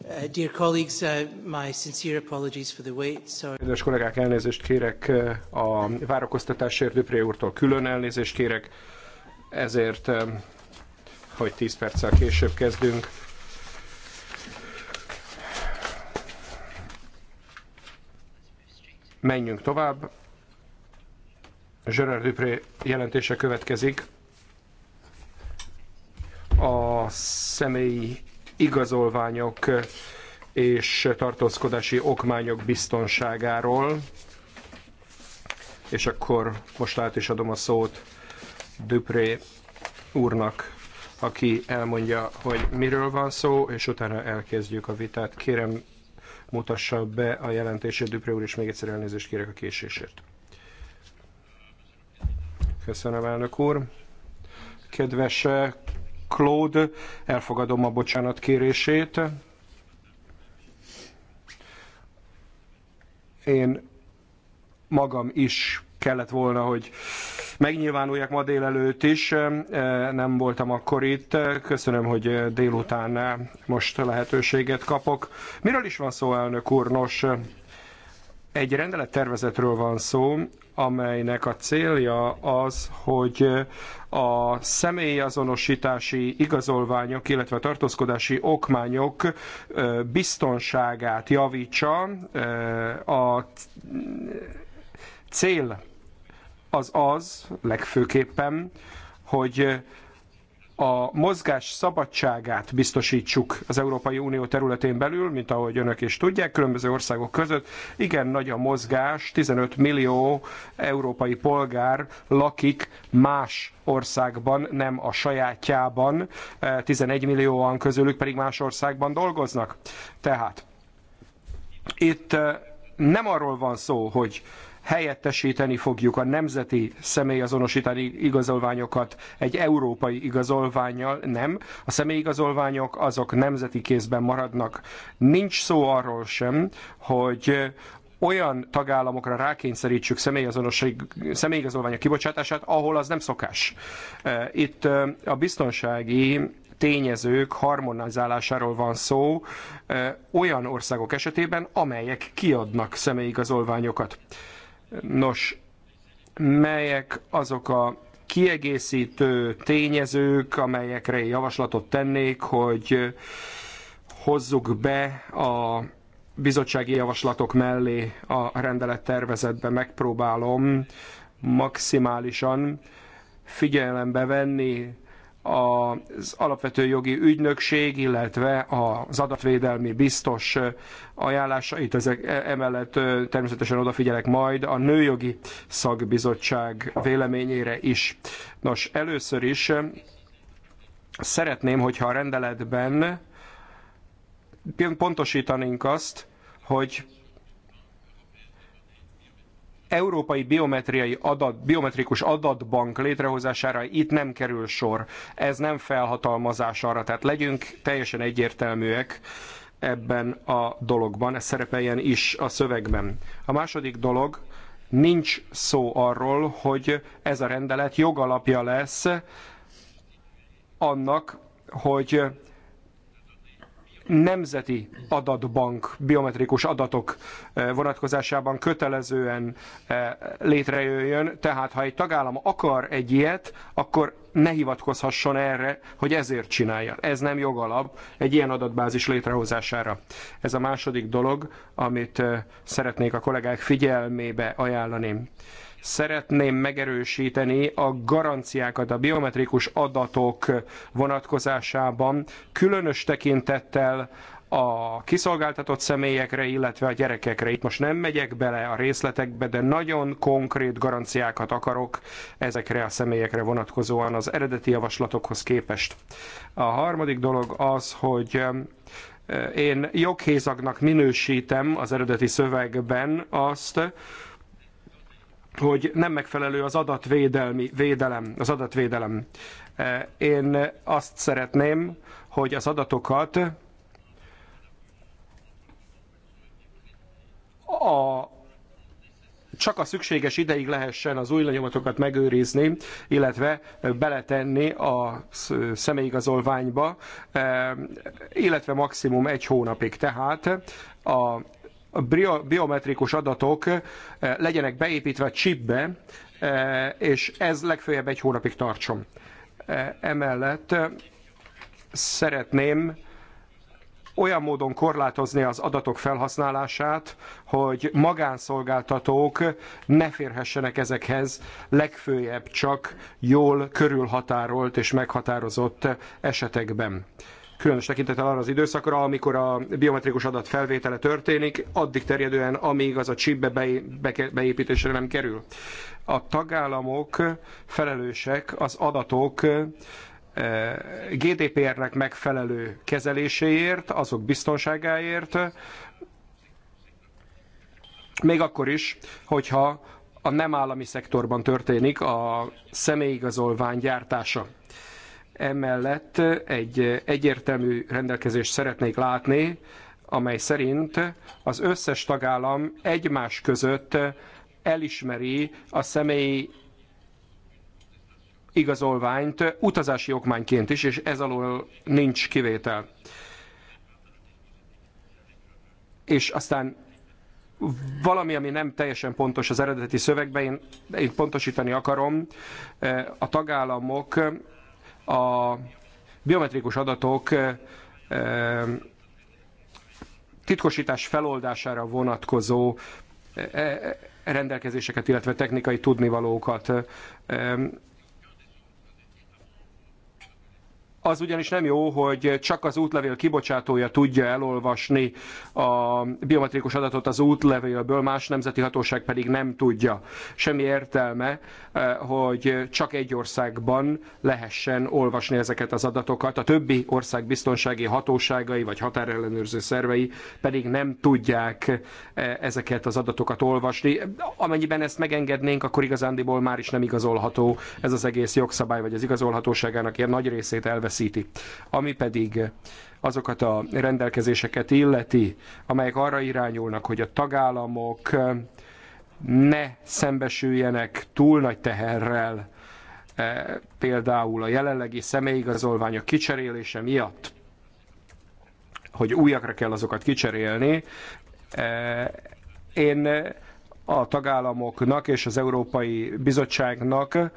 Uh, dear colleagues, uh, my sincere apologies for the wait. Sorry. Kedves kollégák, elnézést kérek uh, a várakoztatásért, Dupré úrtól külön elnézést kérek, ezért, um, hogy 10 perccel később kezdünk. Menjünk tovább. Gerard Dupré jelentése következik. A személyi igazolványok és tartózkodási okmányok biztonságáról. És akkor most át is adom a szót Dupré úrnak, aki elmondja, hogy miről van szó, és utána elkezdjük a vitát. Kérem, mutassa be a jelentését, Dupré úr, és még egyszer elnézést kérek a késésért. Köszönöm, elnök úr. Kedves eh, Claude, elfogadom a bocsánat kérését. Én magam is kellett volna, hogy megnyilvánuljak ma délelőtt is. Eh, nem voltam akkor itt. Köszönöm, hogy eh, délután most lehetőséget kapok. Miről is van szó, elnök úr? Nos, egy rendelettervezetről van szó, amelynek a célja az, hogy a személyazonosítási igazolványok, illetve a tartózkodási okmányok biztonságát javítsa. A cél az az legfőképpen, hogy a mozgás szabadságát biztosítsuk az Európai Unió területén belül, mint ahogy önök is tudják, különböző országok között. Igen, nagy a mozgás, 15 millió európai polgár lakik más országban, nem a sajátjában, 11 eh, millióan közülük pedig más országban dolgoznak. Tehát itt eh, nem arról van szó, hogy helyettesíteni fogjuk a nemzeti személyazonosítani igazolványokat egy európai igazolványjal, nem. A személyigazolványok azok nemzeti kézben maradnak. Nincs szó arról sem, hogy olyan tagállamokra rákényszerítsük személyigazolványok kibocsátását, ahol az nem szokás. Itt a biztonsági tényezők harmonizálásáról van szó olyan országok esetében, amelyek kiadnak személyigazolványokat. Nos, melyek azok a kiegészítő tényezők, amelyekre javaslatot tennék, hogy hozzuk be a bizottsági javaslatok mellé a rendelettervezetbe megpróbálom maximálisan figyelembe venni az alapvető jogi ügynökség, illetve az adatvédelmi biztos ajánlásait, ezek e- emellett természetesen odafigyelek majd a nőjogi szakbizottság véleményére is. Nos, először is szeretném, hogyha a rendeletben pontosítanénk azt, hogy európai biometriai adat, biometrikus adatbank létrehozására itt nem kerül sor. Ez nem felhatalmazás arra, tehát legyünk teljesen egyértelműek ebben a dologban, ez szerepeljen is a szövegben. A második dolog, nincs szó arról, hogy ez a rendelet jogalapja lesz annak, hogy nemzeti adatbank, biometrikus adatok eh, vonatkozásában kötelezően eh, létrejöjjön. Tehát, ha egy tagállam akar egy ilyet, akkor ne hivatkozhasson erre, hogy ezért csinálja. Ez nem jogalap egy ilyen adatbázis létrehozására. Ez a második dolog, amit eh, szeretnék a kollégák figyelmébe ajánlani szeretném megerősíteni a garanciákat a biometrikus adatok vonatkozásában, különös tekintettel a kiszolgáltatott személyekre, illetve a gyerekekre. Itt most nem megyek bele a részletekbe, de nagyon konkrét garanciákat akarok ezekre a személyekre vonatkozóan az eredeti javaslatokhoz képest. A harmadik dolog az, hogy eh, én joghézagnak minősítem az eredeti szövegben azt, hogy nem megfelelő az adatvédelmi, védelem, az adatvédelem. E, én azt szeretném, hogy az adatokat a csak a szükséges ideig lehessen az új lenyomatokat megőrizni, illetve beletenni a személyigazolványba, e, illetve maximum egy hónapig. Tehát a biometrikus adatok eh, legyenek beépítve a chipbe, eh, és ez legfeljebb egy hónapig tartson. Eh, emellett szeretném olyan módon korlátozni az adatok felhasználását, hogy magánszolgáltatók ne férhessenek ezekhez, legfőjebb csak jól körülhatárolt és meghatározott esetekben különös tekintettel arra az időszakra, amikor a biometrikus adat felvétele történik, addig terjedően, amíg az a chipbe beépítésre nem kerül. A tagállamok felelősek az adatok eh, GDPR-nek megfelelő kezeléséért, azok biztonságáért, még akkor is, hogyha a nem állami szektorban történik a személyigazolvány gyártása. Emellett egy egyértelmű rendelkezést szeretnék látni, amely szerint az összes tagállam egymás között elismeri a személyi igazolványt utazási okmányként is, és ez alól nincs kivétel. És aztán valami, ami nem teljesen pontos az eredeti szövegben, én, én pontosítani akarom, eh, a tagállamok a biometrikus adatok titkosítás feloldására vonatkozó rendelkezéseket, illetve technikai tudnivalókat. Az ugyanis nem jó, hogy csak az útlevél kibocsátója tudja elolvasni a biometrikus adatot az útlevélből, más nemzeti hatóság pedig nem tudja. Semmi értelme, eh, hogy csak egy országban lehessen olvasni ezeket az adatokat, a többi ország biztonsági hatóságai vagy határellenőrző szervei pedig nem tudják eh, ezeket az adatokat olvasni. Amennyiben ezt megengednénk, akkor igazándiból már is nem igazolható ez az egész jogszabály, vagy az igazolhatóságának ilyen nagy részét elvesz elveszíti. Ami pedig azokat a rendelkezéseket illeti, amelyek arra irányulnak, hogy a tagállamok ne szembesüljenek túl nagy teherrel, e, például a jelenlegi személyigazolványok kicserélése miatt, hogy újakra kell azokat kicserélni. E, én a tagállamoknak és az Európai Bizottságnak eh,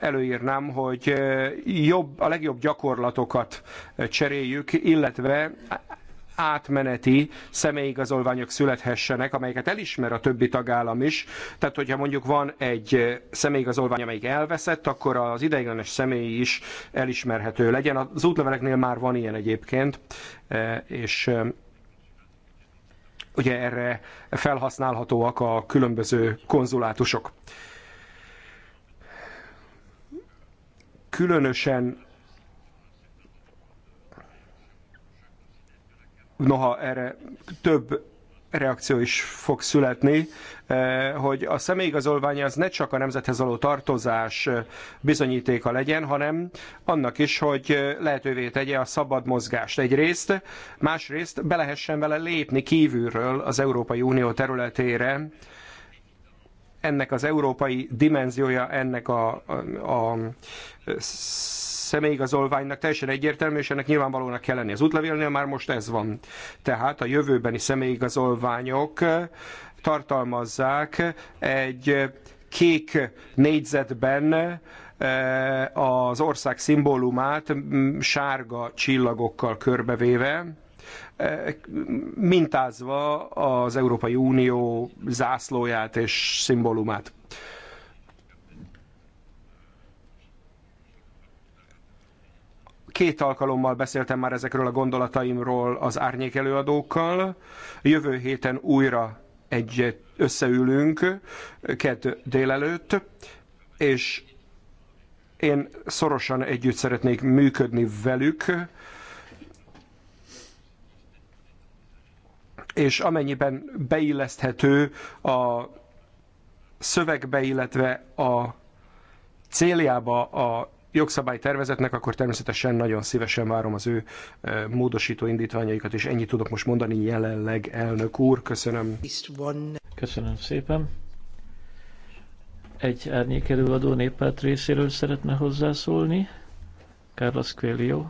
előírnám, hogy eh, jobb, a legjobb gyakorlatokat eh, cseréljük, illetve átmeneti személyigazolványok születhessenek, amelyeket elismer a többi tagállam is. Tehát, hogyha mondjuk van egy személyigazolvány, amelyik elveszett, akkor az ideiglenes személy is elismerhető legyen. Az útleveleknél már van ilyen egyébként, és ugye erre felhasználhatóak a különböző konzulátusok. Különösen noha erre több reakció is fog születni, eh, hogy a személyigazolvány az ne csak a nemzethez való tartozás eh, bizonyítéka legyen, hanem annak is, hogy eh, lehetővé tegye a szabad mozgást egyrészt, másrészt be lehessen vele lépni kívülről az Európai Unió területére, ennek az európai dimenziója, ennek a, a, a személyigazolványnak teljesen egyértelmű, és ennek nyilvánvalónak kell lenni. Az útlevélnél már most ez van. Tehát a jövőbeni személyigazolványok tartalmazzák egy kék négyzetben eh, az ország szimbólumát sárga csillagokkal körbevéve, eh, mintázva az Európai Unió zászlóját és szimbólumát. Két alkalommal beszéltem már ezekről a gondolataimról az árnyék előadókkal. Jövő héten újra egy összeülünk, kett délelőtt, és én szorosan együtt szeretnék működni velük, és amennyiben beilleszthető a szövegbe, illetve a céljába a jogszabálytervezetnek, akkor természetesen nagyon szívesen várom az ő módosító indítványaikat, és ennyit tudok most mondani jelenleg, elnök úr. Köszönöm. Köszönöm szépen. Egy árnyékelő adó néppárt részéről szeretne hozzászólni. Carlos Coelho.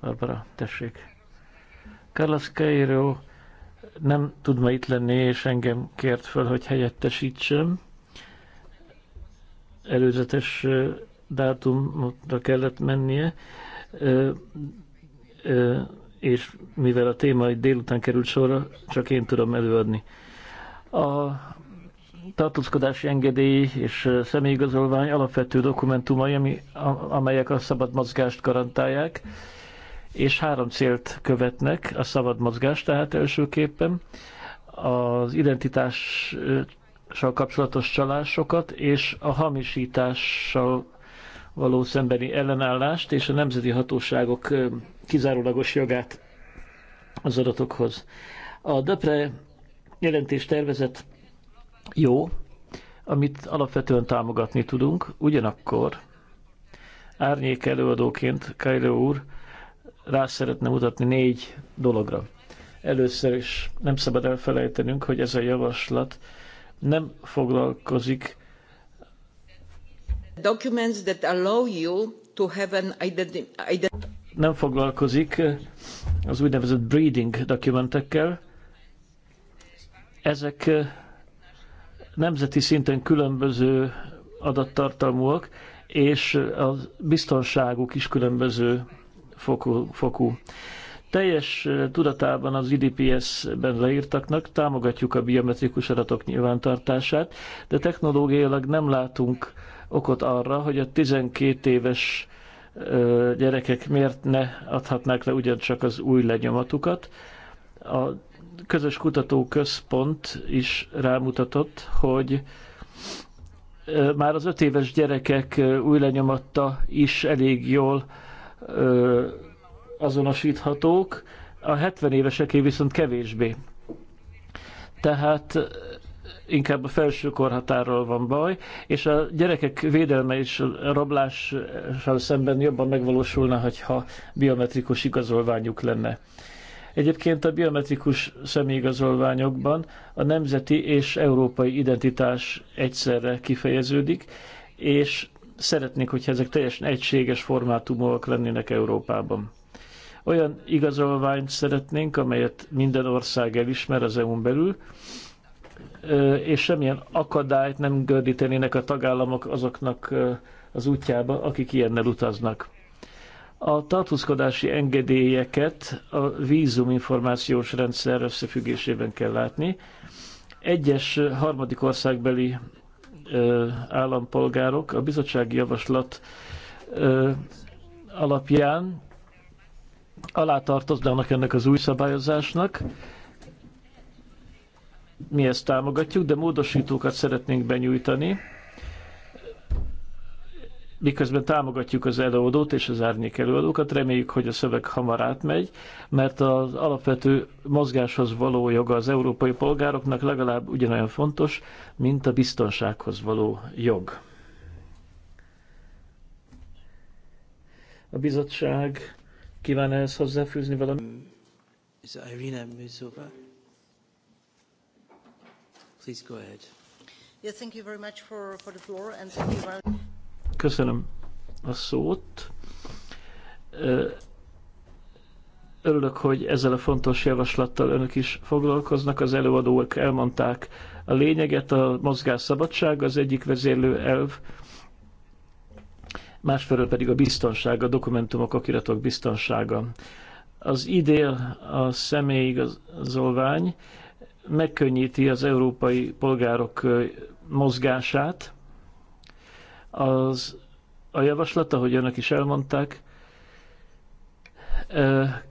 Barbara, tessék. Carlos Coelho nem tud ma itt lenni, és engem kért föl, hogy helyettesítsem előzetes dátumra kellett mennie, és mivel a téma egy délután került sorra, csak én tudom előadni. A tartózkodási engedély és személyigazolvány alapvető dokumentumai, ami, amelyek a szabad mozgást garantálják, és három célt követnek a szabad mozgás, tehát elsőképpen az identitás kapcsolatos csalásokat, és a hamisítással való szembeni ellenállást és a nemzeti hatóságok kizárólagos jogát az adatokhoz. A DEPRE jelentés tervezet jó, amit alapvetően támogatni tudunk, ugyanakkor árnyék előadóként Kajló úr rá szeretne mutatni négy dologra. Először is nem szabad elfelejtenünk, hogy ez a javaslat nem foglalkozik documents that allow you to have an identity. nem foglalkozik az úgynevezett breeding dokumentekkel. Ezek eh, nemzeti szinten különböző adattartalmúak, és a biztonságuk is különböző fokú. fokú. Teljes tudatában az IDPS-ben leírtaknak támogatjuk a biometrikus adatok nyilvántartását, de technológiailag nem látunk okot arra, hogy a 12 éves gyerekek miért ne adhatnák le ugyancsak az új lenyomatukat. A közös kutatóközpont is rámutatott, hogy már az öt éves gyerekek új lenyomatta is elég jól azonosíthatók, a 70 éveseké viszont kevésbé. Tehát eh, inkább a felső korhatárról van baj, és a gyerekek védelme és a rablással szemben jobban megvalósulna, ha biometrikus igazolványuk lenne. Egyébként a biometrikus személyigazolványokban a nemzeti és európai identitás egyszerre kifejeződik, és szeretnék, hogyha ezek teljesen egységes formátumok lennének Európában. Olyan igazolványt szeretnénk, amelyet minden ország elismer az EU-n belül, és semmilyen akadályt nem gördítenének a tagállamok azoknak az útjába, akik ilyennel utaznak. A tartózkodási engedélyeket a vízuminformációs rendszer összefüggésében kell látni. Egyes harmadik országbeli állampolgárok a bizottsági javaslat alapján alá tartoznának ennek az új szabályozásnak. Mi ezt támogatjuk, de módosítókat szeretnénk benyújtani, miközben támogatjuk az előadót és az árnyék előadókat, reméljük, hogy a szöveg hamar átmegy, mert az alapvető mozgáshoz való joga az európai polgároknak legalább ugyanolyan fontos, mint a biztonsághoz való jog. A bizottság Kíván ehhez hozzáfűzni valamit? Mm, is Irina Mizova? Please go ahead. Yes, thank you very much for, for the floor and thank you very... Köszönöm a szót. Örülök, hogy ezzel a fontos javaslattal önök is foglalkoznak. Az előadók elmondták a lényeget, a mozgás szabadság az egyik vezérlő elv másfelől pedig a biztonsága, a dokumentumok, okiratok biztonsága. Az idél a személyigazolvány megkönnyíti az európai polgárok mozgását. Az, a javaslata, ahogy önök is elmondták,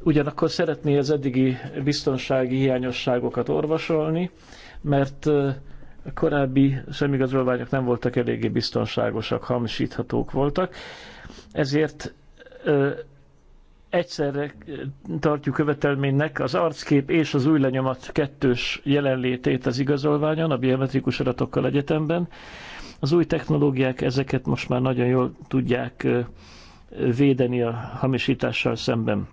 ugyanakkor szeretné az eddigi biztonsági hiányosságokat orvosolni, mert korábbi szemigazolványok nem voltak eléggé biztonságosak, hamisíthatók voltak, ezért ö, egyszerre tartjuk követelménynek az arckép és az új lenyomat kettős jelenlétét az igazolványon, a biometrikus adatokkal egyetemben. Az új technológiák ezeket most már nagyon jól tudják védeni a hamisítással szemben.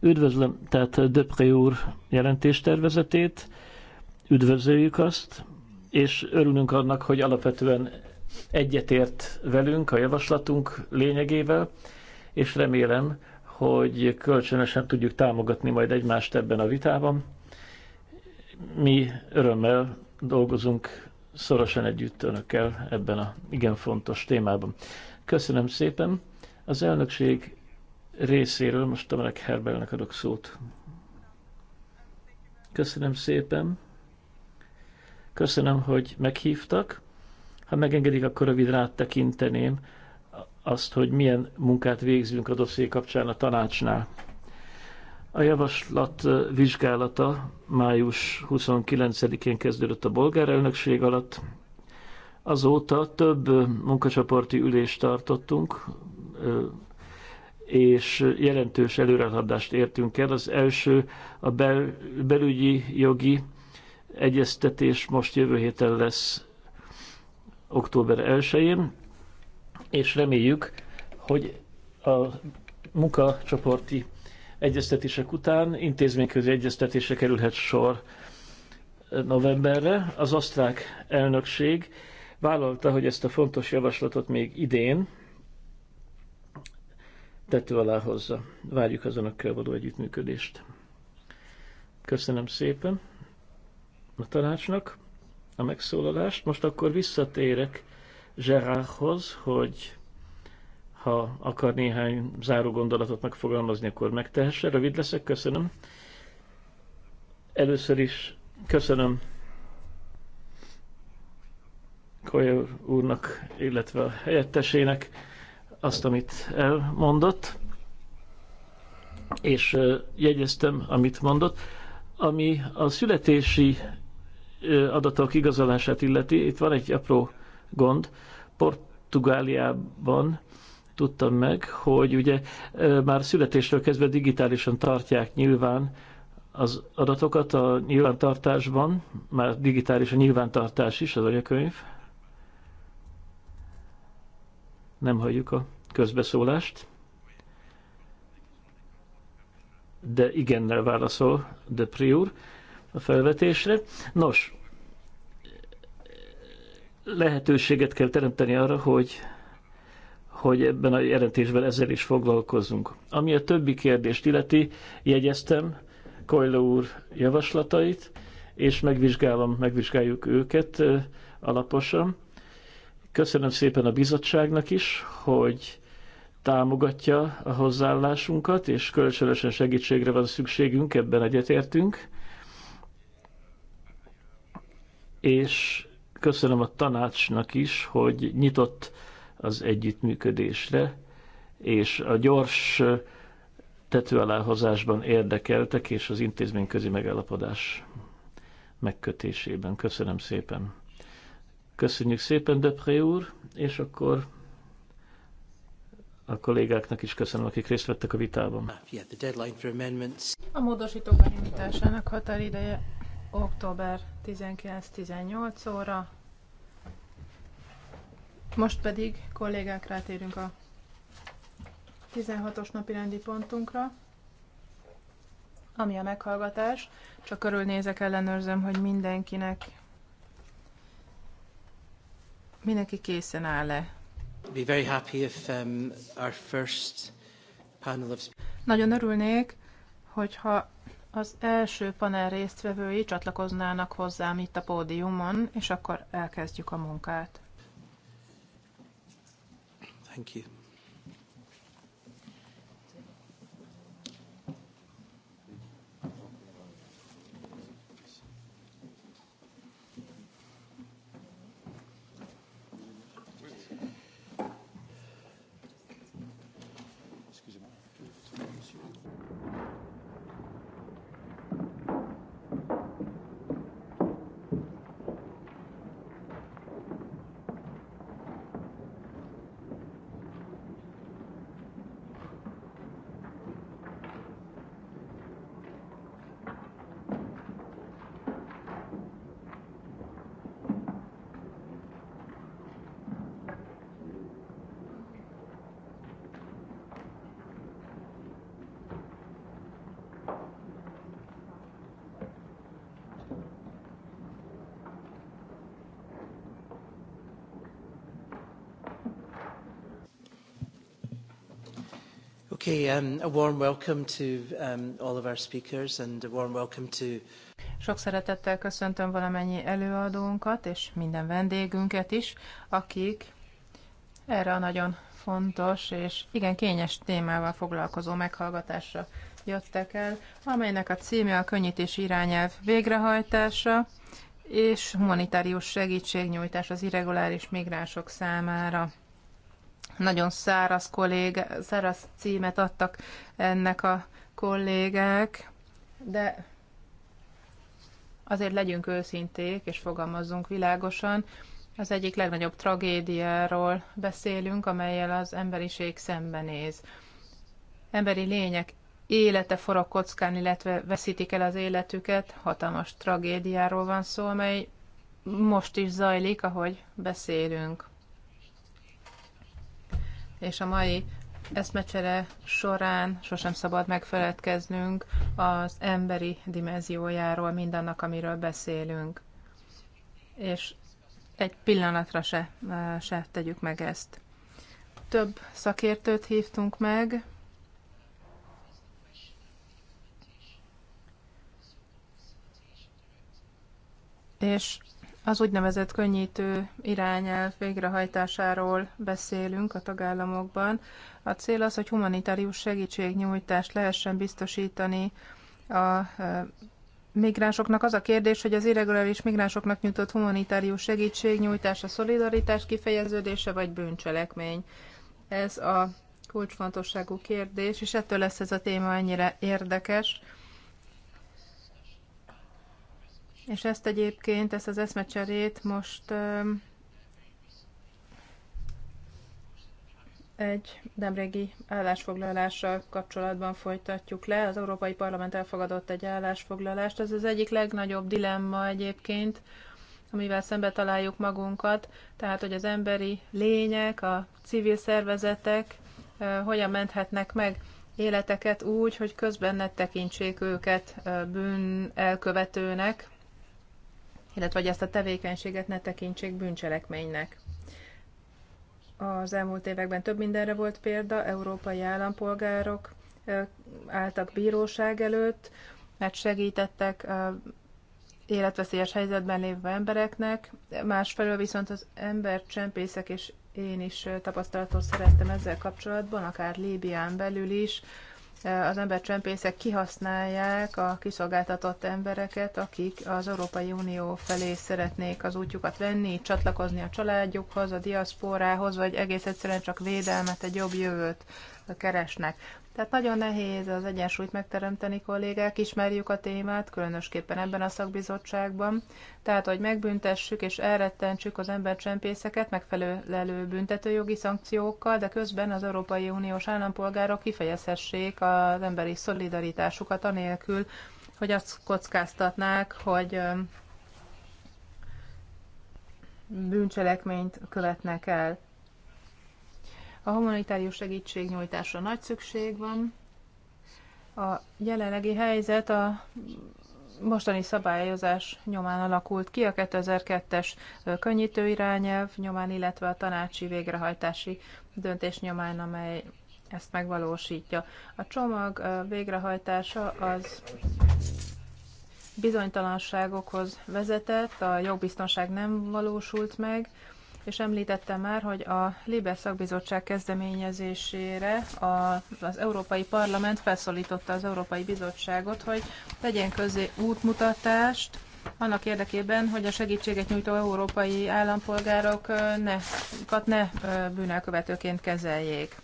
Üdvözlöm tehát Döpré úr jelentéstervezetét, Üdvözöljük azt, és örülünk annak, hogy alapvetően egyetért velünk a javaslatunk lényegével, és remélem, hogy kölcsönösen tudjuk támogatni majd egymást ebben a vitában. Mi örömmel dolgozunk szorosan együtt önökkel ebben a igen fontos témában. Köszönöm szépen. Az elnökség részéről most Tamarek Herbelnek adok szót. Köszönöm szépen. Köszönöm, hogy meghívtak. Ha megengedik, akkor rövid rátekinteném azt, hogy milyen munkát végzünk a dosszé kapcsán a tanácsnál. A javaslat vizsgálata május 29-én kezdődött a bolgár elnökség alatt. Azóta több munkacsoporti ülést tartottunk, és jelentős előrehaladást értünk el. Az első a bel, belügyi jogi egyeztetés most jövő héten lesz október 1-én, és reméljük, hogy a munkacsoporti egyeztetések után intézményközi egyeztetése kerülhet sor novemberre. Az osztrák elnökség vállalta, hogy ezt a fontos javaslatot még idén tető alá hozza. Várjuk az önökkel való együttműködést. Köszönöm szépen! a tanácsnak a megszólalást. Most akkor visszatérek Zserához, hogy ha akar néhány záró gondolatot megfogalmazni, akkor megtehesse. Rövid leszek, köszönöm. Először is köszönöm Kolya úrnak, illetve a helyettesének azt, amit elmondott, és jegyeztem, amit mondott. Ami a születési adatok igazolását illeti, itt van egy apró gond. Portugáliában tudtam meg, hogy ugye már születéstől kezdve digitálisan tartják nyilván az adatokat a nyilvántartásban, már digitális a nyilvántartás is, az anyakönyv. Nem halljuk a közbeszólást. De igennel válaszol de Prior a felvetésre. Nos, lehetőséget kell teremteni arra, hogy, hogy ebben a jelentésben ezzel is foglalkozunk. Ami a többi kérdést illeti, jegyeztem Koyla úr javaslatait, és megvizsgálom, megvizsgáljuk őket alaposan. Köszönöm szépen a bizottságnak is, hogy támogatja a hozzáállásunkat, és kölcsönösen segítségre van szükségünk, ebben egyetértünk és köszönöm a tanácsnak is, hogy nyitott az együttműködésre, és a gyors tetőaláhozásban érdekeltek, és az intézményközi megállapodás megkötésében. Köszönöm szépen. Köszönjük szépen, Depré úr, és akkor a kollégáknak is köszönöm, akik részt vettek a vitában. A módosítók benyújtásának határideje október 19-18 óra. Most pedig, kollégák, rátérünk a 16-os napi rendi pontunkra, ami a meghallgatás. Csak körülnézek, ellenőrzöm, hogy mindenkinek mindenki készen áll-e. Be very happy if um, our first panel of... Nagyon örülnék, hogyha az első panel résztvevői csatlakoznának hozzám itt a pódiumon, és akkor elkezdjük a munkát. Thank you. Okay, um, a warm welcome to um, all of our speakers and a warm welcome to sok szeretettel köszöntöm valamennyi előadónkat és minden vendégünket is, akik erre a nagyon fontos és igen kényes témával foglalkozó meghallgatásra jöttek el, amelynek a címe a könnyítés irányelv végrehajtása és humanitárius segítségnyújtás az irreguláris migránsok számára nagyon száraz, kollége, száraz címet adtak ennek a kollégák, de azért legyünk őszinték és fogalmazzunk világosan. Az egyik legnagyobb tragédiáról beszélünk, amelyel az emberiség szembenéz. Emberi lények élete forog kockán, illetve veszítik el az életüket. Hatalmas tragédiáról van szó, amely most is zajlik, ahogy beszélünk és a mai eszmecsere során sosem szabad megfeledkeznünk az emberi dimenziójáról, mindannak, amiről beszélünk. És egy pillanatra se, eh, se tegyük meg ezt. Több szakértőt hívtunk meg, és az úgynevezett könnyítő irányelv végrehajtásáról beszélünk a tagállamokban. A cél az, hogy humanitárius segítségnyújtást lehessen biztosítani a e, migránsoknak. Az a kérdés, hogy az irreguláris migránsoknak nyújtott humanitárius segítségnyújtás a szolidaritás kifejeződése vagy bűncselekmény. Ez a kulcsfontosságú kérdés, és ettől lesz ez a téma ennyire érdekes És ezt egyébként, ezt az eszmecserét most egy nemrégi állásfoglalással kapcsolatban folytatjuk le. Az Európai Parlament elfogadott egy állásfoglalást. Ez az egyik legnagyobb dilemma egyébként, amivel szembe találjuk magunkat, tehát hogy az emberi lények, a civil szervezetek hogyan menthetnek meg életeket úgy, hogy közben ne tekintsék őket bűn elkövetőnek, illetve hogy ezt a tevékenységet ne tekintsék bűncselekménynek. Az elmúlt években több mindenre volt példa, európai állampolgárok álltak bíróság előtt, mert segítettek életveszélyes helyzetben lévő embereknek, másfelől viszont az csempészek, és én is tapasztalatot szereztem ezzel kapcsolatban, akár Líbián belül is, az embercsempészek kihasználják a kiszolgáltatott embereket, akik az Európai Unió felé szeretnék az útjukat venni, csatlakozni a családjukhoz, a diaszporához, vagy egész egyszerűen csak védelmet, egy jobb jövőt keresnek. Tehát nagyon nehéz az egyensúlyt megteremteni, kollégák, ismerjük a témát, különösképpen ebben a szakbizottságban. Tehát, hogy megbüntessük és elrettentsük az embercsempészeket megfelelő büntetőjogi szankciókkal, de közben az Európai Uniós állampolgárok kifejezhessék az emberi szolidaritásukat anélkül, hogy azt kockáztatnák, hogy bűncselekményt követnek el. A humanitárius segítségnyújtásra nagy szükség van. A jelenlegi helyzet a mostani szabályozás nyomán alakult ki, a 2002-es könnyítő irányelv nyomán, illetve a tanácsi végrehajtási döntés nyomán, amely ezt megvalósítja. A csomag végrehajtása az bizonytalanságokhoz vezetett, a jogbiztonság nem valósult meg, és említettem már, hogy a Libe szakbizottság kezdeményezésére az Európai Parlament felszólította az Európai Bizottságot, hogy tegyen közé útmutatást annak érdekében, hogy a segítséget nyújtó európai állampolgárokat ne bűnelkövetőként kezeljék.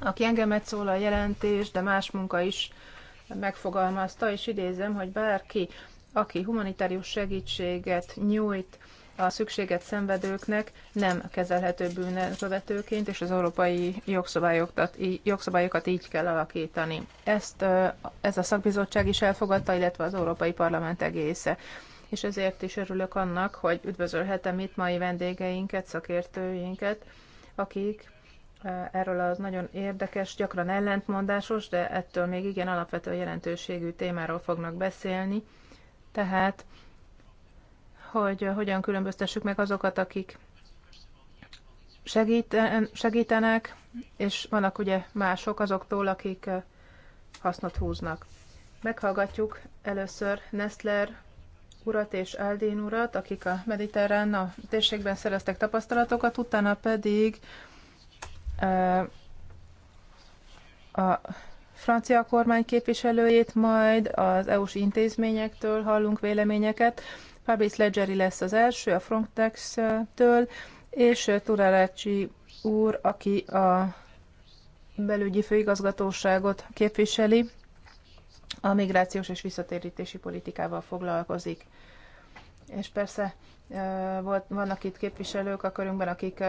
Aki engemet szól a jelentés, de más munka is megfogalmazta, és idézem, hogy bárki, aki humanitárius segítséget nyújt a szükséget szenvedőknek nem kezelhető bűnelkövetőként, és az európai jogszabályokat, így kell alakítani. Ezt ez a szakbizottság is elfogadta, illetve az Európai Parlament egésze. És ezért is örülök annak, hogy üdvözölhetem itt mai vendégeinket, szakértőinket, akik erről az nagyon érdekes, gyakran ellentmondásos, de ettől még igen alapvető jelentőségű témáról fognak beszélni. Tehát hogy hogyan különböztessük meg azokat, akik segítenek, és vannak ugye mások azoktól, akik eh, hasznot húznak. Meghallgatjuk először Nestler urat és Aldin urat, akik a mediterrán a térségben szereztek tapasztalatokat, utána pedig eh, a francia kormány képviselőjét, majd az EU-s intézményektől hallunk véleményeket, Fabrice Leggeri lesz az első a Frontex-től, és Turalácsi úr, aki a belügyi főigazgatóságot képviseli, a migrációs és visszatérítési politikával foglalkozik. És persze volt, vannak itt képviselők a körünkben, akik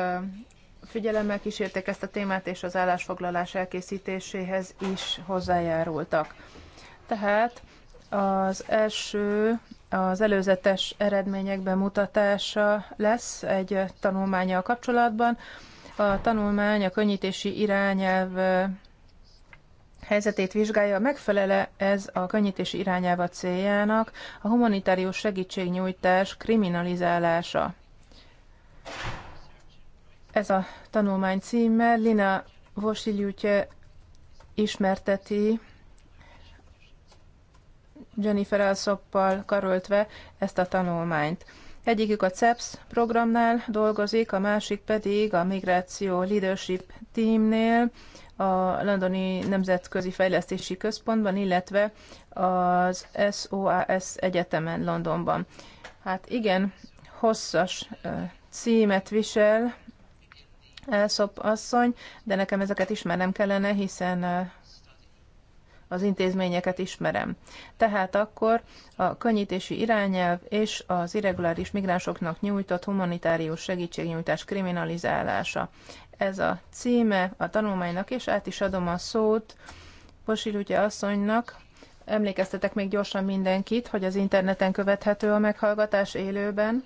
figyelemmel kísérték ezt a témát, és az állásfoglalás elkészítéséhez is hozzájárultak. Tehát az első az előzetes eredmények bemutatása lesz egy tanulmányjal kapcsolatban. A tanulmány a könnyítési irányelv helyzetét vizsgálja, megfelele ez a könnyítési irányelv céljának, a humanitárius segítségnyújtás kriminalizálása. Ez a tanulmány címe Lina Vosilyutye ismerteti Jennifer Alsoppal karöltve ezt a tanulmányt. Egyikük a CEPS programnál dolgozik, a másik pedig a Migráció Leadership Teamnél, a Londoni Nemzetközi Fejlesztési Központban, illetve az SOAS Egyetemen Londonban. Hát igen, hosszas címet visel Elszop asszony, de nekem ezeket ismernem kellene, hiszen az intézményeket ismerem. Tehát akkor a könnyítési irányelv és az irreguláris migránsoknak nyújtott humanitárius segítségnyújtás kriminalizálása. Ez a címe a tanulmánynak, és át is adom a szót Posilutya asszonynak, Emlékeztetek még gyorsan mindenkit, hogy az interneten követhető a meghallgatás élőben.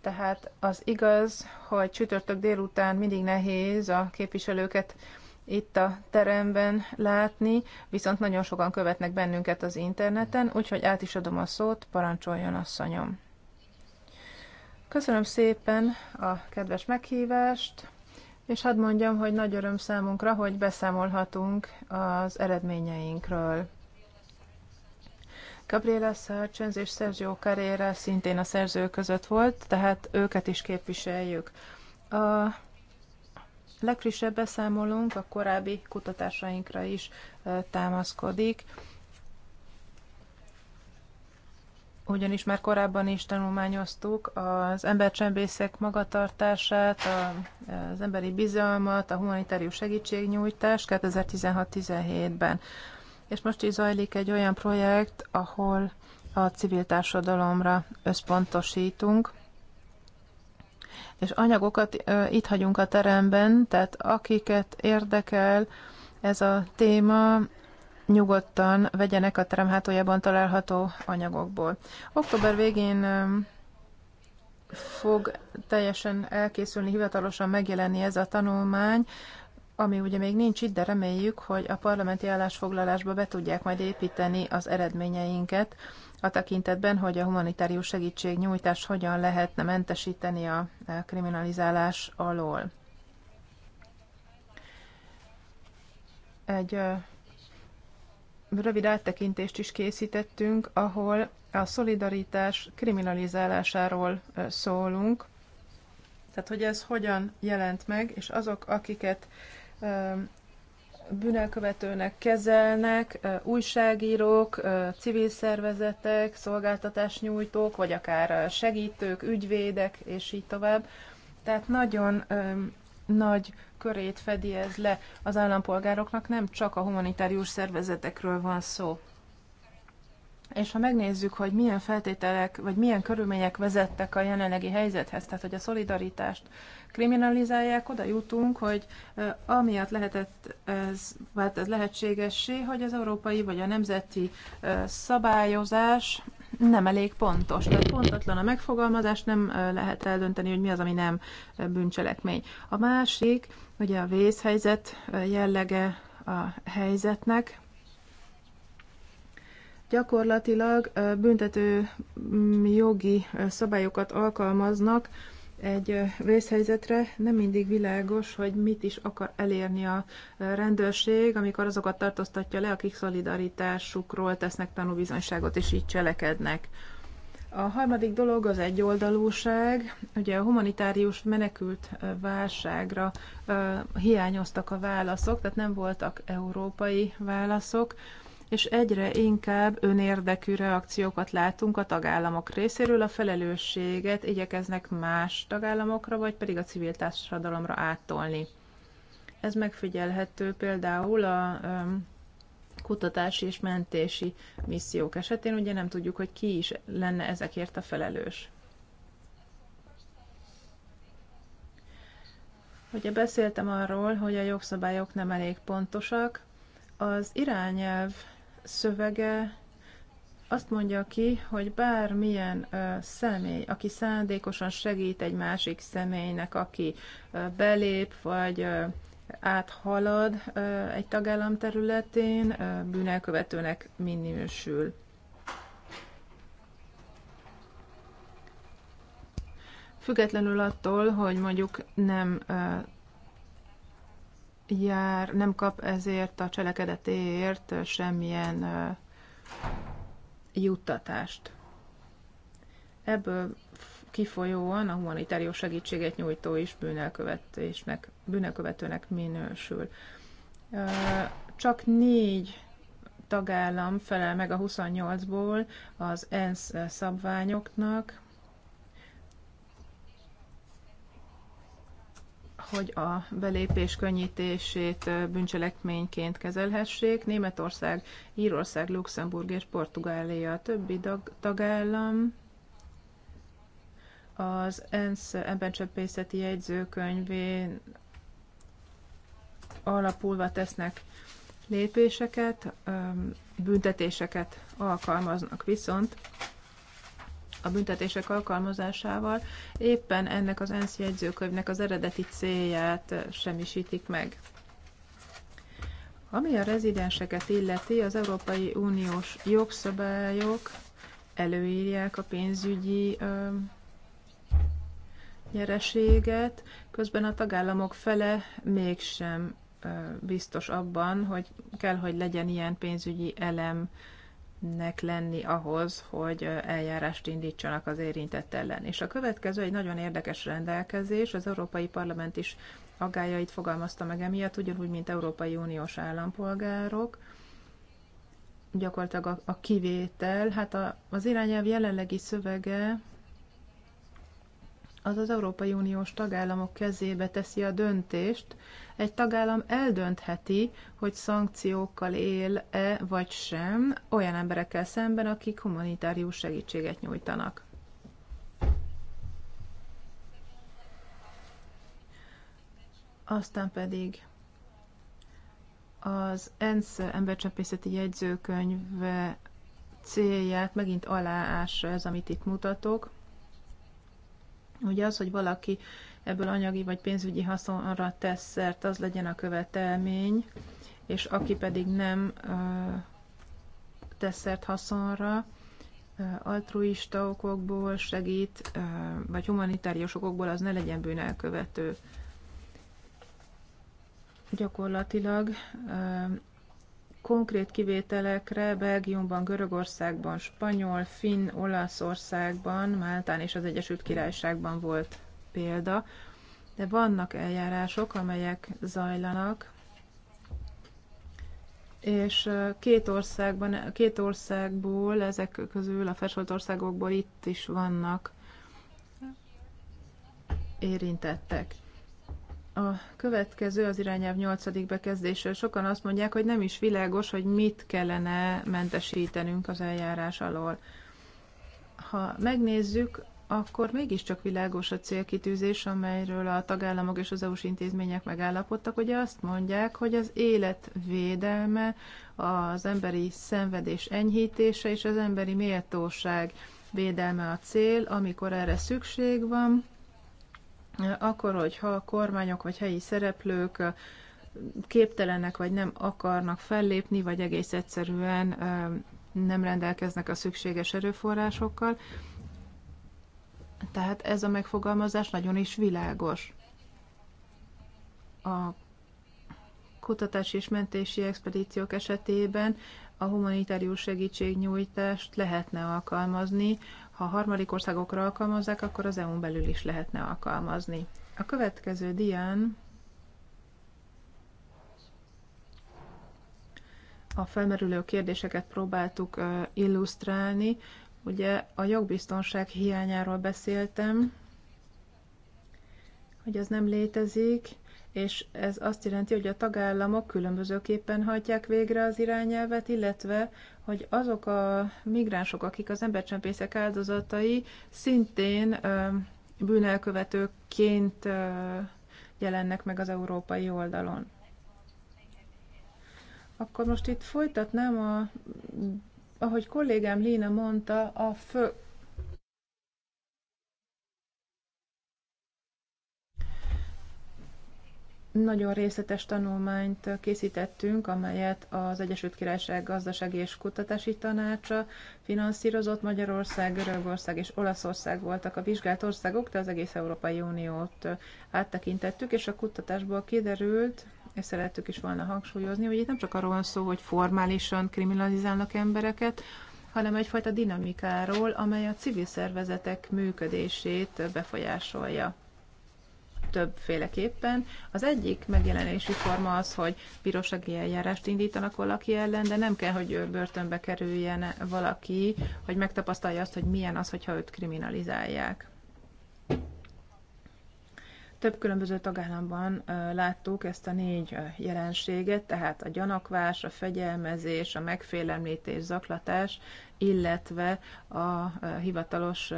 Tehát az igaz, hogy csütörtök délután mindig nehéz a képviselőket itt a teremben látni, viszont nagyon sokan követnek bennünket az interneten, úgyhogy át is adom a szót, parancsoljon asszonyom. Köszönöm szépen a kedves meghívást, és hadd mondjam, hogy nagy öröm számunkra, hogy beszámolhatunk az eredményeinkről. Gabriela Sarchenz és Sergio Carrera szintén a szerző között volt, tehát őket is képviseljük. A legfrissebb beszámolónk a korábbi kutatásainkra is támaszkodik, ugyanis már korábban is tanulmányoztuk az embercsempészek magatartását, az emberi bizalmat, a humanitárius segítségnyújtást 2016-17-ben. És most is zajlik egy olyan projekt, ahol a civil társadalomra összpontosítunk, és anyagokat itt hagyunk a teremben, tehát akiket érdekel ez a téma, nyugodtan vegyenek a terem hátuljában található anyagokból. Október végén fog teljesen elkészülni, hivatalosan megjelenni ez a tanulmány, ami ugye még nincs itt, de reméljük, hogy a parlamenti állásfoglalásba be tudják majd építeni az eredményeinket a tekintetben, hogy a humanitárius segítségnyújtást hogyan lehetne mentesíteni a kriminalizálás alól. Egy rövid áttekintést is készítettünk, ahol a szolidaritás kriminalizálásáról szólunk, tehát hogy ez hogyan jelent meg, és azok, akiket bűnelkövetőnek kezelnek, újságírók, civil szervezetek, szolgáltatásnyújtók, vagy akár segítők, ügyvédek, és így tovább. Tehát nagyon nagy körét fedi ez le az állampolgároknak, nem csak a humanitárius szervezetekről van szó. És ha megnézzük, hogy milyen feltételek, vagy milyen körülmények vezettek a jelenlegi helyzethez, tehát hogy a szolidaritást kriminalizálják, oda jutunk, hogy amiatt lehetett ez, vált ez lehetségessé, hogy az európai vagy a nemzeti szabályozás nem elég pontos. Tehát pontatlan a megfogalmazás, nem lehet eldönteni, hogy mi az, ami nem bűncselekmény. A másik, ugye a vészhelyzet jellege a helyzetnek, Gyakorlatilag büntető mm, jogi szabályokat alkalmaznak egy vészhelyzetre, nem mindig világos, hogy mit is akar elérni a rendőrség, amikor azokat tartóztatja le, akik szolidaritásukról tesznek tanúbizonyságot és így cselekednek. A harmadik dolog az egyoldalúság. Ugye a humanitárius menekült válságra hiányoztak a válaszok, tehát nem voltak európai válaszok és egyre inkább önérdekű reakciókat látunk a tagállamok részéről, a felelősséget igyekeznek más tagállamokra, vagy pedig a civil társadalomra áttolni. Ez megfigyelhető például a kutatási és mentési missziók esetén, ugye nem tudjuk, hogy ki is lenne ezekért a felelős. Ugye beszéltem arról, hogy a jogszabályok nem elég pontosak, az irányelv szövege azt mondja ki, hogy bármilyen ö, személy, aki szándékosan segít egy másik személynek, aki ö, belép vagy ö, áthalad ö, egy tagállam területén, ö, bűnelkövetőnek minősül. Függetlenül attól, hogy mondjuk nem ö, jár, nem kap ezért a cselekedetéért semmilyen juttatást. Ebből kifolyóan a humanitárius segítséget nyújtó is bűnelkövetésnek, bűnelkövetőnek minősül. Csak négy tagállam felel meg a 28-ból az ENSZ szabványoknak, hogy a belépés könnyítését bűncselekményként kezelhessék. Németország, Írország, Luxemburg és Portugália a többi tagállam az ENSZ embercsempészeti jegyzőkönyvén alapulva tesznek lépéseket, büntetéseket alkalmaznak viszont a büntetések alkalmazásával éppen ennek az ENSZ jegyzőkönyvnek az eredeti célját semmisítik meg. Ami a rezidenseket illeti, az Európai Uniós jogszabályok előírják a pénzügyi ö, nyereséget, közben a tagállamok fele mégsem ö, biztos abban, hogy kell, hogy legyen ilyen pénzügyi elem nek lenni ahhoz, hogy eljárást indítsanak az érintett ellen. És a következő egy nagyon érdekes rendelkezés, az Európai Parlament is aggájait fogalmazta meg emiatt, ugyanúgy, mint Európai Uniós állampolgárok, gyakorlatilag a, a kivétel, hát a, az irányelv jelenlegi szövege az az Európai Uniós tagállamok kezébe teszi a döntést. Egy tagállam eldöntheti, hogy szankciókkal él-e vagy sem olyan emberekkel szemben, akik humanitárius segítséget nyújtanak. Aztán pedig az ENSZ embercsempészeti jegyzőkönyve célját megint aláássa ez, amit itt mutatok. Ugye az, hogy valaki ebből anyagi vagy pénzügyi haszonra tesz szert, az legyen a követelmény, és aki pedig nem tesz szert haszonra, altruista okokból segít, vagy humanitárius okokból, az ne legyen bűnelkövető. Gyakorlatilag konkrét kivételekre Belgiumban, Görögországban, Spanyol, Finn, Olaszországban, Máltán és az Egyesült Királyságban volt példa, de vannak eljárások, amelyek zajlanak, és két, országban, két országból, ezek közül a felsolt országokból itt is vannak érintettek. A következő az irányelv 8. bekezdésről. Sokan azt mondják, hogy nem is világos, hogy mit kellene mentesítenünk az eljárás alól. Ha megnézzük, akkor mégiscsak világos a célkitűzés, amelyről a tagállamok és az EU-s intézmények megállapodtak. Ugye azt mondják, hogy az élet védelme, az emberi szenvedés enyhítése és az emberi méltóság védelme a cél, amikor erre szükség van, akkor, hogyha a kormányok vagy helyi szereplők képtelenek vagy nem akarnak fellépni, vagy egész egyszerűen nem rendelkeznek a szükséges erőforrásokkal. Tehát ez a megfogalmazás nagyon is világos. A kutatási és mentési expedíciók esetében a humanitárius segítségnyújtást lehetne alkalmazni ha a harmadik országokra alkalmazzák, akkor az EU-n belül is lehetne alkalmazni. A következő dián a felmerülő kérdéseket próbáltuk illusztrálni. Ugye a jogbiztonság hiányáról beszéltem, hogy az nem létezik, és ez azt jelenti, hogy a tagállamok különbözőképpen hajtják végre az irányelvet, illetve hogy azok a migránsok, akik az embercsempészek áldozatai, szintén bűnelkövetőként jelennek meg az európai oldalon. Akkor most itt folytatnám, a, ahogy kollégám Lína mondta, a fő Nagyon részletes tanulmányt készítettünk, amelyet az Egyesült Királyság Gazdasági és Kutatási Tanácsa finanszírozott. Magyarország, Görögország és Olaszország voltak a vizsgált országok, de az egész Európai Uniót áttekintettük, és a kutatásból kiderült, és szerettük is volna hangsúlyozni, hogy itt nem csak arról van szó, hogy formálisan kriminalizálnak embereket, hanem egyfajta dinamikáról, amely a civil szervezetek működését befolyásolja többféleképpen. Az egyik megjelenési forma az, hogy bírósági eljárást indítanak valaki ellen, de nem kell, hogy börtönbe kerüljen valaki, hogy megtapasztalja azt, hogy milyen az, hogyha őt kriminalizálják. Több különböző tagállamban láttuk ezt a négy jelenséget, tehát a gyanakvás, a fegyelmezés, a megfélemlítés, zaklatás, illetve a hivatalos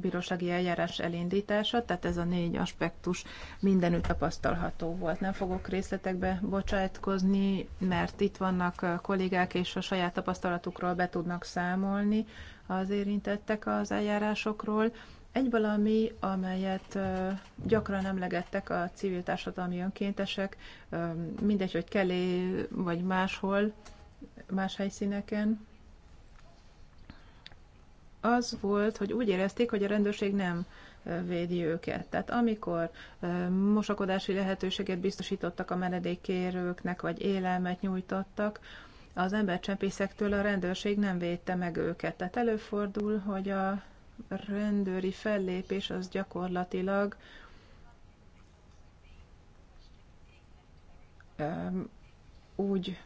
bírósági eljárás elindítása, tehát ez a négy aspektus mindenütt tapasztalható volt. Nem fogok részletekbe bocsájtkozni, mert itt vannak kollégák, és a saját tapasztalatukról be tudnak számolni az érintettek az eljárásokról. Egy valami, amelyet gyakran emlegettek a civil társadalmi önkéntesek, mindegy, hogy Kelé vagy máshol, más helyszíneken, az volt, hogy úgy érezték, hogy a rendőrség nem védi őket. Tehát amikor mosakodási lehetőséget biztosítottak a menedékkérőknek, vagy élelmet nyújtottak, az embercsempészektől a rendőrség nem védte meg őket. Tehát előfordul, hogy a rendőri fellépés az gyakorlatilag úgy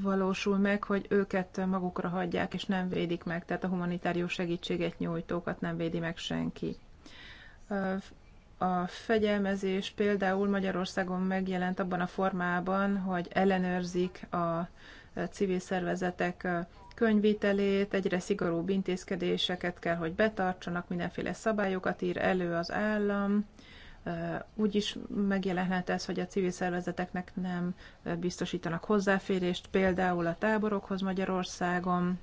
valósul meg, hogy őket magukra hagyják, és nem védik meg, tehát a humanitárius segítséget nyújtókat nem védi meg senki. A fegyelmezés például Magyarországon megjelent abban a formában, hogy ellenőrzik a civil szervezetek könyvitelét, egyre szigorúbb intézkedéseket kell, hogy betartsanak, mindenféle szabályokat ír elő az állam, úgy is megjelenhet ez, hogy a civil szervezeteknek nem biztosítanak hozzáférést, például a táborokhoz Magyarországon,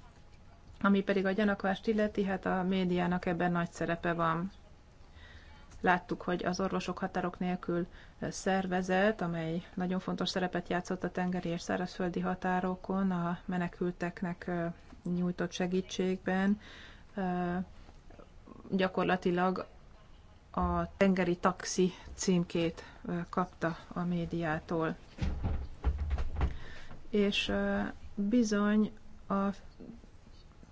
ami pedig a gyanakvást illeti, hát a médiának ebben nagy szerepe van. Láttuk, hogy az Orvosok Határok Nélkül szervezet, amely nagyon fontos szerepet játszott a tengeri és szárazföldi határokon, a menekülteknek nyújtott segítségben, gyakorlatilag a tengeri taxi címkét kapta a médiától. És bizony a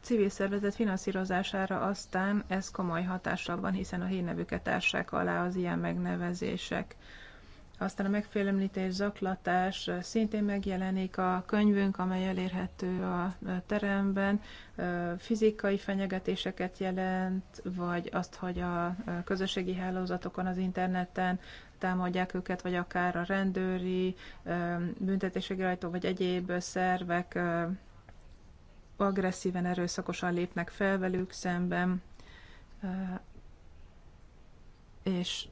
civil szervezet finanszírozására aztán ez komoly hatással van, hiszen a hírnevüket ássák alá az ilyen megnevezések. Aztán a megfélemlítés, zaklatás szintén megjelenik a könyvünk, amely elérhető a teremben. Fizikai fenyegetéseket jelent, vagy azt, hogy a közösségi hálózatokon, az interneten támadják őket, vagy akár a rendőri, rajtó, vagy egyéb szervek agresszíven, erőszakosan lépnek fel velük szemben, és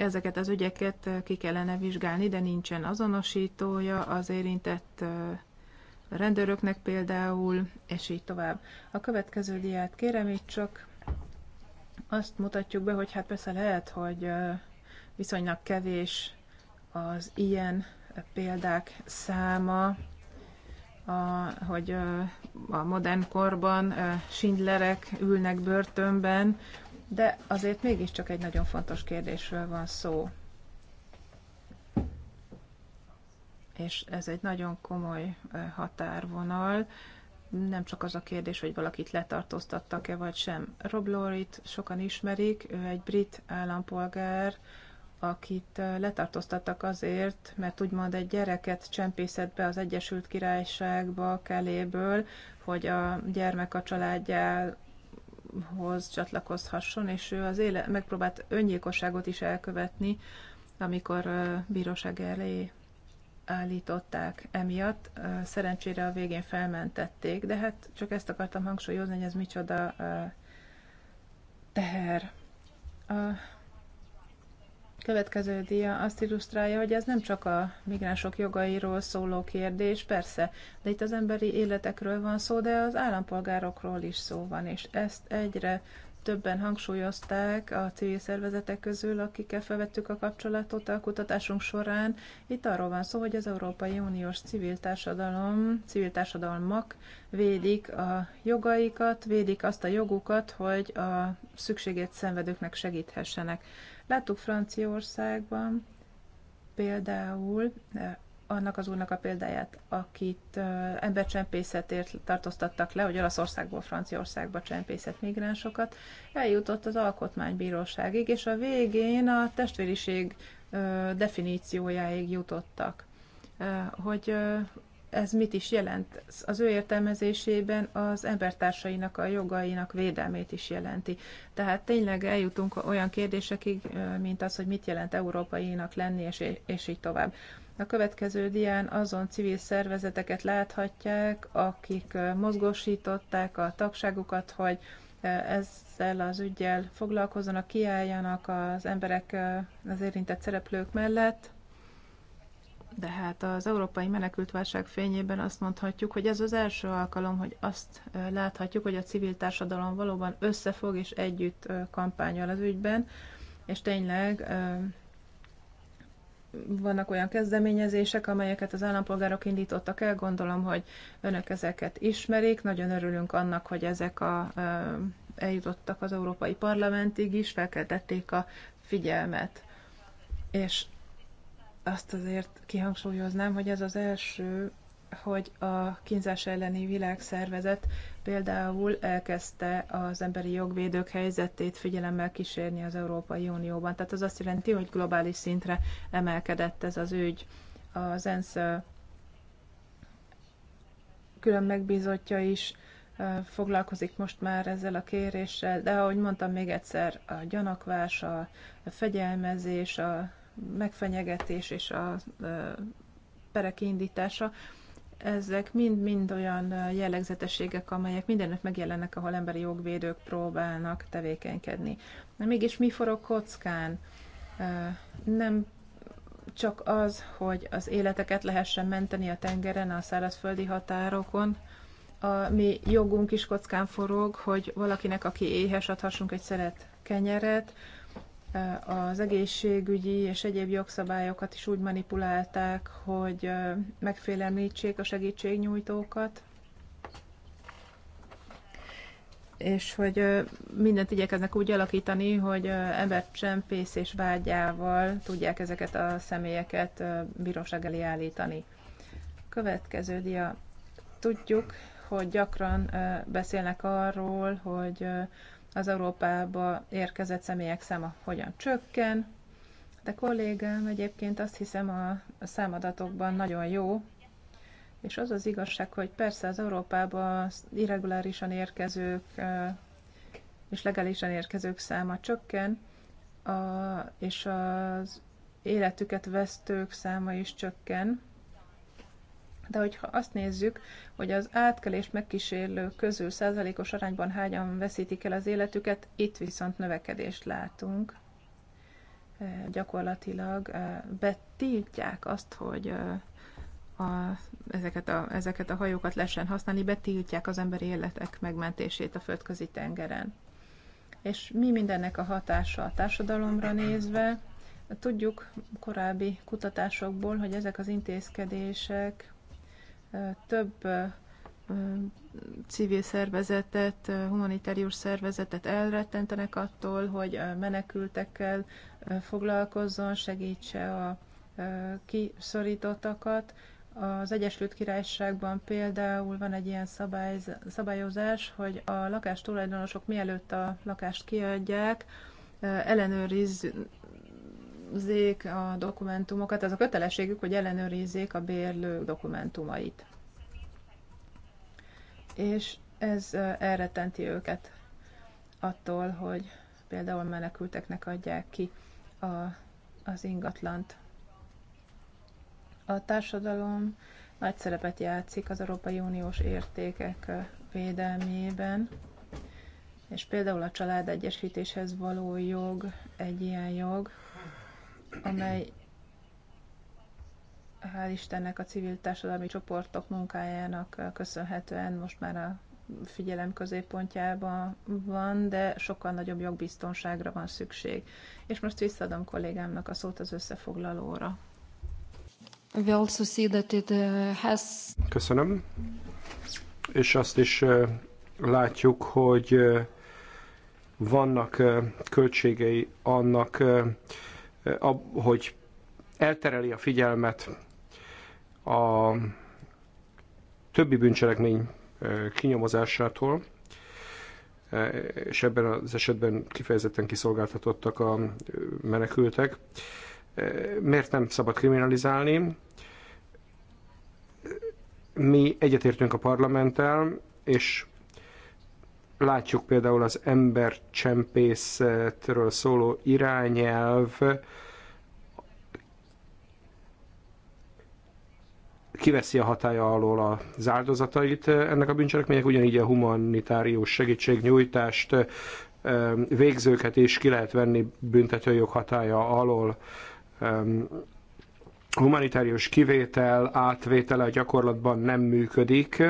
ezeket az ügyeket ki kellene vizsgálni, de nincsen azonosítója az érintett rendőröknek például, és így tovább. A következő diát kérem, itt csak azt mutatjuk be, hogy hát persze lehet, hogy viszonylag kevés az ilyen példák száma, a, hogy a modern korban Schindlerek ülnek börtönben, de azért mégiscsak egy nagyon fontos kérdésről van szó. És ez egy nagyon komoly határvonal. Nem csak az a kérdés, hogy valakit letartóztattak-e vagy sem. Rob Lorit sokan ismerik, ő egy brit állampolgár, akit letartóztattak azért, mert úgymond egy gyereket csempészett be az Egyesült Királyságba, Keléből, hogy a gyermek a családjá, hoz csatlakozhasson, és ő az éle, megpróbált öngyilkosságot is elkövetni, amikor bíróság elé állították emiatt. Szerencsére a végén felmentették, de hát csak ezt akartam hangsúlyozni, hogy ez micsoda teher következő dia azt illusztrálja, hogy ez nem csak a migránsok jogairól szóló kérdés, persze, de itt az emberi életekről van szó, de az állampolgárokról is szó van, és ezt egyre többen hangsúlyozták a civil szervezetek közül, akikkel felvettük a kapcsolatot a kutatásunk során. Itt arról van szó, hogy az Európai Uniós civil társadalom, civil társadalmak védik a jogaikat, védik azt a jogukat, hogy a szükségét szenvedőknek segíthessenek. Láttuk Franciaországban például eh, annak az úrnak a példáját, akit eh, embercsempészetért tartóztattak le, hogy Olaszországból Franciaországba csempészett migránsokat, eljutott az alkotmánybíróságig, és a végén a testvériség eh, definíciójáig jutottak. Hogy ez mit is jelent? Az ő értelmezésében az embertársainak a jogainak védelmét is jelenti. Tehát tényleg eljutunk olyan kérdésekig, mint az, hogy mit jelent európainak lenni, és, és így tovább. A következő dián azon civil szervezeteket láthatják, akik mozgósították a tagságukat, hogy ezzel az ügyel foglalkozzanak, kiálljanak az emberek, az érintett szereplők mellett, de hát az európai menekültválság fényében azt mondhatjuk, hogy ez az első alkalom, hogy azt láthatjuk, hogy a civil társadalom valóban összefog és együtt kampányol az ügyben, és tényleg vannak olyan kezdeményezések, amelyeket az állampolgárok indítottak el, gondolom, hogy önök ezeket ismerik. Nagyon örülünk annak, hogy ezek a, eljutottak az Európai Parlamentig is, felkeltették a figyelmet. És azt azért kihangsúlyoznám, hogy ez az első, hogy a kínzás elleni világszervezet például elkezdte az emberi jogvédők helyzetét figyelemmel kísérni az Európai Unióban. Tehát az azt jelenti, hogy globális szintre emelkedett ez az ügy. Az ENSZ külön megbízottja is foglalkozik most már ezzel a kéréssel, de ahogy mondtam még egyszer, a gyanakvás, a fegyelmezés, a megfenyegetés és a perek indítása, ezek mind-mind olyan jellegzetességek, amelyek mindennek megjelennek, ahol emberi jogvédők próbálnak tevékenykedni. De mégis mi forog kockán? Nem csak az, hogy az életeket lehessen menteni a tengeren, a szárazföldi határokon, a mi jogunk is kockán forog, hogy valakinek, aki éhes, adhassunk egy szeret kenyeret, az egészségügyi és egyéb jogszabályokat is úgy manipulálták, hogy megfélemlítsék a segítségnyújtókat, és hogy mindent igyekeznek úgy alakítani, hogy embercsempész és vágyával tudják ezeket a személyeket bíróság elé állítani. Következő dia. Tudjuk, hogy gyakran beszélnek arról, hogy az Európába érkezett személyek száma hogyan csökken, de kollégám egyébként azt hiszem a számadatokban nagyon jó, és az az igazság, hogy persze az Európába irregulárisan érkezők és legálisan érkezők száma csökken, a, és az életüket vesztők száma is csökken, de hogyha azt nézzük, hogy az átkelést megkísérlő közül százalékos arányban hányan veszítik el az életüket, itt viszont növekedést látunk. E, gyakorlatilag e, betiltják azt, hogy e, a, ezeket, a, ezeket a hajókat lehessen használni, betiltják az emberi életek megmentését a földközi tengeren. És mi mindennek a hatása a társadalomra nézve? Tudjuk korábbi kutatásokból, hogy ezek az intézkedések több civil szervezetet, humanitárius szervezetet elrettentenek attól, hogy menekültekkel foglalkozzon, segítse a kiszorítottakat. Az Egyesült Királyságban például van egy ilyen szabályozás, hogy a lakástulajdonosok mielőtt a lakást kiadják, ellenőriz, ellenőrizzék a dokumentumokat, az a kötelességük, hogy ellenőrizzék a bérlő dokumentumait. És ez elretenti őket attól, hogy például menekülteknek adják ki a, az ingatlant. A társadalom nagy szerepet játszik az Európai Uniós értékek védelmében, és például a család egyesítéshez való jog egy ilyen jog, amely hál' Istennek a civil társadalmi csoportok munkájának eh, köszönhetően most már a figyelem középpontjában van, de sokkal nagyobb jogbiztonságra van szükség. És most visszadom kollégámnak a szót az összefoglalóra. We also see that it eh, has... Köszönöm. És azt is eh, látjuk, hogy vannak költségei annak, Eh, hogy eltereli a figyelmet a többi bűncselekmény eh, kinyomozásától, eh, és ebben az esetben kifejezetten kiszolgáltatottak a menekültek. Miért nem szabad kriminalizálni? Mi egyetértünk a parlamenttel, és Látjuk például az csempészetről szóló irányelv, kiveszi a hatája alól az áldozatait ennek a bűncselekménynek, ugyanígy a humanitárius segítségnyújtást, ehm, végzőket is ki lehet venni büntetőjog hatája alól. Ehm, humanitárius kivétel átvétele a gyakorlatban nem működik.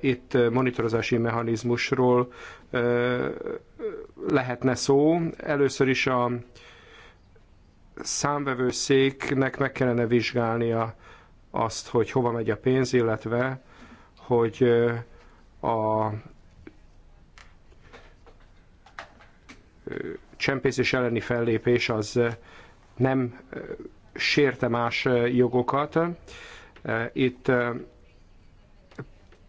Itt monitorozási mechanizmusról lehetne szó. Először is a számvevőszéknek meg kellene vizsgálnia azt, hogy hova megy a pénz, illetve hogy a csempészés elleni fellépés az nem sérte más jogokat. Itt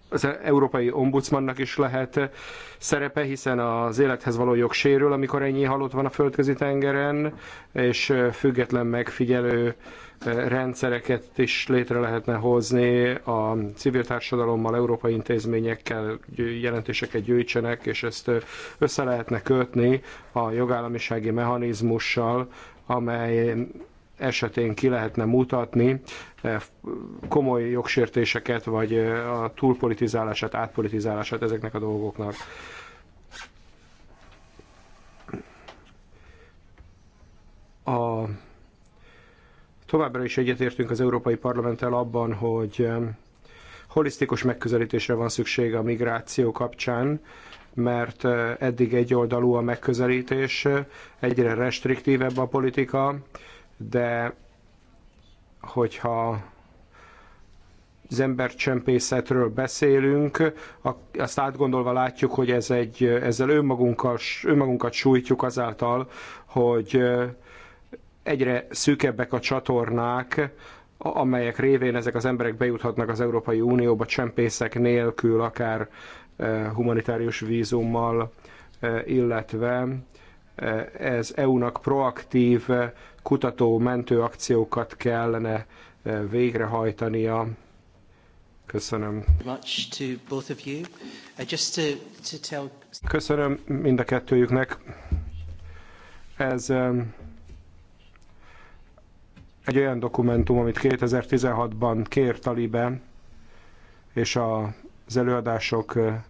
az európai ombudsmannak is lehet szerepe, hiszen az élethez való jog sérül, amikor ennyi halott van a földközi tengeren, és független megfigyelő rendszereket is létre lehetne hozni a civil társadalommal, európai intézményekkel jelentéseket gyűjtsenek, és ezt össze lehetne kötni a jogállamisági mechanizmussal, amely esetén ki lehetne mutatni eh, komoly jogsértéseket, vagy eh, a túlpolitizálását, átpolitizálását ezeknek a dolgoknak. A... Továbbra is egyetértünk az Európai Parlamenttel abban, hogy eh, holisztikus megközelítésre van szükség a migráció kapcsán, mert eddig egyoldalú a megközelítés, egyre restriktívebb a politika, de hogyha az embercsempészetről beszélünk, azt átgondolva látjuk, hogy ez egy, ezzel önmagunkat, önmagunkat sújtjuk azáltal, hogy egyre szűkebbek a csatornák, amelyek révén ezek az emberek bejuthatnak az Európai Unióba csempészek nélkül, akár humanitárius vízummal, illetve ez EU-nak proaktív kutató-mentő akciókat kellene eh, végrehajtania. Köszönöm. Köszönöm mind a kettőjüknek. Ez eh, egy olyan dokumentum, amit 2016-ban kért a Libe, és az előadások eh,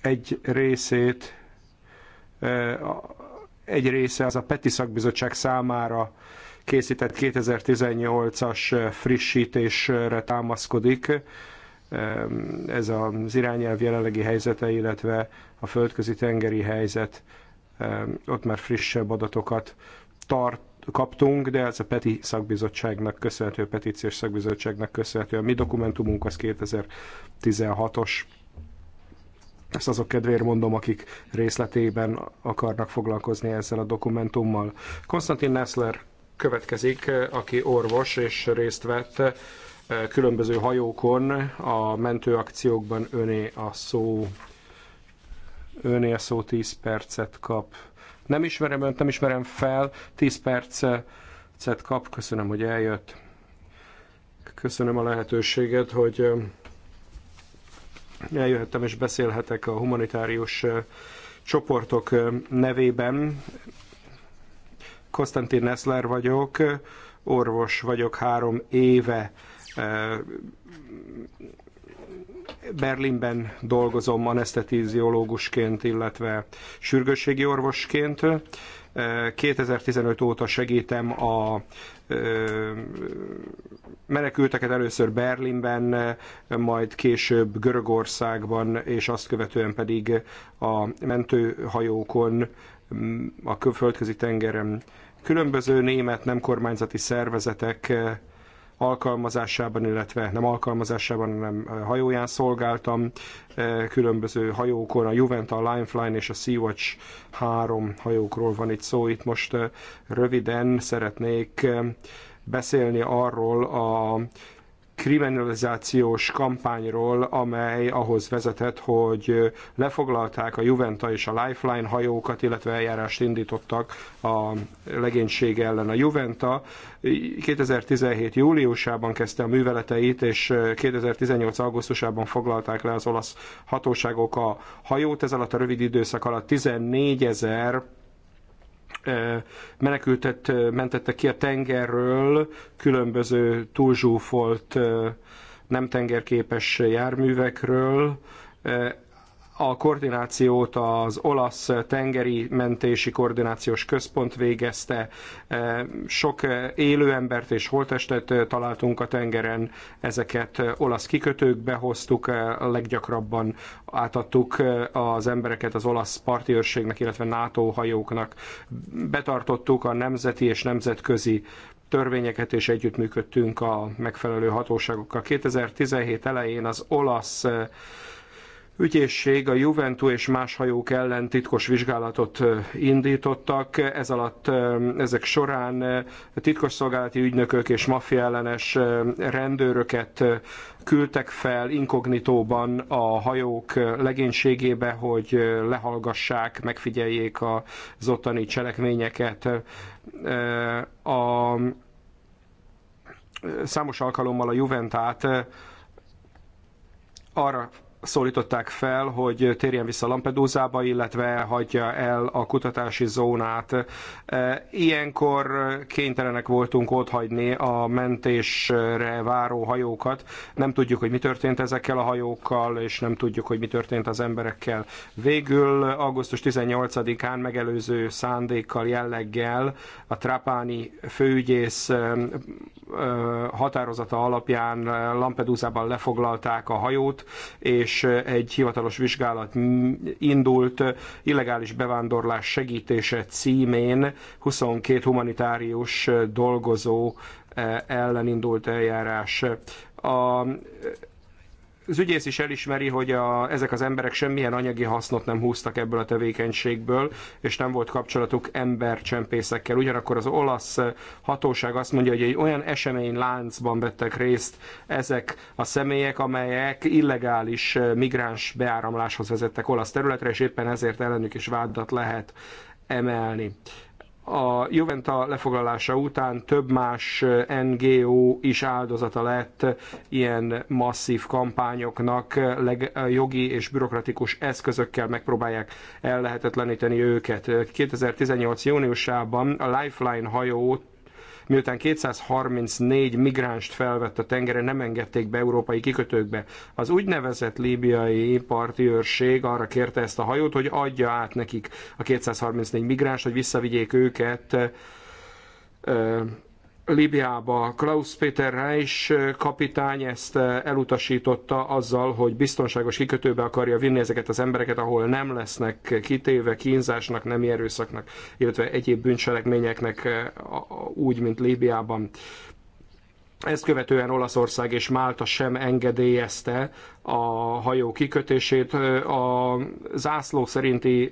egy részét egy része az a Peti Szakbizottság számára készített 2018-as frissítésre támaszkodik. Ez az irányelv jelenlegi helyzete, illetve a földközi tengeri helyzet, ott már frissebb adatokat tart, kaptunk, de ez a PETI szakbizottságnak köszönhető, a petíciós szakbizottságnak köszönhető. A mi dokumentumunk az 2016-os ezt azok kedvéért mondom, akik részletében akarnak foglalkozni ezzel a dokumentummal. Konstantin Nessler következik, aki orvos és részt vett eh, különböző hajókon a mentőakciókban öné a szó. Öné a szó 10 percet kap. Nem ismerem önt, nem ismerem fel. 10 percet kap. Köszönöm, hogy eljött. Köszönöm a lehetőséget, hogy eh, eljöhettem és beszélhetek a humanitárius csoportok nevében. Konstantin Nessler vagyok, orvos vagyok három éve. Berlinben dolgozom anesztetíziológusként, illetve sürgősségi orvosként. 2015 óta segítem a menekülteket először Berlinben, majd később Görögországban, és azt követően pedig a mentőhajókon, mm, a földközi tengeren. Különböző német nem kormányzati szervezetek eh, alkalmazásában, illetve nem alkalmazásában, hanem eh, hajóján szolgáltam eh, különböző hajókon, a Juventa, a Lifeline és a Sea-Watch három hajókról van itt szó. Itt most röviden szeretnék beszélni arról a kriminalizációs kampányról, amely ahhoz vezetett, hogy lefoglalták a Juventa és a Lifeline hajókat, illetve eljárást indítottak a legénység ellen. A Juventa 2017. júliusában kezdte a műveleteit, és 2018. augusztusában foglalták le az olasz hatóságok a hajót. Ez alatt a rövid időszak alatt 14 ezer menekültet mentette ki a tengerről különböző túlzsúfolt nem tengerképes járművekről, a koordinációt az olasz tengeri mentési koordinációs központ végezte. E, sok élő embert és holtestet e, találtunk a tengeren, ezeket e, olasz kikötőkbe hoztuk, leggyakrabban átadtuk az embereket az olasz parti őrségnek, illetve NATO hajóknak. Betartottuk a nemzeti és nemzetközi törvényeket, és együttműködtünk a megfelelő hatóságokkal. 2017 elején az olasz ügyészség a Juventus és más hajók ellen titkos vizsgálatot indítottak. Ez alatt ezek során titkosszolgálati ügynökök és maffiellenes rendőröket küldtek fel inkognitóban a hajók legénységébe, hogy lehallgassák, megfigyeljék az ottani cselekményeket. A számos alkalommal a Juventát arra szólították fel, hogy térjen vissza Lampedusába, illetve hagyja el a kutatási zónát. E, ilyenkor kénytelenek voltunk otthagyni a mentésre váró hajókat. Nem tudjuk, hogy mi történt ezekkel a hajókkal, és nem tudjuk, hogy mi történt az emberekkel. Végül augusztus 18-án megelőző szándékkal, jelleggel a Trapani főügyész e, e, határozata alapján lampedúzában lefoglalták a hajót, és is egy hivatalos vizsgálat indult illegális bevándorlás segítése címén 22 humanitárius dolgozó eh, ellen indult eljárás. A az ügyész is elismeri, hogy a, ezek az emberek semmilyen anyagi hasznot nem húztak ebből a tevékenységből, és nem volt kapcsolatuk embercsempészekkel. Ugyanakkor az olasz hatóság azt mondja, hogy egy olyan esemény láncban vettek részt ezek a személyek, amelyek illegális eh, migráns beáramláshoz vezettek olasz területre, és éppen ezért ellenük is vádat lehet emelni a Juventa lefoglalása után több más eh, NGO is áldozata lett ilyen masszív kampányoknak, leg, eh, jogi és bürokratikus eszközökkel megpróbálják ellehetetleníteni őket. 2018. Eh, júniusában a Lifeline hajót Miután 234 migránst felvett a tengere, nem engedték be európai kikötőkbe. Az úgynevezett líbiai parti őrség arra kérte ezt a hajót, hogy adja át nekik a 234 migránst, hogy visszavigyék őket Libiába. Klaus Peter Reich kapitány ezt elutasította azzal, hogy biztonságos kikötőbe akarja vinni ezeket az embereket, ahol nem lesznek kitéve kínzásnak, nemi erőszaknak, illetve egyéb bűncselekményeknek úgy, mint Líbiában. Ezt követően Olaszország és Málta sem engedélyezte a hajó kikötését. A zászló szerinti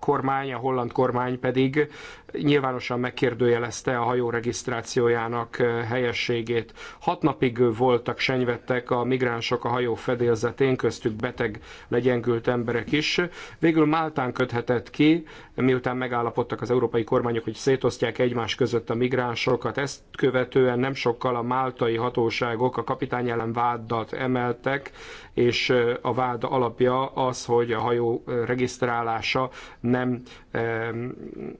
kormány, a holland kormány pedig nyilvánosan megkérdőjelezte a hajó regisztrációjának helyességét. Hat napig voltak senyvettek a migránsok a hajó fedélzetén, köztük beteg, legyengült emberek is. Végül Máltán köthetett ki, miután megállapodtak az európai kormányok, hogy szétosztják egymás között a migránsokat. Ezt követően nem sokkal a máltai hatóságok a kapitány ellen vádat emeltek, és a vád alapja az, hogy a hajó regisztrálása nem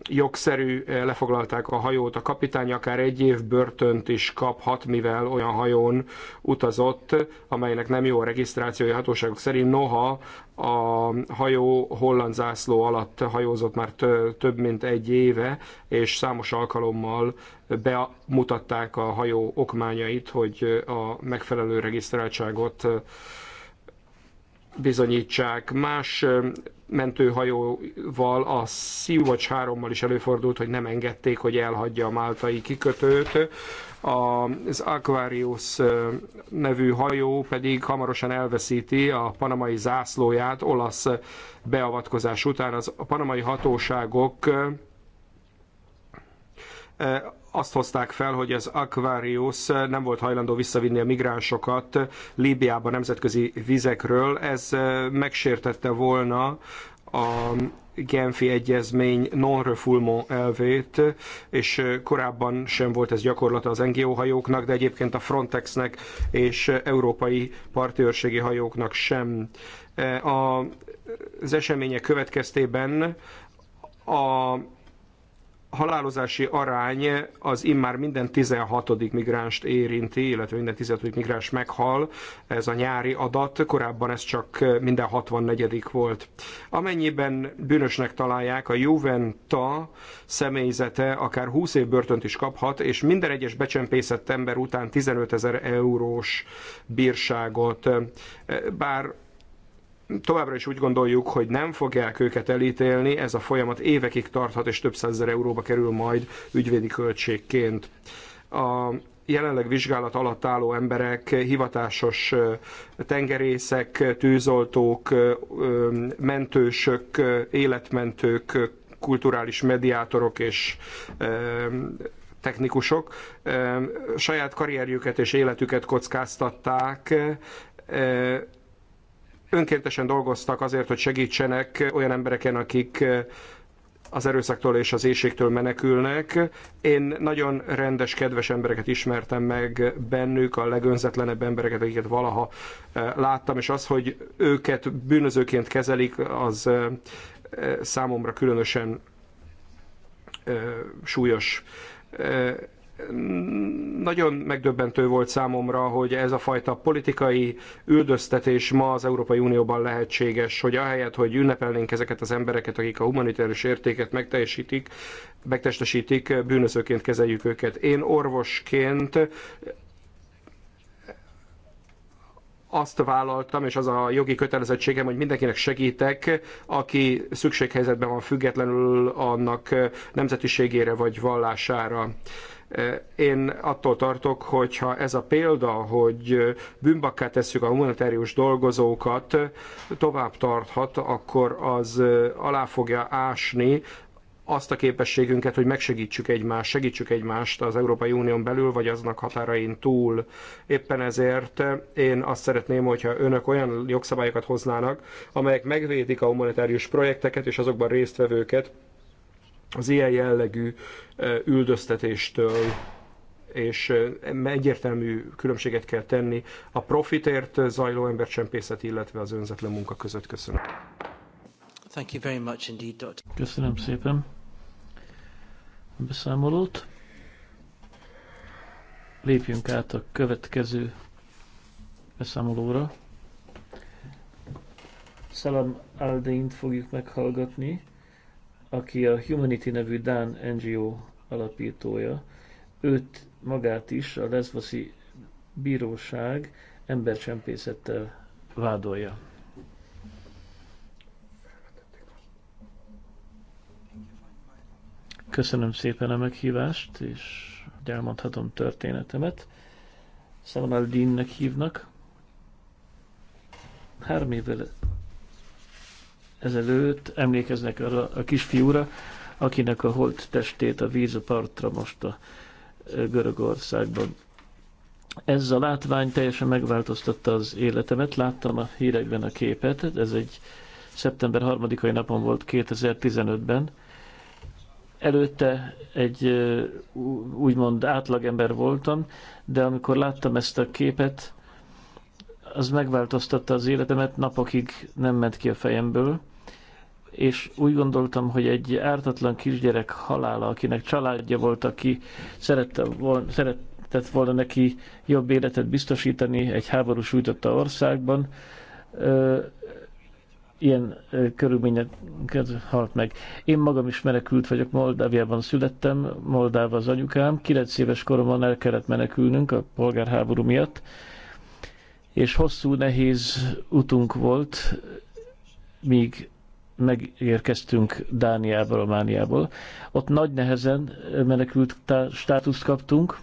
jogszerű, lefoglalták a hajót, a kapitány akár egy év börtönt is kaphat, mivel olyan hajón utazott, amelynek nem jó a regisztrációja hatóságok szerint, noha a hajó holland zászló alatt hajózott már több mint egy éve, és számos alkalommal bemutatták a hajó okmányait, hogy a megfelelő regisztráltságot bizonyítsák. Más mentőhajóval, a Sea-Watch 3-mal is előfordult, hogy nem engedték, hogy elhagyja a máltai kikötőt. Az Aquarius nevű hajó pedig hamarosan elveszíti a panamai zászlóját olasz beavatkozás után. Az, a panamai hatóságok azt hozták fel, hogy az Aquarius nem volt hajlandó visszavinni a migránsokat Líbiába nemzetközi vizekről. Ez megsértette volna a Genfi egyezmény non-refoulement elvét, és korábban sem volt ez gyakorlata az NGO hajóknak, de egyébként a Frontexnek és európai partőrségi hajóknak sem. A, az események következtében a halálozási arány az immár minden 16. migránst érinti, illetve minden 16. migráns meghal. Ez a nyári adat, korábban ez csak minden 64. volt. Amennyiben bűnösnek találják, a Juventa személyzete akár 20 év börtönt is kaphat, és minden egyes becsempészett ember után 15 ezer eurós bírságot. Bár Továbbra is úgy gondoljuk, hogy nem fogják őket elítélni, ez a folyamat évekig tarthat, és több százezer euróba kerül majd ügyvédi költségként. A jelenleg vizsgálat alatt álló emberek, hivatásos tengerészek, tűzoltók, mentősök, életmentők, kulturális mediátorok és technikusok saját karrierjüket és életüket kockáztatták, önkéntesen dolgoztak azért, hogy segítsenek olyan embereken, akik az erőszaktól és az éjségtől menekülnek. Én nagyon rendes, kedves embereket ismertem meg bennük, a legönzetlenebb embereket, akiket valaha láttam, és az, hogy őket bűnözőként kezelik, az számomra különösen súlyos nagyon megdöbbentő volt számomra, hogy ez a fajta politikai üldöztetés ma az Európai Unióban lehetséges, hogy ahelyett, hogy ünnepelnénk ezeket az embereket, akik a humanitárius értéket megteljesítik, megtestesítik, bűnözőként kezeljük őket. Én orvosként azt vállaltam, és az a jogi kötelezettségem, hogy mindenkinek segítek, aki szükséghelyzetben van függetlenül annak nemzetiségére vagy vallására. Én attól tartok, hogyha ez a példa, hogy bűnbakká tesszük a humanitárius dolgozókat, tovább tarthat, akkor az alá fogja ásni azt a képességünket, hogy megsegítsük egymást, segítsük egymást az Európai Unión belül, vagy aznak határain túl. Éppen ezért én azt szeretném, hogyha önök olyan jogszabályokat hoznának, amelyek megvédik a humanitárius projekteket és azokban résztvevőket, az ilyen jellegű üldöztetéstől, és egyértelmű különbséget kell tenni a profitért zajló embercsempészet, illetve az önzetlen munka között. Köszönöm. Thank you very much indeed, Dr. Köszönöm szépen a beszámolót. Lépjünk át a következő beszámolóra. Salam Aldeint fogjuk meghallgatni aki a Humanity nevű Dán NGO alapítója, őt magát is a leszvaszi bíróság embercsempészettel vádolja. Köszönöm szépen a meghívást, és elmondhatom történetemet. Salam al hívnak. Három évvel ezelőtt emlékeznek arra a kisfiúra, akinek a holt testét a víz a partra most a Görögországban. Ez a látvány teljesen megváltoztatta az életemet. Láttam a hírekben a képet, ez egy szeptember harmadikai napon volt 2015-ben. Előtte egy úgymond átlagember voltam, de amikor láttam ezt a képet, az megváltoztatta az életemet, napokig nem ment ki a fejemből és úgy gondoltam, hogy egy ártatlan kisgyerek halála, akinek családja volt, aki szerette volna, szeretett volna neki jobb életet biztosítani egy háború sújtotta országban, ilyen körülmények halt meg. Én magam is menekült vagyok, Moldáviában születtem, Moldáva az anyukám, 9 éves koromban el kellett menekülnünk a polgárháború miatt, és hosszú, nehéz utunk volt, míg megérkeztünk Dániába, Romániából. Ott nagy nehezen menekült státuszt kaptunk,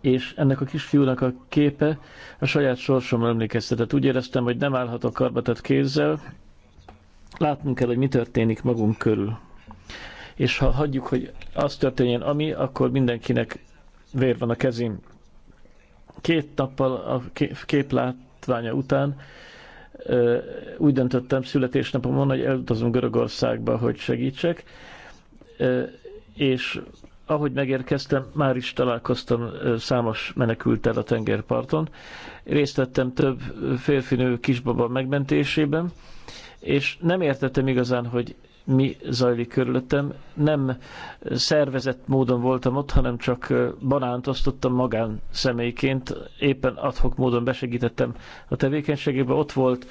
és ennek a kisfiúnak a képe a saját sorsom emlékeztetett. Úgy éreztem, hogy nem állhatok karbatett kézzel, látnunk kell, hogy mi történik magunk körül. És ha hagyjuk, hogy az történjen, ami, akkor mindenkinek vér van a kezén. Két nappal a kép látványa után úgy döntöttem születésnapomon, hogy elutazom Görögországba, hogy segítsek, és ahogy megérkeztem, már is találkoztam számos menekültel a tengerparton. Részt vettem több férfinő kisbaba megmentésében, és nem értettem igazán, hogy mi zajlik körülöttem. Nem szervezett módon voltam ott, hanem csak banánt osztottam magán személyként. Éppen adhok módon besegítettem a tevékenységébe. Ott volt,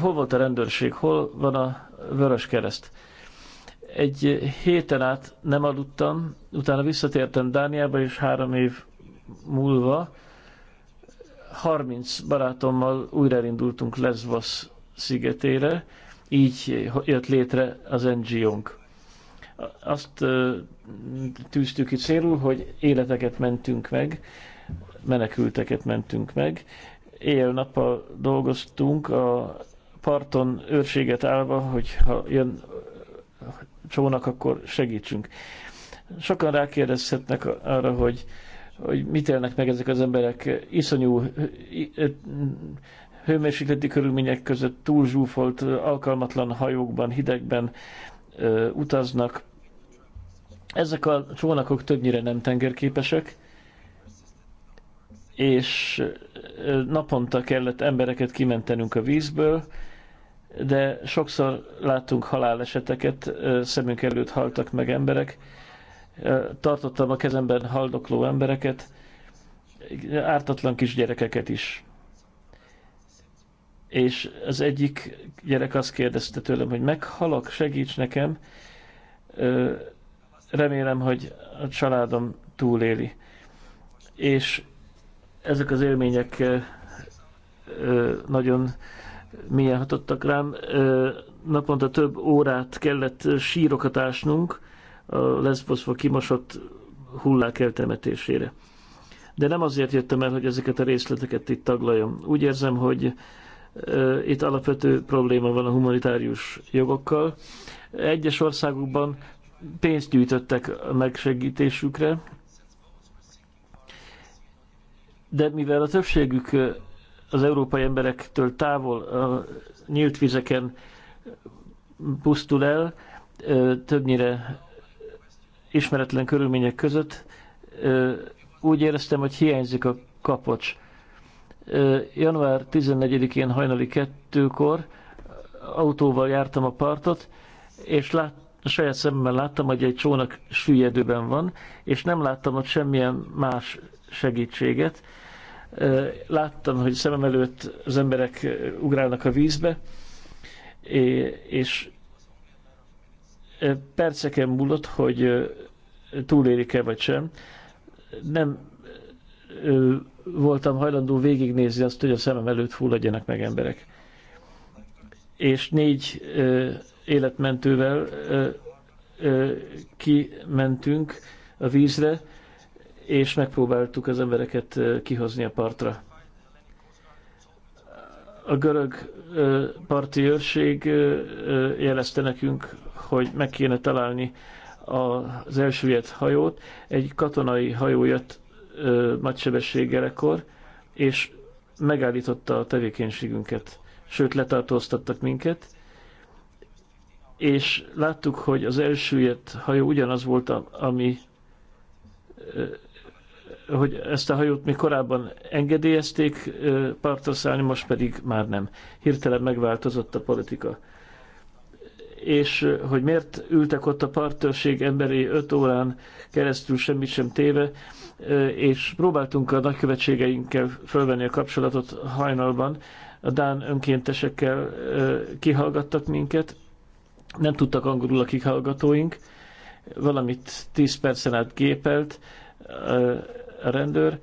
hol volt a rendőrség, hol van a Vörös Kereszt. Egy héten át nem aludtam, utána visszatértem Dániába, és három év múlva 30 barátommal újra elindultunk Lesbos szigetére, így jött létre az NGO-nk. Azt tűztük ki célul, hogy életeket mentünk meg, menekülteket mentünk meg. Éjjel-nappal dolgoztunk, a parton őrséget állva, hogy ha jön csónak, akkor segítsünk. Sokan rákérdezhetnek arra, hogy, hogy mit élnek meg ezek az emberek. Iszonyú hőmérsékleti körülmények között túl zsúfolt, alkalmatlan hajókban, hidegben ö, utaznak. Ezek a csónakok többnyire nem tengerképesek, és naponta kellett embereket kimentenünk a vízből, de sokszor láttunk haláleseteket, szemünk előtt haltak meg emberek. Tartottam a kezemben haldokló embereket, ártatlan kis gyerekeket is és az egyik gyerek azt kérdezte tőlem, hogy meghalok, segíts nekem, remélem, hogy a családom túléli. És ezek az élmények nagyon milyen hatottak rám. Naponta több órát kellett sírokat ásnunk a leszboszva kimosott hullák eltemetésére. De nem azért jöttem el, hogy ezeket a részleteket itt taglaljam. Úgy érzem, hogy itt alapvető probléma van a humanitárius jogokkal. Egyes országokban pénzt gyűjtöttek a megsegítésükre, de mivel a többségük az európai emberektől távol a nyílt vizeken pusztul el, többnyire ismeretlen körülmények között, úgy éreztem, hogy hiányzik a kapocs január 14-én hajnali kettőkor autóval jártam a partot, és lát, a saját szemmel láttam, hogy egy csónak süllyedőben van, és nem láttam ott semmilyen más segítséget. Láttam, hogy szemem előtt az emberek ugrálnak a vízbe, és perceken múlott, hogy túlélik-e vagy sem. Nem voltam hajlandó végignézni azt, hogy a szemem előtt fulladjanak meg emberek. És négy ö, életmentővel ö, ö, kimentünk a vízre, és megpróbáltuk az embereket kihozni a partra. A görög parti őrség jelezte nekünk, hogy meg kéne találni az elsüllyedt hajót. Egy katonai hajó jött sebességgel ekkor, és megállította a tevékenységünket, sőt letartóztattak minket, és láttuk, hogy az elsüllyedt hajó ugyanaz volt, ami hogy ezt a hajót mi korábban engedélyezték partra szállni, most pedig már nem. Hirtelen megváltozott a politika. És hogy miért ültek ott a partőrség emberi öt órán keresztül semmit sem téve, és próbáltunk a nagykövetségeinkkel fölvenni a kapcsolatot hajnalban, a Dán önkéntesekkel kihallgattak minket, nem tudtak angolul a kihallgatóink, valamit 10 percen át gépelt a rendőr,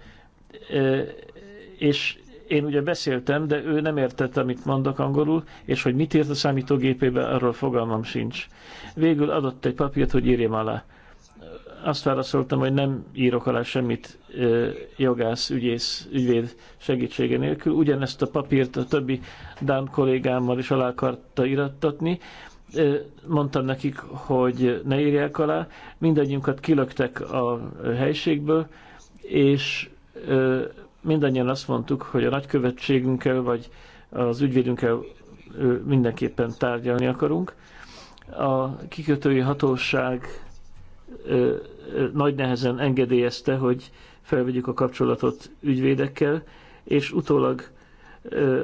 és én ugye beszéltem, de ő nem értette, amit mondok angolul, és hogy mit írt a számítógépébe, arról fogalmam sincs. Végül adott egy papírt, hogy írjam alá azt válaszoltam, hogy nem írok alá semmit jogász, ügyész, ügyvéd segítsége nélkül. Ugyanezt a papírt a többi Dán kollégámmal is alá akarta irattatni. Mondtam nekik, hogy ne írják alá. Mindannyiunkat kilöktek a helységből, és mindannyian azt mondtuk, hogy a nagykövetségünkkel vagy az ügyvédünkkel mindenképpen tárgyalni akarunk. A kikötői hatóság nagy nehezen engedélyezte, hogy felvegyük a kapcsolatot ügyvédekkel, és utólag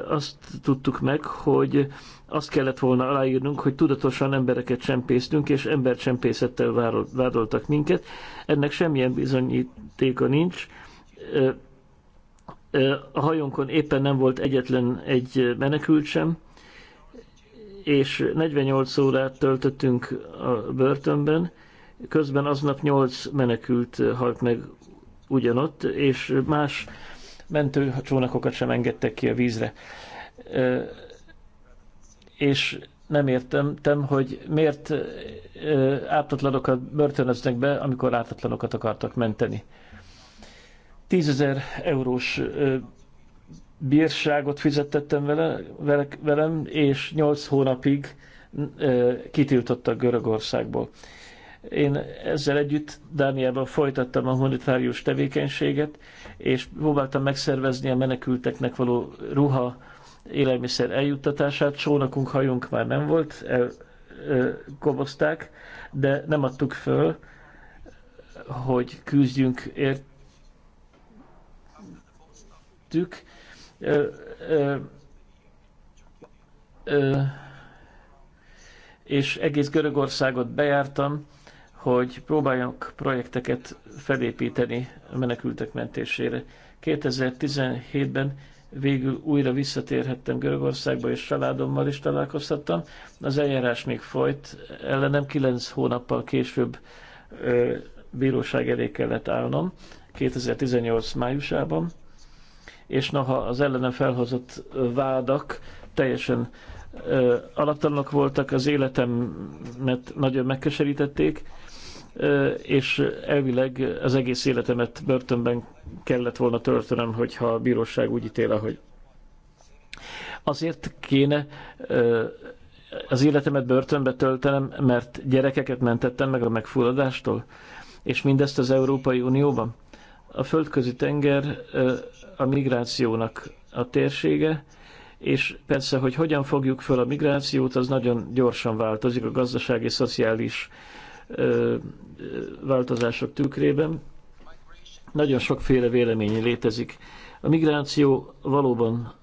azt tudtuk meg, hogy azt kellett volna aláírnunk, hogy tudatosan embereket csempésztünk, és embercsempészettel vádoltak minket. Ennek semmilyen bizonyítéka nincs. A hajónkon éppen nem volt egyetlen egy menekült sem, és 48 órát töltöttünk a börtönben, Közben aznap nyolc menekült halt meg ugyanott, és más mentőcsónakokat sem engedtek ki a vízre. És nem értem, hogy miért ártatlanokat börtönöznek be, amikor ártatlanokat akartak menteni. tízezer eurós bírságot fizettettem vele, vele, velem, és nyolc hónapig kitiltottak Görögországból. Én ezzel együtt Dániában folytattam a humanitárius tevékenységet, és próbáltam megszervezni a menekülteknek való ruha, élelmiszer eljuttatását. Csónakunk, hajunk már nem volt, elkobozták, de nem adtuk föl, hogy küzdjünk értük. Ö, ö, ö, és egész Görögországot bejártam, hogy próbáljunk projekteket felépíteni a menekültek mentésére. 2017-ben végül újra visszatérhettem Görögországba, és családommal is találkozhattam. Az eljárás még folyt, ellenem 9 hónappal később ö, bíróság elé kellett állnom, 2018 májusában, és noha az ellenem felhozott vádak teljesen alaptalanok voltak, az életemet nagyon megkeserítették, és elvileg az egész életemet börtönben kellett volna töltenem, hogyha a bíróság úgy ítél, ahogy. Azért kéne az életemet börtönbe töltenem, mert gyerekeket mentettem meg a megfulladástól, és mindezt az Európai Unióban. A földközi tenger a migrációnak a térsége, és persze, hogy hogyan fogjuk föl a migrációt, az nagyon gyorsan változik a gazdasági, szociális változások tükrében. Nagyon sokféle vélemény létezik. A migráció valóban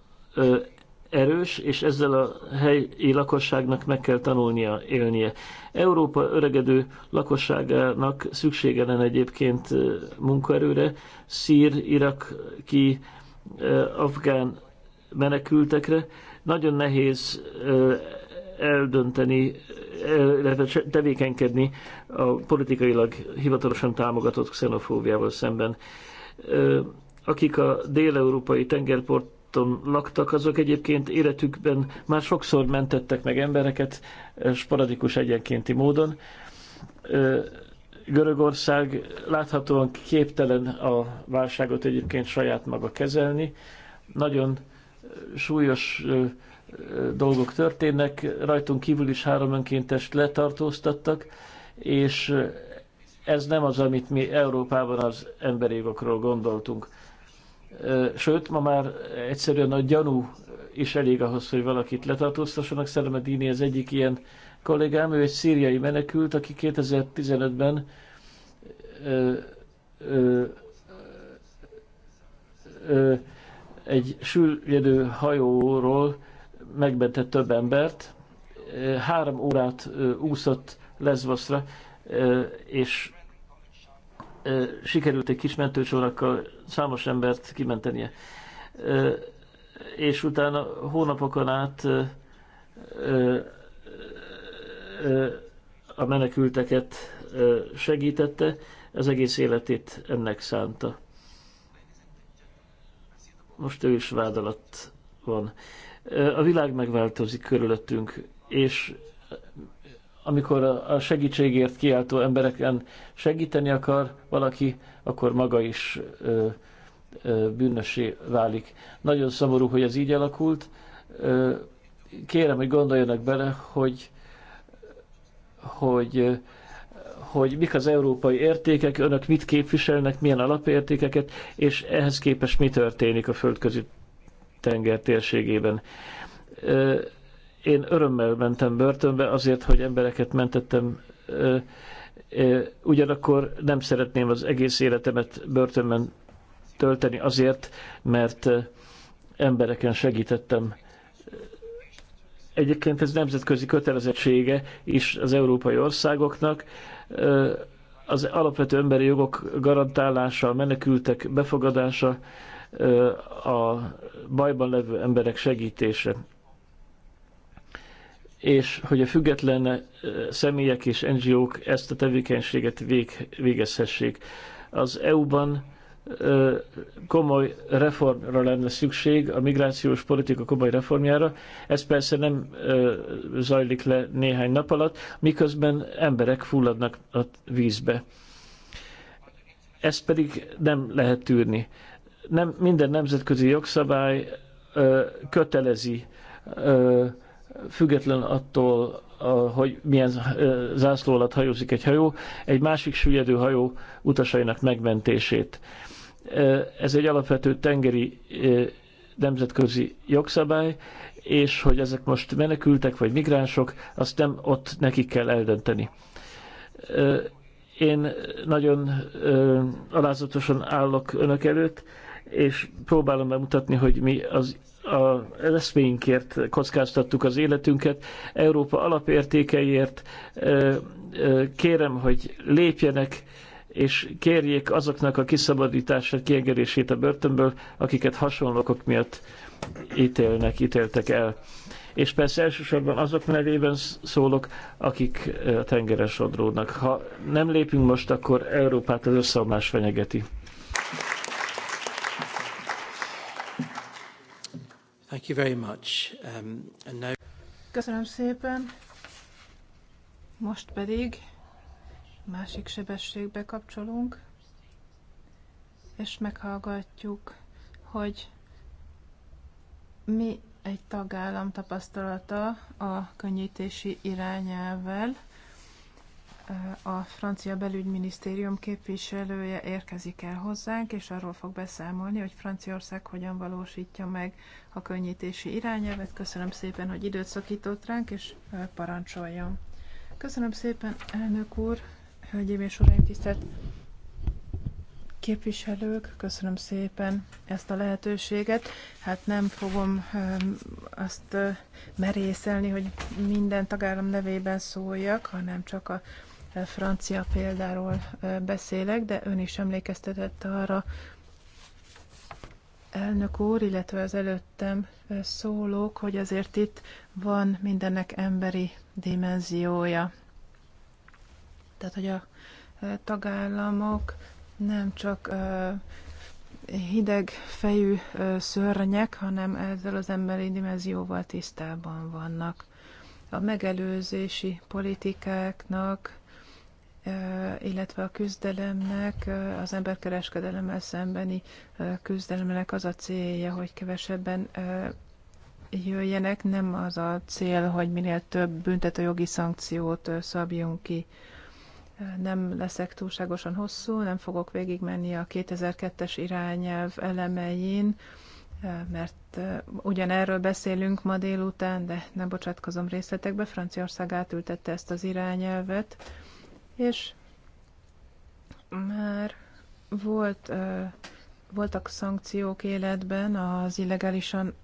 erős, és ezzel a helyi lakosságnak meg kell tanulnia élnie. Európa öregedő lakosságának szüksége lenne egyébként munkaerőre, szír, iraki, afgán menekültekre. Nagyon nehéz eldönteni, e, illetve tevékenykedni a politikailag hivatalosan támogatott xenofóbiával szemben. E, akik a déleurópai tengerporton laktak, azok egyébként életükben már sokszor mentettek meg embereket e, sporadikus egyenkénti módon. Görögország láthatóan képtelen a válságot egyébként saját maga kezelni. Nagyon súlyos dolgok történnek, rajtunk kívül is három önkéntest letartóztattak, és ez nem az, amit mi Európában az emberi gondoltunk. Sőt, ma már egyszerűen a gyanú is elég ahhoz, hogy valakit letartóztassanak. Dini az egyik ilyen kollégám, ő egy szíriai menekült, aki 2015-ben egy süllyedő hajóról megmentett több embert. Három órát úszott Lezvaszra, és sikerült egy kis mentőcsónakkal számos embert kimentenie. És utána hónapokon át a menekülteket segítette, az egész életét ennek szánta. Most ő is vád alatt van. A világ megváltozik körülöttünk, és amikor a segítségért kiáltó embereken segíteni akar valaki, akkor maga is bűnösé válik. Nagyon szomorú, hogy ez így alakult. Kérem, hogy gondoljanak bele, hogy, hogy, hogy mik az európai értékek, önök mit képviselnek, milyen alapértékeket, és ehhez képest mi történik a földközi tenger térségében. Én örömmel mentem börtönbe azért, hogy embereket mentettem, ugyanakkor nem szeretném az egész életemet börtönben tölteni azért, mert embereken segítettem. Egyébként ez nemzetközi kötelezettsége is az európai országoknak. Az alapvető emberi jogok garantálása, a menekültek befogadása, a bajban levő emberek segítése. És hogy a független személyek és NGO-k ezt a tevékenységet vég, végezhessék. Az EU-ban komoly reformra lenne szükség, a migrációs politika komoly reformjára. Ez persze nem zajlik le néhány nap alatt, miközben emberek fulladnak a vízbe. Ezt pedig nem lehet tűrni nem, minden nemzetközi jogszabály ö, kötelezi, ö, független attól, a, hogy milyen zászló alatt hajózik egy hajó, egy másik süllyedő hajó utasainak megmentését. ez egy alapvető tengeri nemzetközi jogszabály, és hogy ezek most menekültek vagy migránsok, azt nem ott nekik kell eldönteni. Én nagyon alázatosan állok önök előtt, és próbálom bemutatni, hogy mi az a eszménykért kockáztattuk az életünket, Európa alapértékeiért. Kérem, hogy lépjenek, és kérjék azoknak a kiszabadítását, kiengedését a börtönből, akiket hasonlókok miatt ítélnek, ítéltek el. És persze elsősorban azok nevében szólok, akik a tengeren sodródnak. Ha nem lépünk most, akkor Európát az összeomlás fenyegeti. Thank you very much. Um, and now... Köszönöm szépen. Most pedig másik sebességbe kapcsolunk, és meghallgatjuk, hogy mi egy tagállam tapasztalata a könnyítési irányelvvel, a francia belügyminisztérium képviselője érkezik el hozzánk, és arról fog beszámolni, hogy Franciaország hogyan valósítja meg a könnyítési irányelvet. Köszönöm szépen, hogy időt szakított ránk, és parancsoljon. Köszönöm szépen, elnök úr, hölgyeim és uraim, tisztelt képviselők, köszönöm szépen ezt a lehetőséget. Hát nem fogom azt merészelni, hogy minden tagállam nevében szóljak, hanem csak a francia példáról beszélek, de ön is emlékeztetett arra, elnök úr, illetve az előttem szólók, hogy azért itt van mindennek emberi dimenziója. Tehát, hogy a tagállamok nem csak hideg fejű szörnyek, hanem ezzel az emberi dimenzióval tisztában vannak. A megelőzési politikáknak illetve a küzdelemnek, az emberkereskedelemmel szembeni küzdelemnek az a célja, hogy kevesebben jöjjenek, nem az a cél, hogy minél több büntetőjogi szankciót szabjunk ki. Nem leszek túlságosan hosszú, nem fogok végigmenni a 2002-es irányelv elemein, mert ugyanerről beszélünk ma délután, de nem bocsátkozom részletekbe. Franciaország átültette ezt az irányelvet és már volt, voltak szankciók életben az illegálisan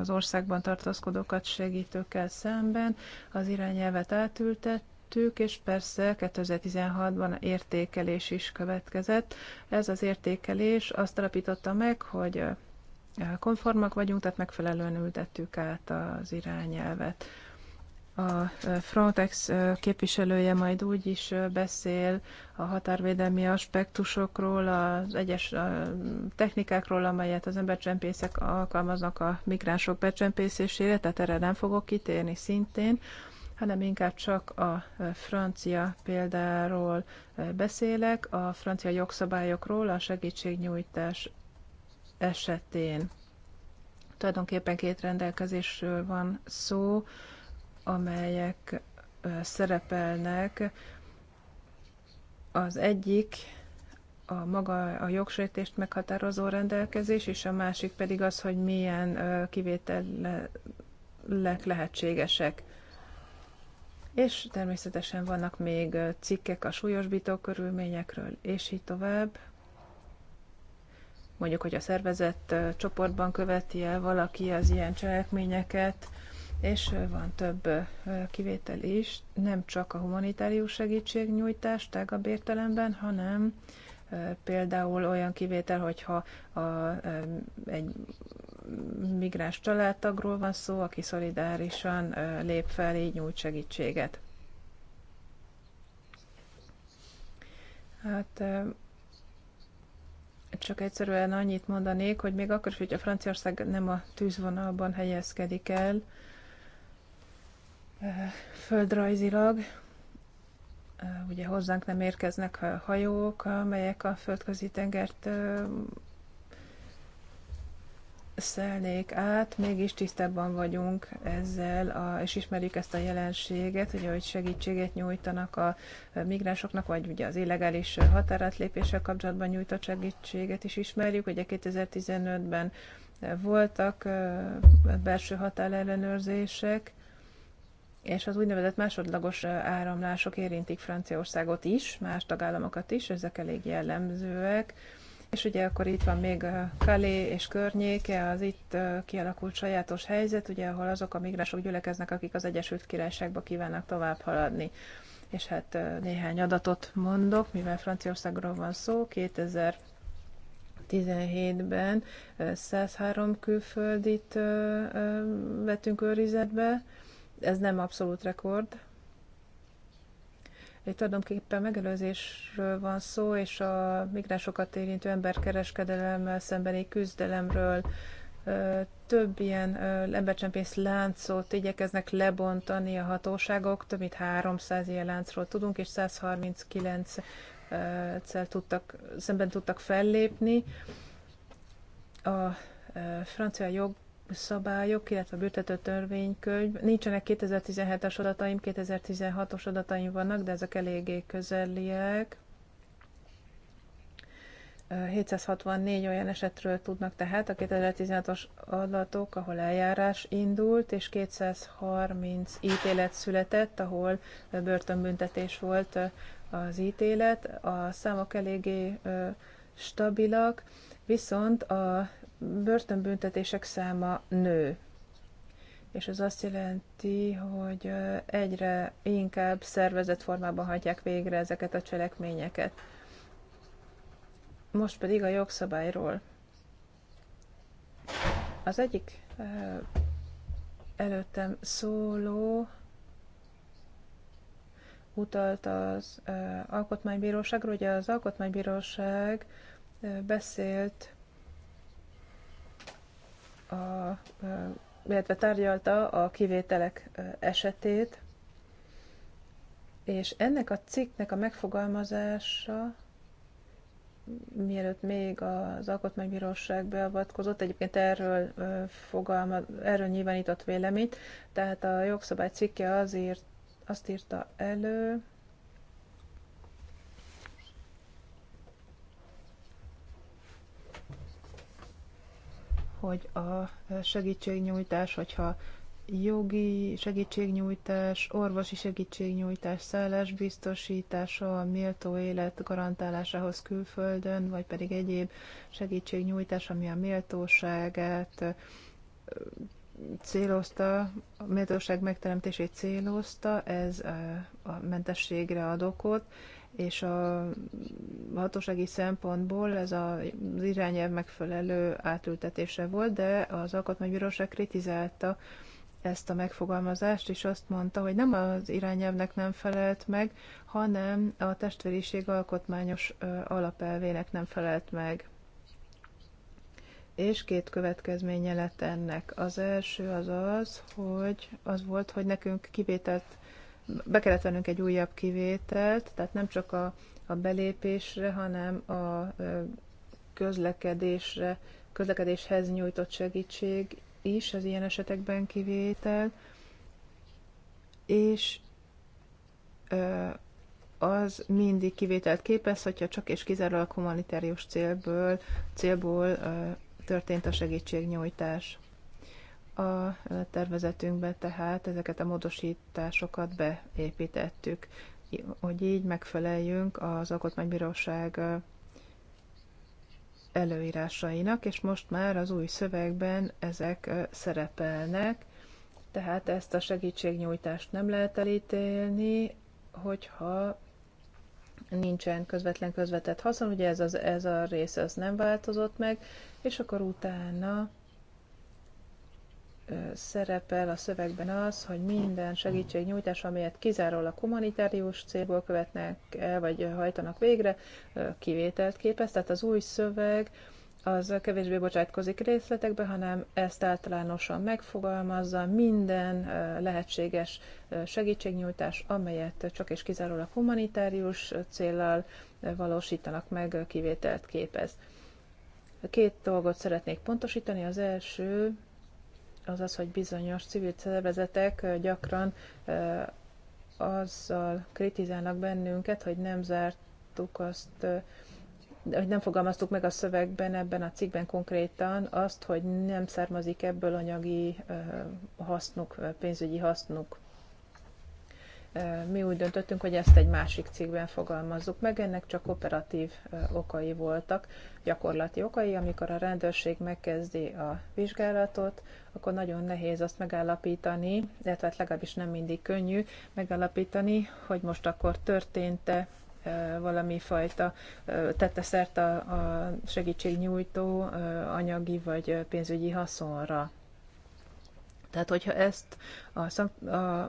az országban tartózkodókat segítőkkel szemben, az irányelvet átültettük, és persze 2016-ban értékelés is következett. Ez az értékelés azt alapította meg, hogy konformak vagyunk, tehát megfelelően ültettük át az irányelvet a Frontex képviselője majd úgy is beszél a határvédelmi aspektusokról, az egyes technikákról, amelyet az embercsempészek alkalmaznak a migránsok becsempészésére, tehát erre nem fogok kitérni szintén, hanem inkább csak a francia példáról beszélek, a francia jogszabályokról a segítségnyújtás esetén. Tulajdonképpen két rendelkezésről van szó, amelyek szerepelnek. Az egyik a maga a jogsértést meghatározó rendelkezés, és a másik pedig az, hogy milyen kivételek lehetségesek. És természetesen vannak még cikkek a súlyosbító körülményekről, és így tovább. Mondjuk, hogy a szervezett csoportban követi el valaki az ilyen cselekményeket, és van több kivétel is, nem csak a humanitárius segítségnyújtás tágabb értelemben, hanem például olyan kivétel, hogyha a, egy migráns családtagról van szó, aki szolidárisan lép fel, így nyújt segítséget. Hát csak egyszerűen annyit mondanék, hogy még akkor is, hogy a Franciaország nem a tűzvonalban helyezkedik el, földrajzilag ugye hozzánk nem érkeznek hajók, amelyek a földközi tengert szelnék át, mégis tisztában vagyunk ezzel, a, és ismerjük ezt a jelenséget, ugye, hogy segítséget nyújtanak a migránsoknak, vagy ugye az illegális határátlépéssel kapcsolatban nyújtott segítséget is ismerjük. Ugye 2015-ben voltak belső határellenőrzések, és az úgynevezett másodlagos áramlások érintik Franciaországot is, más tagállamokat is, ezek elég jellemzőek. És ugye akkor itt van még Kalé és környéke, az itt kialakult sajátos helyzet, ugye ahol azok a migránsok gyülekeznek, akik az Egyesült Királyságba kívánnak tovább haladni. És hát néhány adatot mondok, mivel Franciaországról van szó, 2000 2017-ben 103 külföldit vettünk őrizetbe, ez nem abszolút rekord. Itt tulajdonképpen megelőzésről van szó, és a migránsokat érintő emberkereskedelemmel szembeni küzdelemről több ilyen embercsempész láncot igyekeznek lebontani a hatóságok, több mint 300 ilyen láncról tudunk, és 139 cel tudtak, szemben tudtak fellépni. A francia jog szabályok, illetve a büntető törvénykönyv. Nincsenek 2017-es adataim, 2016-os adataim vannak, de ezek eléggé közeliek. 764 olyan esetről tudnak tehát a 2016-os adatok, ahol eljárás indult, és 230 ítélet született, ahol börtönbüntetés volt az ítélet. A számok eléggé stabilak, viszont a börtönbüntetések száma nő, és ez azt jelenti, hogy egyre inkább szervezett formában hagyják végre ezeket a cselekményeket. Most pedig a jogszabályról. Az egyik előttem szóló utalt az alkotmánybíróságról, ugye az alkotmánybíróság beszélt a, illetve tárgyalta a kivételek esetét, és ennek a cikknek a megfogalmazása, mielőtt még az Alkotmánybíróság beavatkozott, egyébként erről, fogalma, erről nyilvánított véleményt, tehát a jogszabály cikke azért azt írta elő, hogy a segítségnyújtás, hogyha jogi segítségnyújtás, orvosi segítségnyújtás, szállásbiztosítása, a méltó élet garantálásához külföldön, vagy pedig egyéb segítségnyújtás, ami a méltóságát célozta, a méltóság megteremtését célozta, ez a mentességre ad okot, és a hatósági szempontból ez az irányelv megfelelő átültetése volt, de az Alkotmánybíróság kritizálta ezt a megfogalmazást, és azt mondta, hogy nem az irányelvnek nem felelt meg, hanem a testvériség alkotmányos alapelvének nem felelt meg. És két következménye lett ennek. Az első az az, hogy az volt, hogy nekünk kivételt be kellett vennünk egy újabb kivételt, tehát nem csak a, a belépésre, hanem a közlekedésre, közlekedéshez nyújtott segítség is az ilyen esetekben kivétel, és az mindig kivételt képez, hogyha csak és kizárólag humanitárius célból, célból történt a segítségnyújtás. A tervezetünkbe tehát ezeket a módosításokat beépítettük, hogy így megfeleljünk az Alkotmánybíróság előírásainak, és most már az új szövegben ezek szerepelnek, tehát ezt a segítségnyújtást nem lehet elítélni, hogyha nincsen közvetlen közvetett haszon, ugye ez, az, ez a rész az nem változott meg, és akkor utána szerepel a szövegben az, hogy minden segítségnyújtás, amelyet kizárólag humanitárius célból követnek el, vagy hajtanak végre, kivételt képez. Tehát az új szöveg az kevésbé bocsátkozik részletekbe, hanem ezt általánosan megfogalmazza minden lehetséges segítségnyújtás, amelyet csak és kizárólag humanitárius célral valósítanak meg, kivételt képez. Két dolgot szeretnék pontosítani. Az első, az az, hogy bizonyos civil szervezetek gyakran azzal kritizálnak bennünket, hogy nem zártuk azt, hogy nem fogalmaztuk meg a szövegben, ebben a cikkben konkrétan azt, hogy nem származik ebből anyagi hasznuk, pénzügyi hasznuk mi úgy döntöttünk, hogy ezt egy másik cikkben fogalmazzuk meg, ennek csak operatív okai voltak, gyakorlati okai, amikor a rendőrség megkezdi a vizsgálatot, akkor nagyon nehéz azt megállapítani, illetve hát legalábbis nem mindig könnyű megállapítani, hogy most akkor történt-e valami fajta tette szert a, a segítségnyújtó anyagi vagy pénzügyi haszonra. Tehát, hogyha ezt a, a,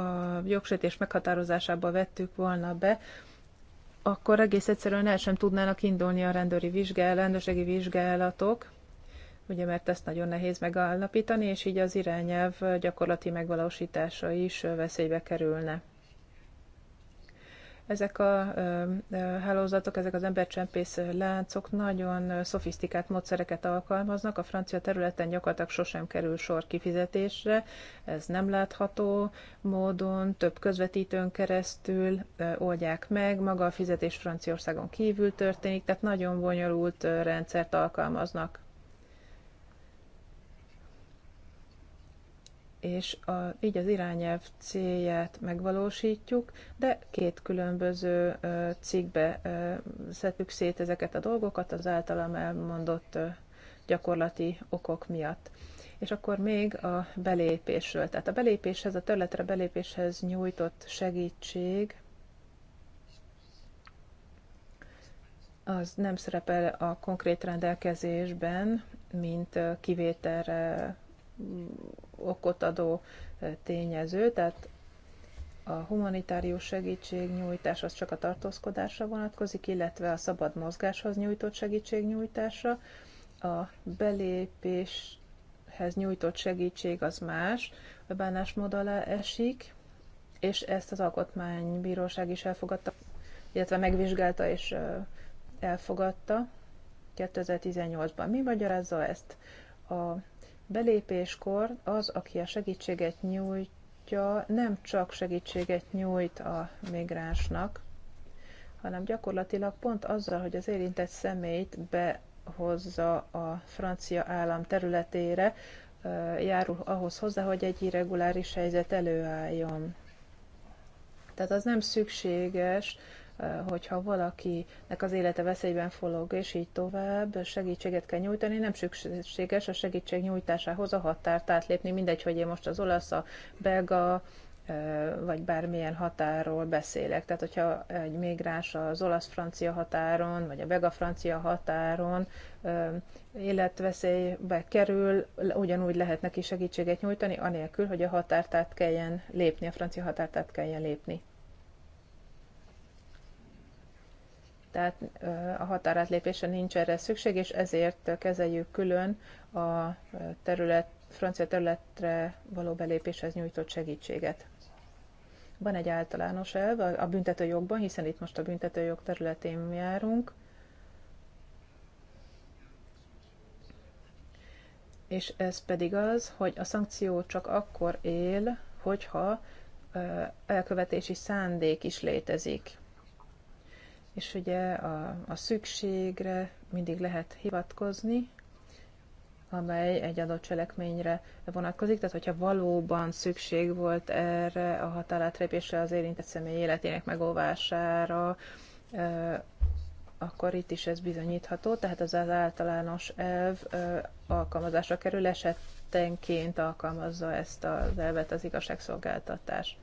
a jogsértés meghatározásába vettük volna be, akkor egész egyszerűen el sem tudnának indulni a rendőri vizsgálat, rendőrségi vizsgálatok, ugye mert ezt nagyon nehéz megállapítani, és így az irányelv gyakorlati megvalósítása is veszélybe kerülne ezek a hálózatok, ezek az embercsempész láncok nagyon szofisztikált módszereket alkalmaznak. A francia területen gyakorlatilag sosem kerül sor kifizetésre, ez nem látható módon, több közvetítőn keresztül oldják meg, maga a fizetés Franciaországon kívül történik, tehát nagyon bonyolult rendszert alkalmaznak és a, így az irányelv célját megvalósítjuk, de két különböző ö, cikkbe ö, szedjük szét ezeket a dolgokat az általam elmondott ö, gyakorlati okok miatt. És akkor még a belépésről. Tehát a belépéshez, a törletre belépéshez nyújtott segítség az nem szerepel a konkrét rendelkezésben, mint kivételre okot adó tényező, tehát a humanitárius segítségnyújtás az csak a tartózkodásra vonatkozik, illetve a szabad mozgáshoz nyújtott segítségnyújtása, A belépéshez nyújtott segítség az más, a bánásmód alá esik, és ezt az alkotmánybíróság is elfogadta, illetve megvizsgálta és elfogadta 2018-ban. Mi magyarázza ezt? A Belépéskor az, aki a segítséget nyújtja, nem csak segítséget nyújt a migránsnak, hanem gyakorlatilag pont azzal, hogy az érintett személyt behozza a francia állam területére, járul ahhoz hozzá, hogy egy irreguláris helyzet előálljon. Tehát az nem szükséges, Eh, hogyha valakinek az élete veszélyben forog, és így tovább, segítséget kell nyújtani, nem szükséges a segítség nyújtásához a határt átlépni, mindegy, hogy én most az olasz, a belga, eh, vagy bármilyen határól beszélek. Tehát, hogyha egy migráns az olasz-francia határon, vagy a belga-francia határon eh, életveszélybe kerül, ugyanúgy lehet neki segítséget nyújtani, anélkül, hogy a határtát kelljen lépni, a francia határtát kelljen lépni. tehát a határátlépésre nincs erre szükség, és ezért kezeljük külön a terület, francia területre való belépéshez nyújtott segítséget. Van egy általános elv a büntetőjogban, hiszen itt most a büntetőjog területén járunk, és ez pedig az, hogy a szankció csak akkor él, hogyha elkövetési szándék is létezik és ugye a, a szükségre mindig lehet hivatkozni, amely egy adott cselekményre vonatkozik, tehát hogyha valóban szükség volt erre a határátrépésre az érintett személy életének megóvására, akkor itt is ez bizonyítható, tehát az az általános elv alkalmazásra kerül, esetenként alkalmazza ezt az elvet az igazságszolgáltatás.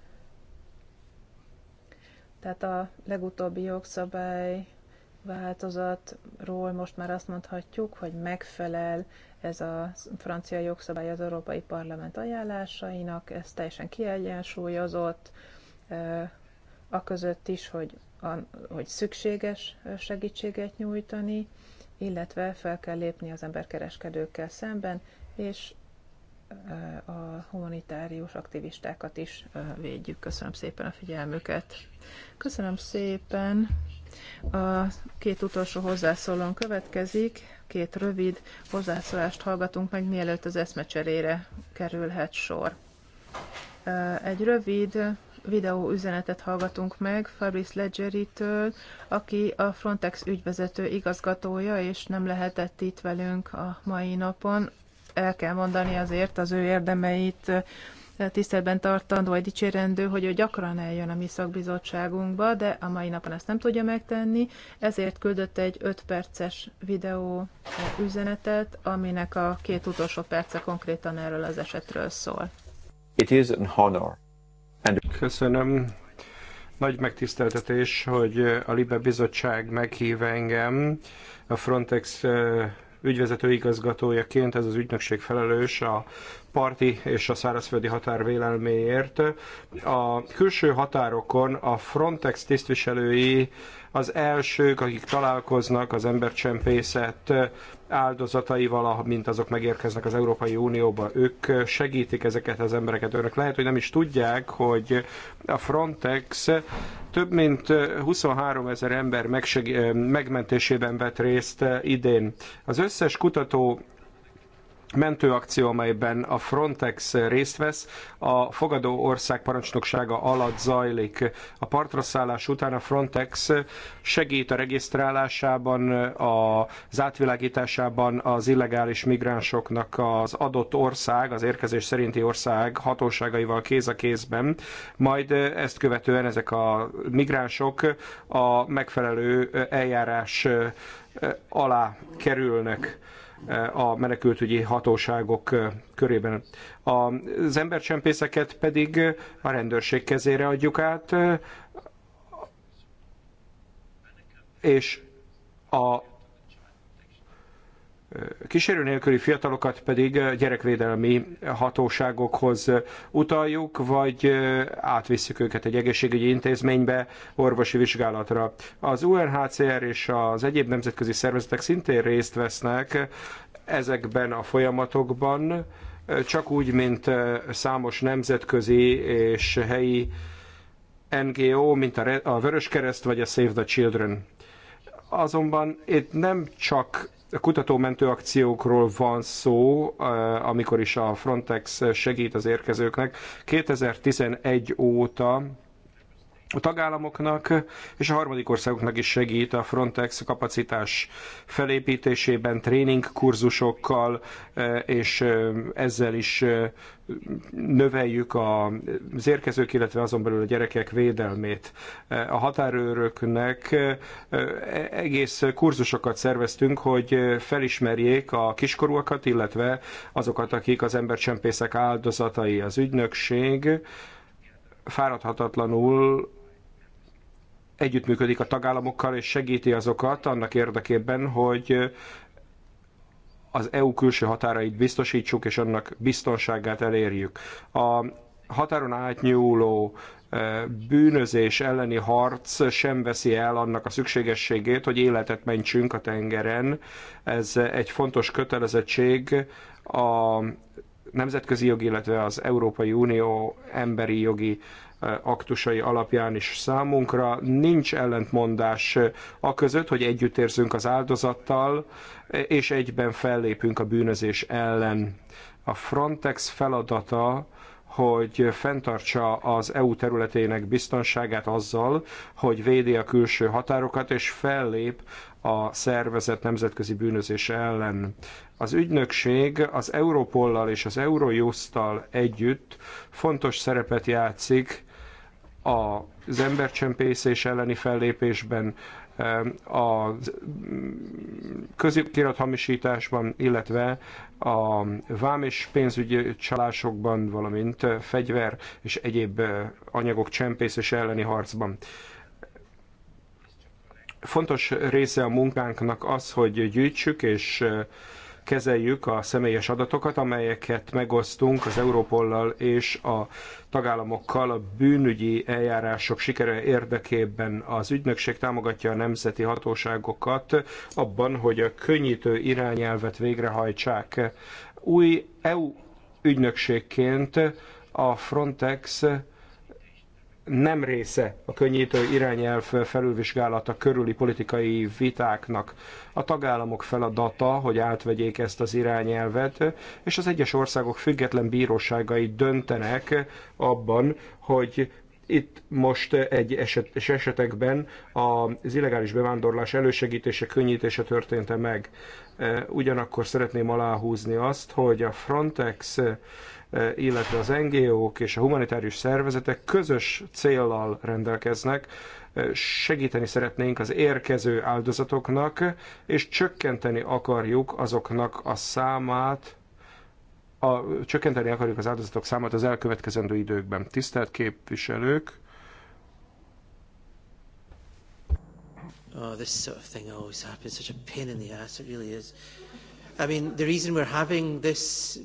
Tehát a legutóbbi jogszabály változatról most már azt mondhatjuk, hogy megfelel ez a francia jogszabály az Európai Parlament ajánlásainak, ez teljesen kiegyensúlyozott, a között is, hogy, a, hogy szükséges segítséget nyújtani, illetve fel kell lépni az emberkereskedőkkel szemben, és a humanitárius aktivistákat is védjük. Köszönöm szépen a figyelmüket. Köszönöm szépen. A két utolsó hozzászólón következik. Két rövid hozzászólást hallgatunk meg, mielőtt az eszmecserére kerülhet sor. Egy rövid videó üzenetet hallgatunk meg Fabrice leggeri aki a Frontex ügyvezető igazgatója, és nem lehetett itt velünk a mai napon el kell mondani azért az ő érdemeit tiszteletben tartandó, egy dicsérendő, hogy ő gyakran eljön a mi szakbizottságunkba, de a mai napon ezt nem tudja megtenni, ezért küldött egy 5 perces videó üzenetet, aminek a két utolsó perce konkrétan erről az esetről szól. It is an honor. And... Köszönöm. Nagy megtiszteltetés, hogy a Libe Bizottság meghív engem a Frontex ügyvezető igazgatójaként ez az ügynökség felelős a parti és a szárazföldi határ vélelméért. A külső határokon a Frontex tisztviselői az elsők, akik találkoznak az embercsempészet áldozataival, mint azok megérkeznek az Európai Unióba. Ők segítik ezeket az embereket. Önök lehet, hogy nem is tudják, hogy a Frontex több mint 23 ezer ember megmentésében vett részt idén. Az összes kutató mentőakció, amelyben a Frontex részt vesz, a fogadó ország parancsnoksága alatt zajlik. A partraszállás után a Frontex segít a regisztrálásában, az átvilágításában az illegális migránsoknak az adott ország, az érkezés szerinti ország hatóságaival kéz a kézben, majd ezt követően ezek a migránsok a megfelelő eljárás alá kerülnek a menekültügyi hatóságok körében. Az embercsempészeket pedig a rendőrség kezére adjuk át, és a kísérő nélküli fiatalokat pedig eh, gyerekvédelmi hatóságokhoz eh, utaljuk, vagy eh, átvisszük őket egy egészségügyi intézménybe orvosi vizsgálatra. Az UNHCR és az egyéb nemzetközi szervezetek szintén részt vesznek ezekben a folyamatokban, csak úgy, mint számos nemzetközi és helyi NGO, mint a Vöröskereszt vagy a Save the Children azonban itt nem csak kutatómentő akciókról van szó, eh, amikor is a Frontex segít az érkezőknek. 2011 óta a tagállamoknak és a harmadik országoknak is segít a Frontex kapacitás felépítésében, tréningkurzusokkal, kurzusokkal, e, és e, ezzel is e, növeljük az érkezők, illetve azon belül a gyerekek védelmét. A határőröknek egész kurzusokat szerveztünk, hogy felismerjék a kiskorúakat, illetve azokat, akik az embercsempészek áldozatai, az ügynökség fáradhatatlanul együttműködik a tagállamokkal és segíti azokat annak érdekében, hogy az EU külső határait biztosítsuk és annak biztonságát elérjük. A határon átnyúló e, bűnözés elleni harc sem veszi el annak a szükségességét, hogy életet mentsünk a tengeren. Ez egy fontos kötelezettség a nemzetközi jog, illetve az Európai Unió emberi jogi Eh, aktusai alapján is számunkra. Nincs ellentmondás eh, a között, hogy együttérzünk az áldozattal, eh, és egyben fellépünk a bűnözés ellen. A Frontex feladata, hogy fenntartsa az EU területének biztonságát azzal, hogy védi a külső határokat, és fellép a szervezet nemzetközi bűnözése ellen. Az ügynökség az Europollal és az Eurojusttal együtt fontos szerepet játszik az embercsempészés elleni fellépésben, a hamisításban, illetve a vám és pénzügyi csalásokban, valamint fegyver és egyéb anyagok csempészés elleni harcban. Fontos része a munkánknak az, hogy gyűjtsük és kezeljük a személyes adatokat, amelyeket megosztunk az Európollal és a tagállamokkal a bűnügyi eljárások sikere érdekében. Az ügynökség támogatja a nemzeti hatóságokat abban, hogy a könnyítő irányelvet végrehajtsák. Új EU ügynökségként a Frontex nem része a könnyítő irányelv felülvizsgálata körüli politikai vitáknak. A tagállamok feladata, hogy átvegyék ezt az irányelvet, és az egyes országok független bíróságai döntenek abban, hogy itt most egy eset, esetekben az illegális bevándorlás elősegítése, könnyítése történt -e meg. Ugyanakkor szeretném aláhúzni azt, hogy a Frontex illetve az NGO-k és a humanitárius szervezetek közös céllal rendelkeznek, segíteni szeretnénk az érkező áldozatoknak, és csökkenteni akarjuk azoknak a számát, a, csökkenteni akarjuk az áldozatok számát az elkövetkezendő időkben. Tisztelt képviselők! Oh, this sort of thing always happens. Such a pain in the ass, it really is.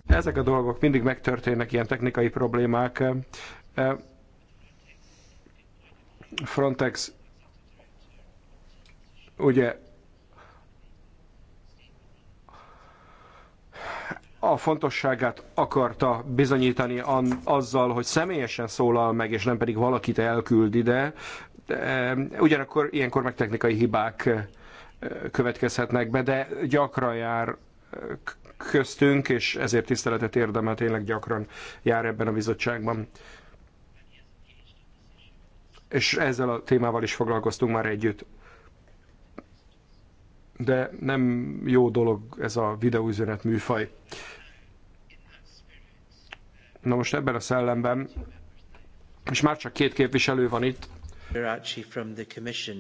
Ezek a dolgok mindig megtörténnek, ilyen technikai problémák. Frontex ugye a fontosságát akarta bizonyítani azzal, hogy személyesen szólal meg, és nem pedig valakit elküld ide. De, ugyanakkor ilyenkor meg technikai hibák következhetnek be, de gyakran jár köztünk, és ezért tiszteletet érdemel, tényleg gyakran jár ebben a bizottságban. És ezzel a témával is foglalkoztunk már együtt. De nem jó dolog ez a videóüzenet műfaj. Na most ebben a szellemben, és már csak két képviselő van itt. You're actually from the commission.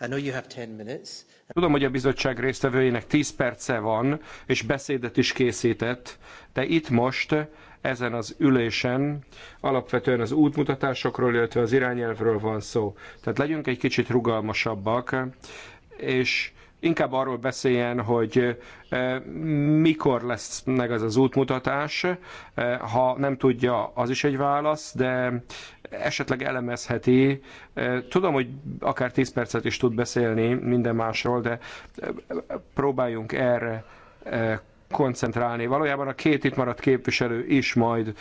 I know you have 10 minutes. Tudom, hogy a bizottság résztvevőjének 10 perce van, és beszédet is készített, de itt most ezen az ülésen alapvetően az útmutatásokról, illetve az irányelvről van szó. Tehát legyünk egy kicsit rugalmasabbak, és inkább arról beszéljen, hogy eh, mikor lesz meg az az útmutatás. Eh, ha nem tudja, az is egy válasz, de esetleg elemezheti. Tudom, hogy akár 10 percet is tud beszélni minden másról, de próbáljunk erre koncentrálni. Valójában a két itt maradt képviselő is majd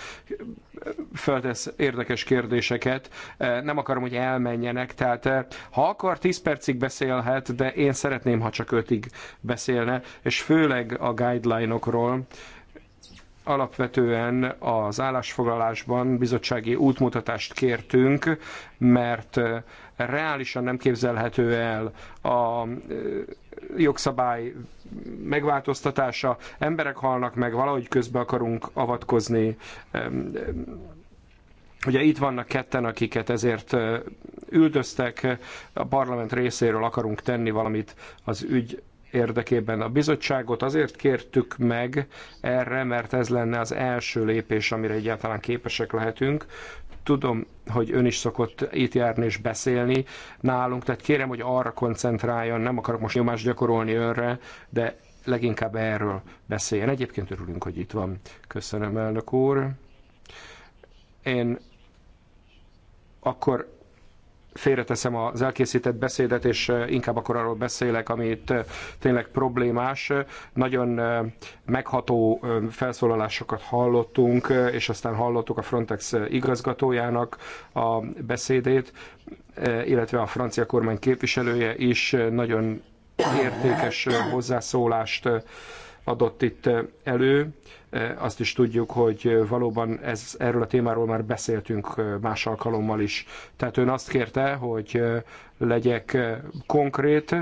feltesz érdekes kérdéseket. Nem akarom, hogy elmenjenek, tehát ha akar, 10 percig beszélhet, de én szeretném, ha csak ötig beszélne, és főleg a guideline-okról, alapvetően az állásfoglalásban bizottsági útmutatást kértünk, mert reálisan nem képzelhető el a jogszabály megváltoztatása, emberek halnak meg, valahogy közbe akarunk avatkozni. Ugye itt vannak ketten, akiket ezért üldöztek, a parlament részéről akarunk tenni valamit az ügy érdekében. A bizottságot azért kértük meg erre, mert ez lenne az első lépés, amire egyáltalán képesek lehetünk. Tudom, hogy ön is szokott itt járni és beszélni nálunk, tehát kérem, hogy arra koncentráljon, nem akarok most nyomást gyakorolni önre, de leginkább erről beszéljen. Egyébként örülünk, hogy itt van. Köszönöm, elnök úr. Én akkor félreteszem az elkészített beszédet, és inkább akkor arról beszélek, amit tényleg problémás. Nagyon megható felszólalásokat hallottunk, és aztán hallottuk a Frontex igazgatójának a beszédét, illetve a francia kormány képviselője is nagyon értékes hozzászólást adott itt eh, elő. Eh, azt is tudjuk, hogy eh, valóban ez, erről a témáról már beszéltünk más alkalommal is. Tehát ön azt kérte, hogy legyek konkrét,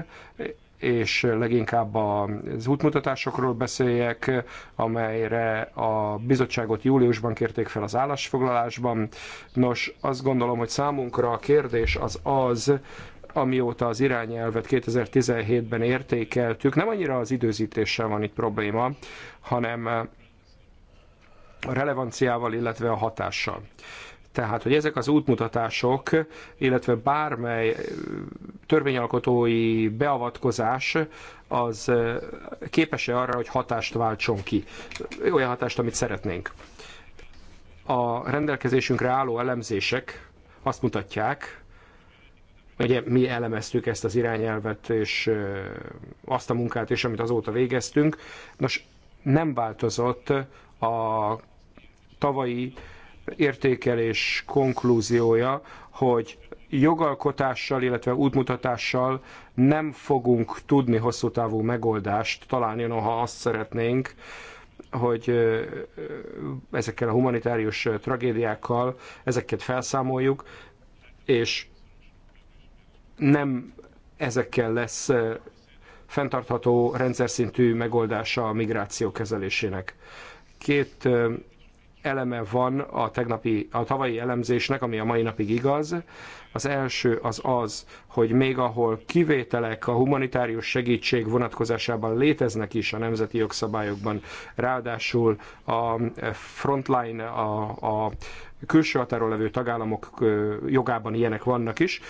és leginkább az útmutatásokról beszéljek, amelyre a bizottságot júliusban kérték fel az állásfoglalásban. Nos, azt gondolom, hogy számunkra a kérdés az az, amióta az irányelvet 2017-ben értékeltük, nem annyira az időzítéssel van itt probléma, hanem eh, a relevanciával, illetve a hatással. Tehát, hogy ezek az útmutatások, illetve bármely eh, törvényalkotói beavatkozás az eh, képes-e arra, hogy hatást váltson ki. Olyan hatást, amit szeretnénk. A rendelkezésünkre álló elemzések azt mutatják, Ugye mi elemeztük ezt az irányelvet, és azt a munkát is, amit azóta végeztünk. Nos, nem változott a tavalyi értékelés konklúziója, hogy jogalkotással, illetve útmutatással nem fogunk tudni hosszú távú megoldást találni, noha azt szeretnénk, hogy ezekkel a humanitárius tragédiákkal ezeket felszámoljuk, és nem ezekkel lesz fenntartható rendszer szintű megoldása a migráció kezelésének. Két eleme van a, tegnapi, a tavalyi elemzésnek, ami a mai napig igaz. Az első az az, hogy még ahol kivételek a humanitárius segítség vonatkozásában léteznek is a nemzeti jogszabályokban, ráadásul a frontline, a, a külső határól levő tagállamok jogában ilyenek vannak is.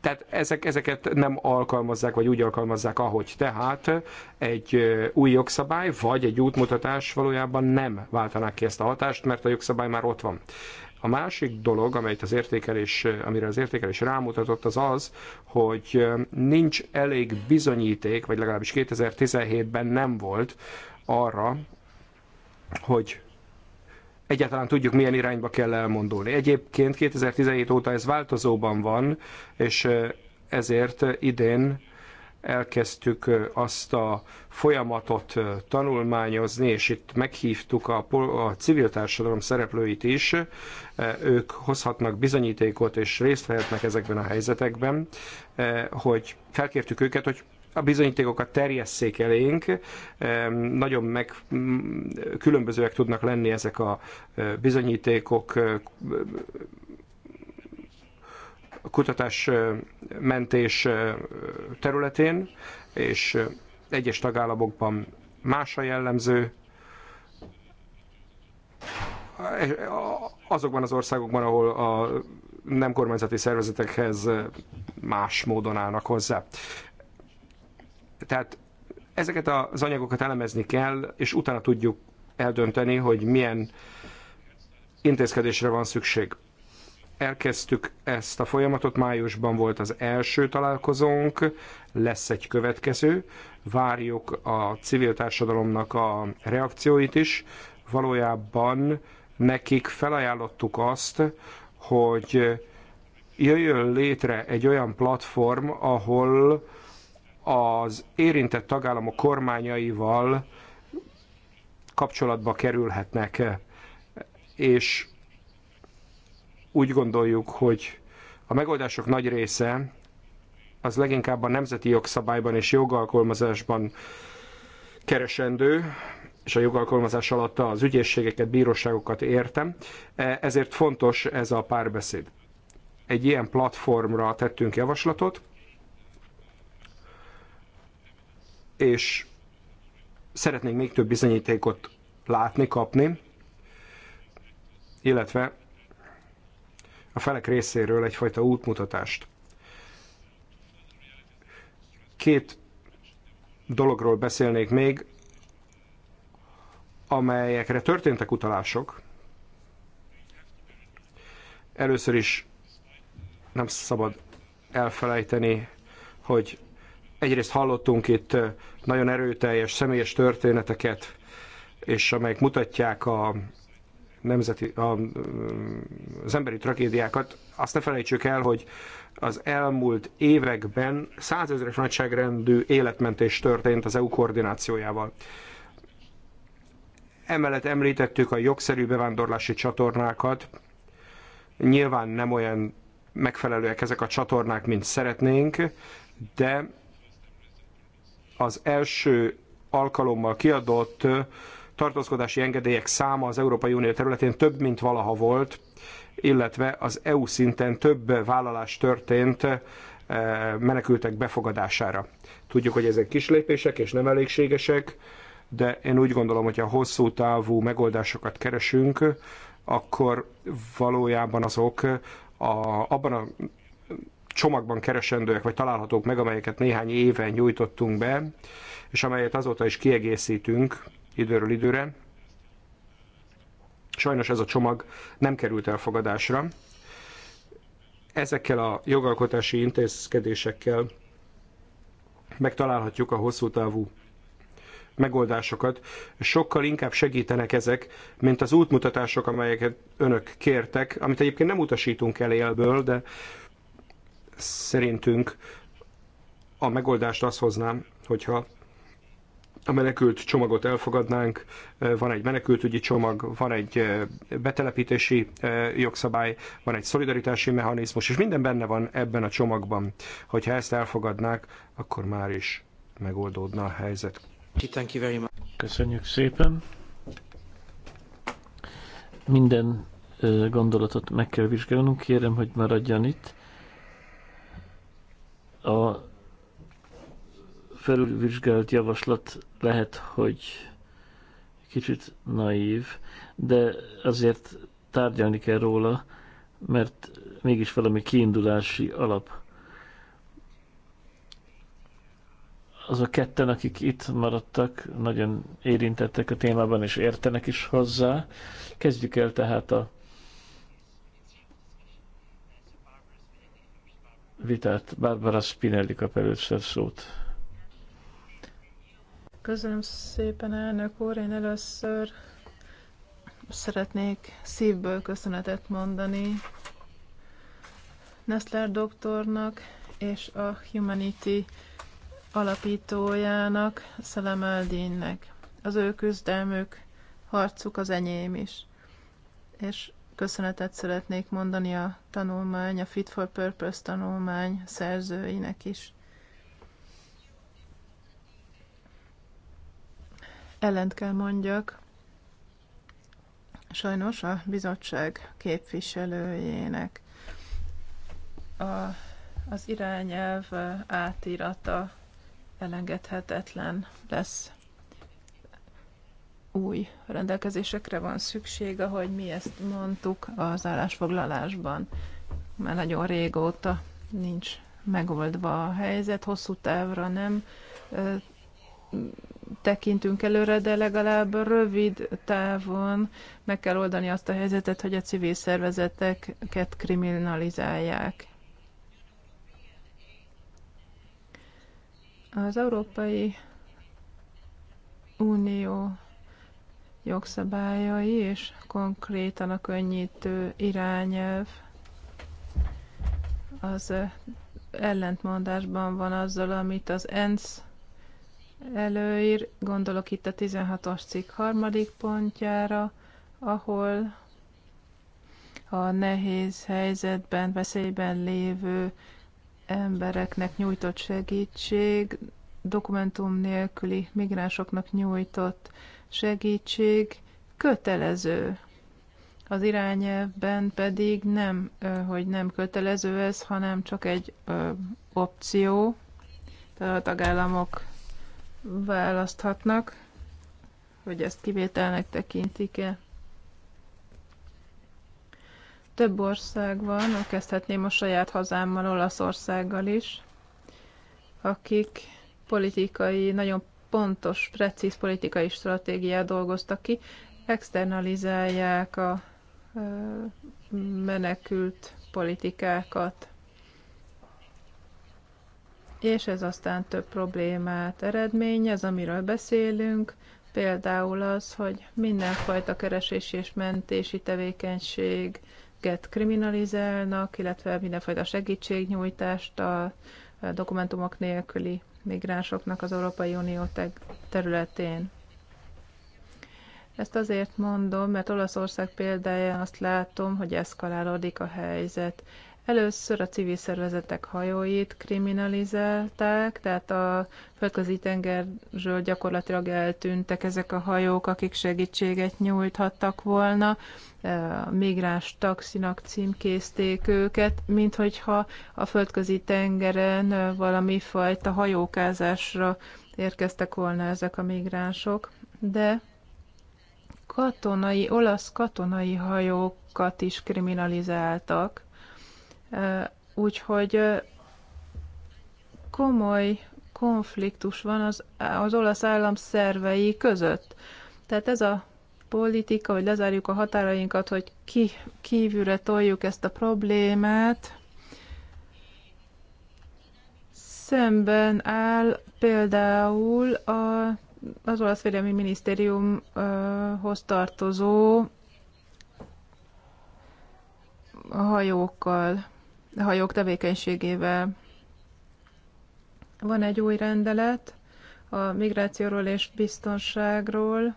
Tehát ezek, ezeket nem alkalmazzák, vagy úgy alkalmazzák, ahogy. Tehát egy új jogszabály, vagy egy útmutatás valójában nem váltanák ki ezt a hatást, mert a jogszabály már ott van. A másik dolog, amelyet az értékelés, amire az értékelés rámutatott, az az, hogy nincs elég bizonyíték, vagy legalábbis 2017-ben nem volt arra, hogy egyáltalán tudjuk, milyen irányba kell elmondulni. Egyébként 2017 óta ez változóban van, és ezért idén elkezdtük azt a folyamatot tanulmányozni, és itt meghívtuk a, a civil társadalom szereplőit is, ők hozhatnak bizonyítékot, és részt vehetnek ezekben a helyzetekben, hogy felkértük őket, hogy a bizonyítékokat terjesszék elénk. Nagyon meg különbözőek tudnak lenni ezek a bizonyítékok, kutatás mentés területén, és egyes tagállamokban más a jellemző, e, azokban az országokban, ahol a nem kormányzati szervezetekhez más módon állnak hozzá. Tehát ezeket az anyagokat elemezni kell, és utána tudjuk eldönteni, hogy milyen intézkedésre van szükség. Elkezdtük ezt a folyamatot, májusban volt az első találkozónk, lesz egy következő, várjuk a civil társadalomnak a reakcióit is. Valójában nekik felajánlottuk azt, hogy jöjjön létre egy olyan platform, ahol az érintett tagállamok kormányaival kapcsolatba kerülhetnek, és úgy gondoljuk, hogy a megoldások nagy része az leginkább a nemzeti jogszabályban és jogalkalmazásban keresendő, és a jogalkalmazás alatt az ügyészségeket, bíróságokat értem, ezért fontos ez a párbeszéd. Egy ilyen platformra tettünk javaslatot, és szeretnénk még több bizonyítékot látni, kapni, illetve a felek részéről egyfajta útmutatást. Két dologról beszélnék még, amelyekre történtek utalások. Először is nem szabad elfelejteni, hogy Egyrészt hallottunk itt nagyon erőteljes személyes történeteket, és amelyek mutatják a nemzeti, a, az emberi tragédiákat. Azt ne felejtsük el, hogy az elmúlt években százezres nagyságrendű életmentés történt az EU koordinációjával. Emellett említettük a jogszerű bevándorlási csatornákat. Nyilván nem olyan megfelelőek ezek a csatornák, mint szeretnénk, de az első alkalommal kiadott tartózkodási engedélyek száma az Európai Unió területén több, mint valaha volt, illetve az EU szinten több vállalás történt menekültek befogadására. Tudjuk, hogy ezek kis lépések és nem elégségesek, de én úgy gondolom, hogy ha hosszú távú megoldásokat keresünk, akkor valójában azok a, abban a csomagban keresendőek, vagy találhatók meg, amelyeket néhány éven nyújtottunk be, és amelyet azóta is kiegészítünk időről időre. Sajnos ez a csomag nem került elfogadásra. Ezekkel a jogalkotási intézkedésekkel megtalálhatjuk a hosszú távú megoldásokat. Sokkal inkább segítenek ezek, mint az útmutatások, amelyeket önök kértek, amit egyébként nem utasítunk el élből, de Szerintünk a megoldást azt hoznám, hogyha a menekült csomagot elfogadnánk, eh, van egy menekültügyi csomag, van egy eh, betelepítési eh, jogszabály, van egy szolidaritási mechanizmus, és minden benne van ebben a csomagban. Hogyha ezt elfogadnák, akkor már is megoldódna a helyzet. Köszönjük szépen! Minden gondolatot meg kell vizsgálnunk, kérem, hogy maradjan itt a felülvizsgált javaslat lehet, hogy kicsit naív, de azért tárgyalni kell róla, mert mégis valami kiindulási alap. Az a ketten, akik itt maradtak, nagyon érintettek a témában, és értenek is hozzá. Kezdjük el tehát a vitát. Barbara Spinelli kap először szót. Köszönöm szépen, elnök úr. Én először szeretnék szívből köszönetet mondani Nestler doktornak és a Humanity alapítójának, Szelem Az ő küzdelmük, harcuk az enyém is. És köszönetet szeretnék mondani a tanulmány, a Fit for Purpose tanulmány szerzőinek is. Ellent kell mondjak, sajnos a bizottság képviselőjének a, az irányelv átirata elengedhetetlen lesz új rendelkezésekre van szükség, ahogy mi ezt mondtuk az állásfoglalásban. Már nagyon régóta nincs megoldva a helyzet, hosszú távra nem tekintünk előre, de legalább rövid távon meg kell oldani azt a helyzetet, hogy a civil szervezeteket kriminalizálják. Az Európai Unió jogszabályai, és konkrétan a könnyítő irányelv az ellentmondásban van azzal, amit az ENSZ előír, gondolok itt a 16-os cikk harmadik pontjára, ahol a nehéz helyzetben, veszélyben lévő embereknek nyújtott segítség, dokumentum nélküli migránsoknak nyújtott segítség kötelező. Az irányelvben pedig nem, hogy nem kötelező ez, hanem csak egy opció, tehát a tagállamok választhatnak, hogy ezt kivételnek tekintik-e. Több ország van, kezdhetném a saját hazámmal, Olaszországgal is, akik politikai, nagyon pontos, precíz politikai stratégiát dolgoztak ki, externalizálják a menekült politikákat. És ez aztán több problémát eredményez, amiről beszélünk, például az, hogy mindenfajta keresési és mentési tevékenységet kriminalizálnak, illetve mindenfajta segítségnyújtást a dokumentumok nélküli migránsoknak az Európai Unió területén. Ezt azért mondom, mert Olaszország példáján azt látom, hogy eszkalálódik a helyzet. Először a civil szervezetek hajóit kriminalizálták, tehát a földközi tengerről gyakorlatilag eltűntek ezek a hajók, akik segítséget nyújthattak volna. Migráns taxinak címkézték őket, minthogyha a földközi tengeren valami fajta hajókázásra érkeztek volna ezek a migránsok. De katonai, olasz katonai hajókat is kriminalizáltak, Úgyhogy komoly konfliktus van az, az olasz állam szervei között. Tehát ez a politika, hogy lezárjuk a határainkat, hogy ki, kívülre toljuk ezt a problémát, szemben áll például a, az olasz védelmi minisztériumhoz tartozó hajókkal hajók tevékenységével. Van egy új rendelet a migrációról és biztonságról,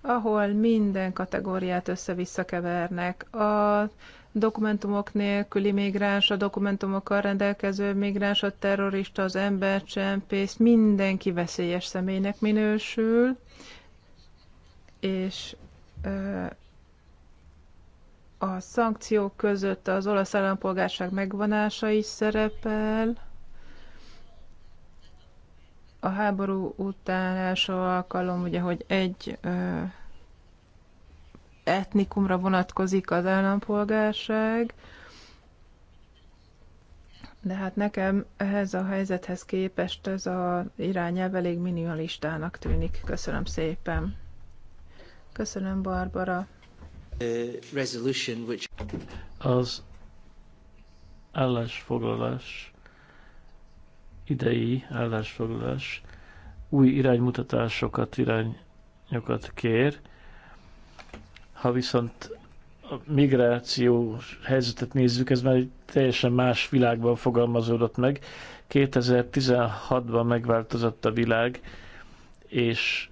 ahol minden kategóriát össze-vissza kevernek. A dokumentumok nélküli migráns, a dokumentumokkal rendelkező migráns, a terrorista, az embercsempész, mindenki veszélyes személynek minősül, és a szankciók között az olasz állampolgárság megvonása is szerepel, a háború után első alkalom, ugye, hogy egy ö, etnikumra vonatkozik az állampolgárság, de hát nekem ehhez a helyzethez képest ez a irányelv elég minimalistának tűnik. Köszönöm szépen. Köszönöm, Barbara. Az állásfoglalás, idei állásfoglalás új iránymutatásokat, irányokat kér. Ha viszont a migráció helyzetet nézzük, ez már egy teljesen más világban fogalmazódott meg. 2016-ban megváltozott a világ, és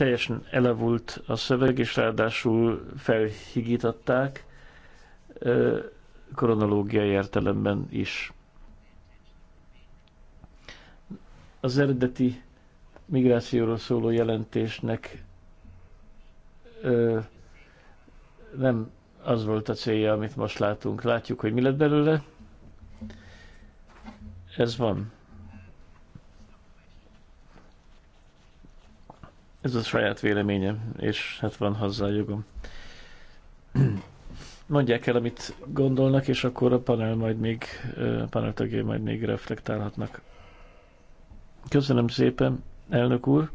teljesen elavult a szöveg, és ráadásul felhigították koronológiai értelemben is. Az eredeti migrációról szóló jelentésnek ö, nem az volt a célja, amit most látunk. Látjuk, hogy mi lett belőle. Ez van. Ez a saját véleményem, és hát van hozzá jogom. Mondják el, amit gondolnak, és akkor a panel majd még, a panel tagjai majd még reflektálhatnak. Köszönöm szépen, elnök úr.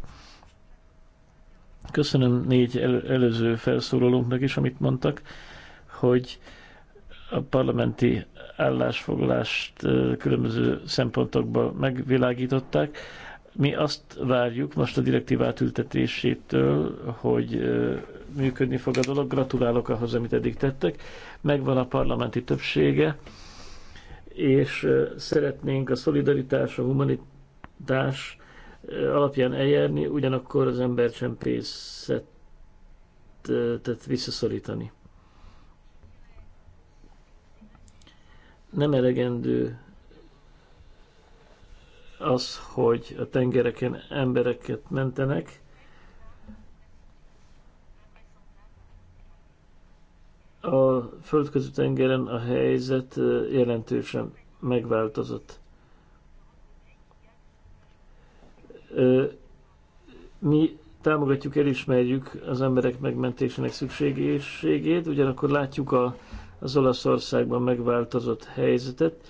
Köszönöm négy el- előző felszólalónknak is, amit mondtak, hogy a parlamenti állásfoglalást különböző szempontokba megvilágították mi azt várjuk most a direktívát átültetésétől, hogy működni fog a dolog. Gratulálok ahhoz, amit eddig tettek. Megvan a parlamenti többsége, és szeretnénk a szolidaritás, a humanitás alapján eljárni, ugyanakkor az embercsempészetet visszaszorítani. Nem elegendő az, hogy a tengereken embereket mentenek. A földközi tengeren a helyzet jelentősen megváltozott. Mi támogatjuk, elismerjük az emberek megmentésének szükségességét, ugyanakkor látjuk a, az Olaszországban megváltozott helyzetet,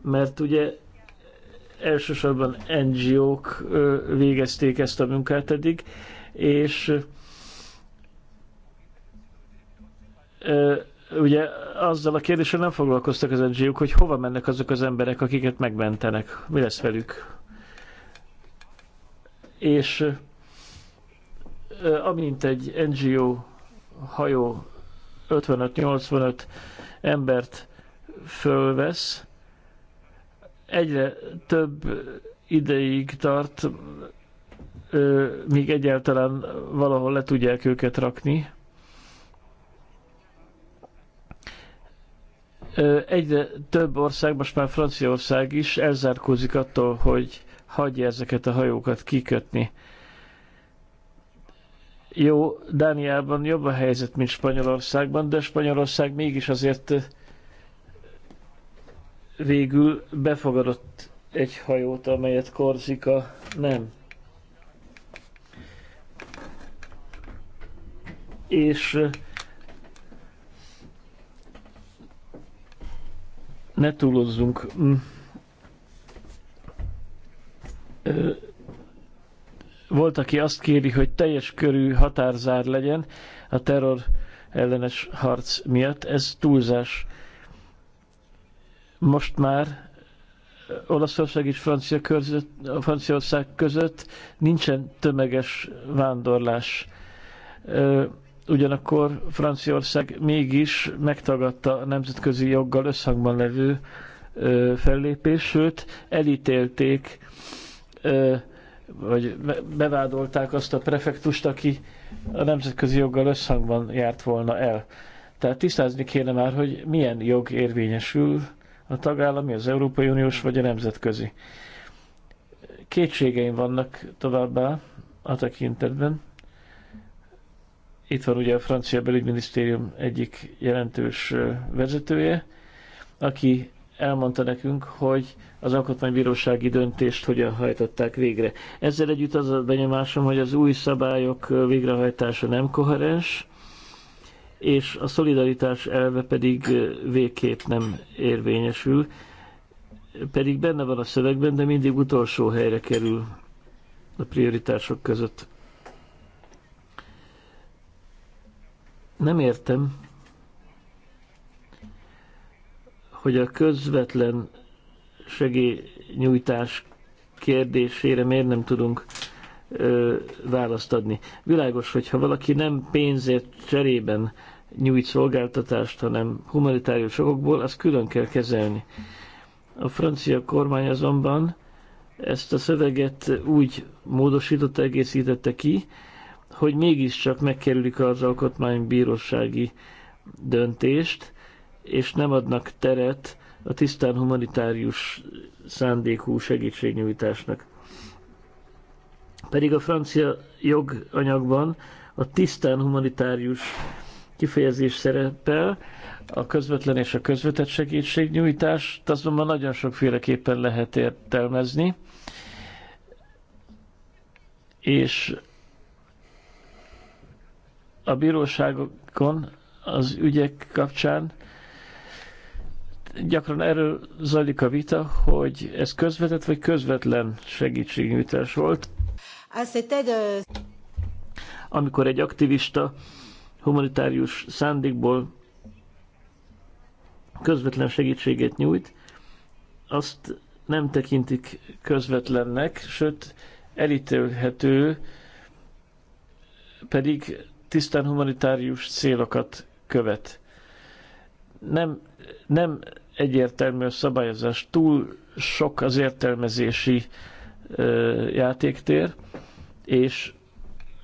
mert ugye elsősorban NGO-k végezték ezt a munkát eddig, és ugye azzal a kérdéssel nem foglalkoztak az NGO-k, hogy hova mennek azok az emberek, akiket megmentenek, mi lesz velük. És amint egy NGO hajó 55-85 embert fölvesz, egyre több ideig tart, míg egyáltalán valahol le tudják őket rakni. Egyre több ország, most már Franciaország is elzárkózik attól, hogy hagyja ezeket a hajókat kikötni. Jó, Dániában jobb a helyzet, mint Spanyolországban, de Spanyolország mégis azért végül befogadott egy hajót, amelyet Korzika nem. És ne túlozzunk. Mm, volt, aki azt kéri, hogy teljes körű határzár legyen a terror ellenes harc miatt. Ez túlzás most már Olaszország és Francia között, Franciaország között nincsen tömeges vándorlás. Ugyanakkor Franciaország mégis megtagadta a nemzetközi joggal összhangban levő fellépés, sőt elítélték, vagy bevádolták azt a prefektust, aki a nemzetközi joggal összhangban járt volna el. Tehát tisztázni kéne már, hogy milyen jog érvényesül, a tagállami, az Európai Uniós vagy a nemzetközi. Kétségeim vannak továbbá a tekintetben. Itt van ugye a francia belügyminisztérium egyik jelentős vezetője, aki elmondta nekünk, hogy az alkotmánybírósági döntést hogyan hajtották végre. Ezzel együtt az a benyomásom, hogy az új szabályok végrehajtása nem koherens, és a szolidaritás elve pedig végképp nem érvényesül, pedig benne van a szövegben, de mindig utolsó helyre kerül a prioritások között. Nem értem, hogy a közvetlen segélynyújtás kérdésére miért nem tudunk ö, választ adni. Világos, hogyha valaki nem pénzért cserében nyújt szolgáltatást, hanem humanitárius okokból, azt külön kell kezelni. A francia kormány azonban ezt a szöveget úgy módosította, egészítette ki, hogy mégiscsak megkerülik az alkotmánybírósági döntést, és nem adnak teret a tisztán humanitárius szándékú segítségnyújtásnak. Pedig a francia joganyagban a tisztán humanitárius kifejezés szerepel, a közvetlen és a közvetett segítségnyújtás, azonban nagyon sokféleképpen lehet értelmezni, és a bíróságokon az ügyek kapcsán gyakran erről zajlik a vita, hogy ez közvetett vagy közvetlen segítségnyújtás volt. Ah, Amikor egy aktivista humanitárius szándékból közvetlen segítséget nyújt, azt nem tekintik közvetlennek, sőt elítélhető, pedig tisztán humanitárius célokat követ. Nem, nem egyértelmű a szabályozás, túl sok az értelmezési ö, játéktér, és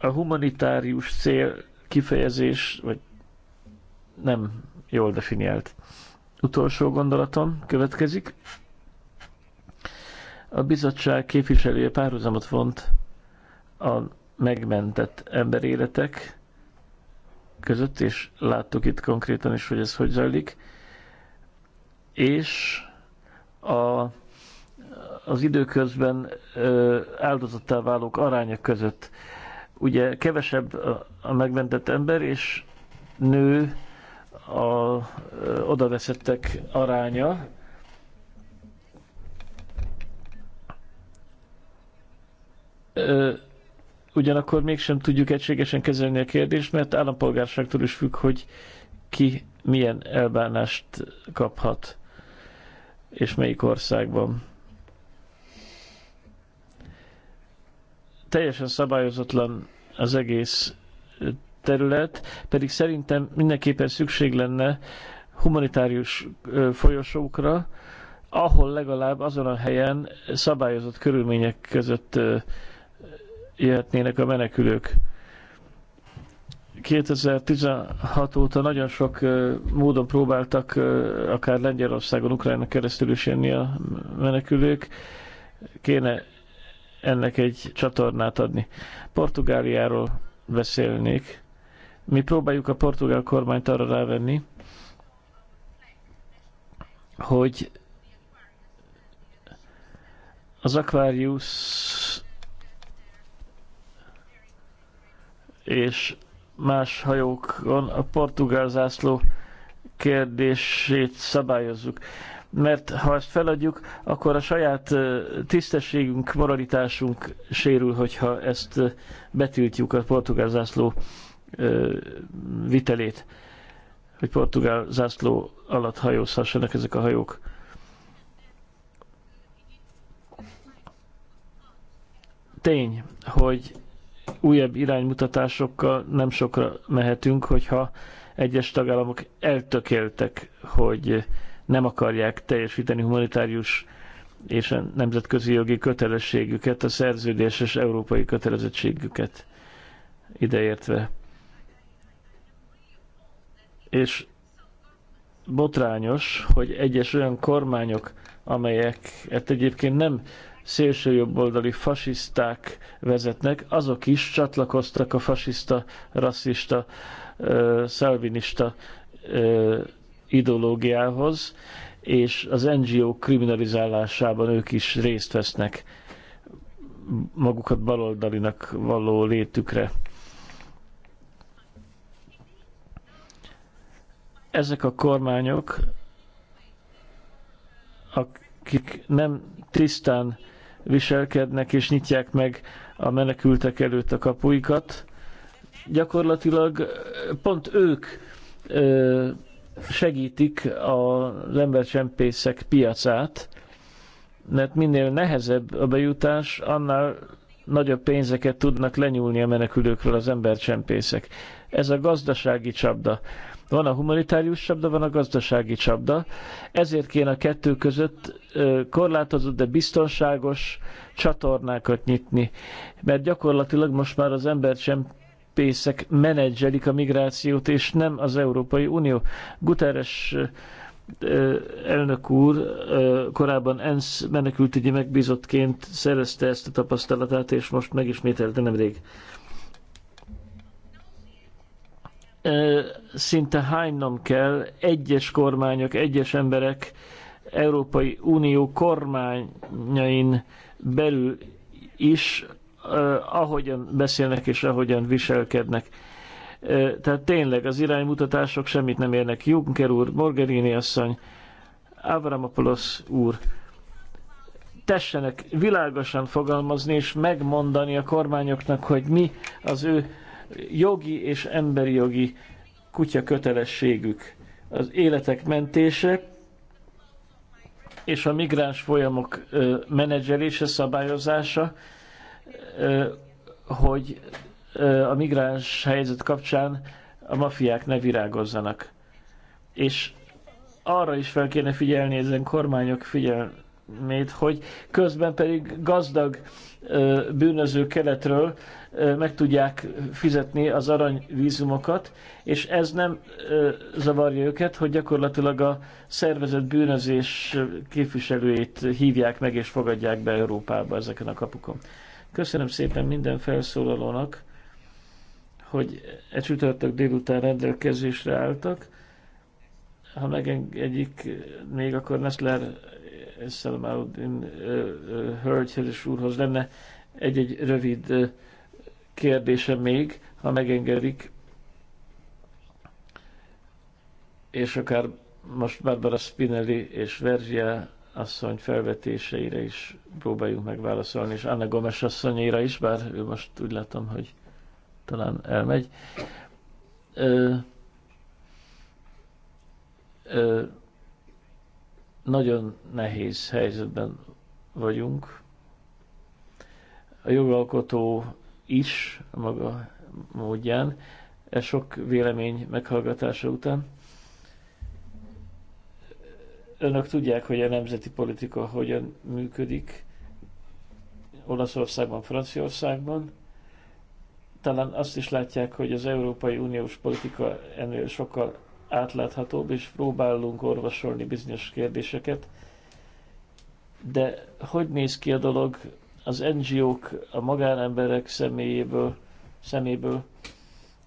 a humanitárius cél kifejezés, vagy nem jól definiált. Utolsó gondolatom következik. A bizottság képviselője párhuzamot vont a megmentett emberéletek között, és láttuk itt konkrétan is, hogy ez hogy zajlik, és a, az időközben áldozattá válók aránya között ugye kevesebb a megmentett ember, és nő a odaveszettek aránya. Ugyanakkor mégsem tudjuk egységesen kezelni a kérdést, mert állampolgárságtól is függ, hogy ki milyen elbánást kaphat, és melyik országban. teljesen szabályozatlan az egész terület, pedig szerintem mindenképpen szükség lenne humanitárius folyosókra, ahol legalább azon a helyen szabályozott körülmények között jöhetnének a menekülők. 2016 óta nagyon sok módon próbáltak akár Lengyelországon, Ukrajna keresztül is jönni a menekülők. Kéne ennek egy csatornát adni. Portugáliáról beszélnék. Mi próbáljuk a portugál kormányt arra rávenni, hogy az Aquarius és más hajókon a portugál zászló kérdését szabályozzuk mert ha ezt feladjuk, akkor a saját tisztességünk, moralitásunk sérül, hogyha ezt betiltjuk a portugál zászló vitelét, hogy portugál zászló alatt hajózhassanak ezek a hajók. Tény, hogy újabb iránymutatásokkal nem sokra mehetünk, hogyha egyes tagállamok eltökéltek, hogy nem akarják teljesíteni humanitárius és a nemzetközi jogi kötelességüket, a szerződéses európai kötelezettségüket ideértve. És botrányos, hogy egyes olyan kormányok, amelyek hát egyébként nem szélsőjobboldali fasiszták vezetnek, azok is csatlakoztak a fasiszta, rasszista, szalvinista ideológiához, és az NGO kriminalizálásában ők is részt vesznek magukat baloldalinak való létükre. Ezek a kormányok, akik nem tisztán viselkednek és nyitják meg a menekültek előtt a kapuikat, gyakorlatilag pont ők segítik az embercsempészek piacát, mert minél nehezebb a bejutás, annál nagyobb pénzeket tudnak lenyúlni a menekülőkről az embercsempészek. Ez a gazdasági csapda. Van a humanitárius csapda, van a gazdasági csapda. Ezért kéne a kettő között korlátozott, de biztonságos csatornákat nyitni. Mert gyakorlatilag most már az embercsempészek csempészek menedzselik a migrációt, és nem az Európai Unió. Guterres elnök úr korábban ENSZ menekültügyi megbízottként szerezte ezt a tapasztalatát, és most megismételte nemrég. Szinte hánynom kell egyes kormányok, egyes emberek Európai Unió kormányain belül is ahogyan beszélnek és ahogyan viselkednek. Tehát tényleg az iránymutatások semmit nem érnek. Juncker úr, Morgerini asszony, Avramopoulos úr, tessenek világosan fogalmazni és megmondani a kormányoknak, hogy mi az ő jogi és emberi jogi kutya kötelességük. Az életek mentése és a migráns folyamok menedzselése, szabályozása, hogy a migráns helyzet kapcsán a mafiák ne virágozzanak. És arra is fel kéne figyelni ezen kormányok figyelmét, hogy közben pedig gazdag bűnöző keletről meg tudják fizetni az aranyvízumokat, és ez nem zavarja őket, hogy gyakorlatilag a szervezett bűnözés képviselőjét hívják meg és fogadják be Európába ezeken a kapukon. Köszönöm szépen minden felszólalónak, hogy egy csütörtök délután rendelkezésre álltak. Ha megengedik, még, akkor Nestler Szalamáudin hölgyhez és úrhoz lenne egy-egy rövid kérdése még, ha megengedik. És akár most Barbara Spinelli és Verzia asszony felvetéseire is próbáljuk megválaszolni, és Anna Gomes asszonyéra is, bár ő most úgy látom, hogy talán elmegy. Ö, ö, nagyon nehéz helyzetben vagyunk. A jogalkotó is a maga módján, e sok vélemény meghallgatása után önök tudják, hogy a nemzeti politika hogyan működik Olaszországban, Franciaországban. Talán azt is látják, hogy az Európai Uniós politika ennél sokkal átláthatóbb, és próbálunk orvosolni bizonyos kérdéseket. De hogy néz ki a dolog az NGO-k, a magánemberek személyéből, szeméből,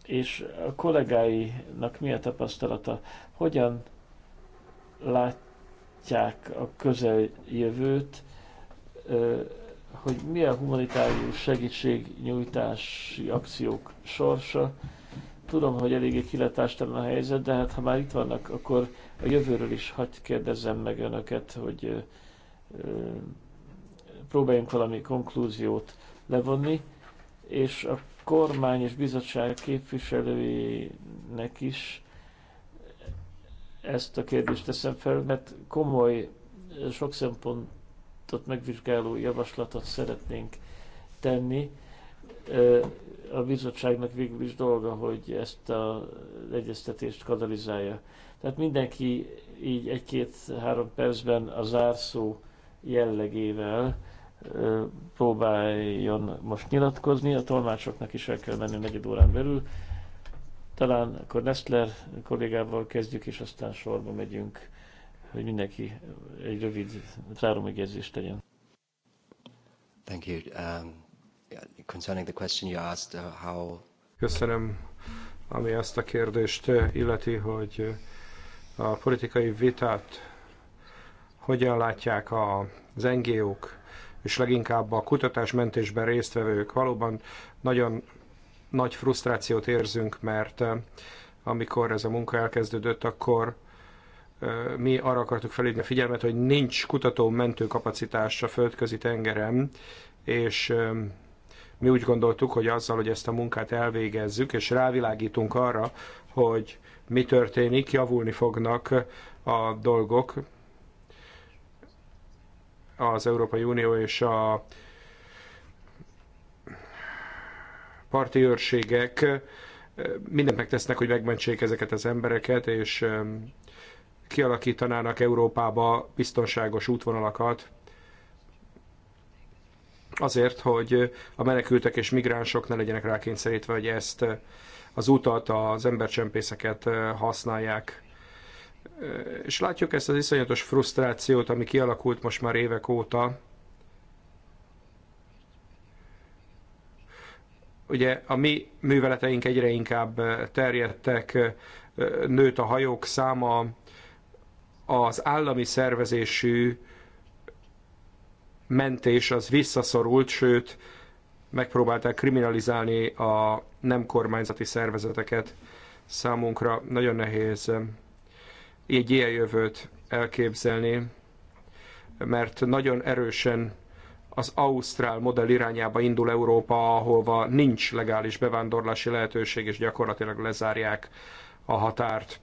és a kollégáinak mi a tapasztalata? Hogyan lát, látják a közeljövőt, hogy milyen humanitárius segítségnyújtási akciók sorsa. Tudom, hogy eléggé kilátástalan a helyzet, de hát ha már itt vannak, akkor a jövőről is hagyd kérdezzem meg önöket, hogy próbáljunk valami konklúziót levonni, és a kormány és bizottság képviselőinek is ezt a kérdést teszem fel, mert komoly, sok szempontot megvizsgáló javaslatot szeretnénk tenni. A bizottságnak végül is dolga, hogy ezt az egyeztetést katalizálja. Tehát mindenki így egy-két-három percben a zárszó jellegével próbáljon most nyilatkozni, a tolmácsoknak is el kell menni negyed órán belül. Talán akkor Nestler kollégával kezdjük, és aztán sorba megyünk, hogy mindenki egy rövid záromegérzést tegyen. Thank you. Um, concerning the question you asked, uh, how... Köszönöm, ami azt a kérdést uh, illeti, hogy uh, a politikai vitát hogyan látják az NGO-k, és leginkább a kutatásmentésben résztvevők. Valóban nagyon nagy frusztrációt érzünk, mert amikor ez a munka elkezdődött, akkor mi arra akartuk felhívni a figyelmet, hogy nincs kutató-mentő kapacitás a földközi tengerem, és mi úgy gondoltuk, hogy azzal, hogy ezt a munkát elvégezzük, és rávilágítunk arra, hogy mi történik, javulni fognak a dolgok az Európai Unió és a parti őrségek mindent megtesznek, hogy megmentsék ezeket az embereket, és kialakítanának Európába biztonságos útvonalakat, azért, hogy a menekültek és migránsok ne legyenek rákényszerítve, hogy ezt az utat, az embercsempészeket használják. És látjuk ezt az iszonyatos frusztrációt, ami kialakult most már évek óta, Ugye a mi műveleteink egyre inkább eh, terjedtek, eh, nőtt a hajók száma, az állami szervezésű mentés az visszaszorult, sőt, megpróbálták kriminalizálni a nem kormányzati szervezeteket. Számunkra nagyon nehéz egy eh, ilyen jövőt elképzelni, mert nagyon erősen az Ausztrál modell irányába indul Európa, ahova nincs legális bevándorlási lehetőség, és gyakorlatilag lezárják a határt.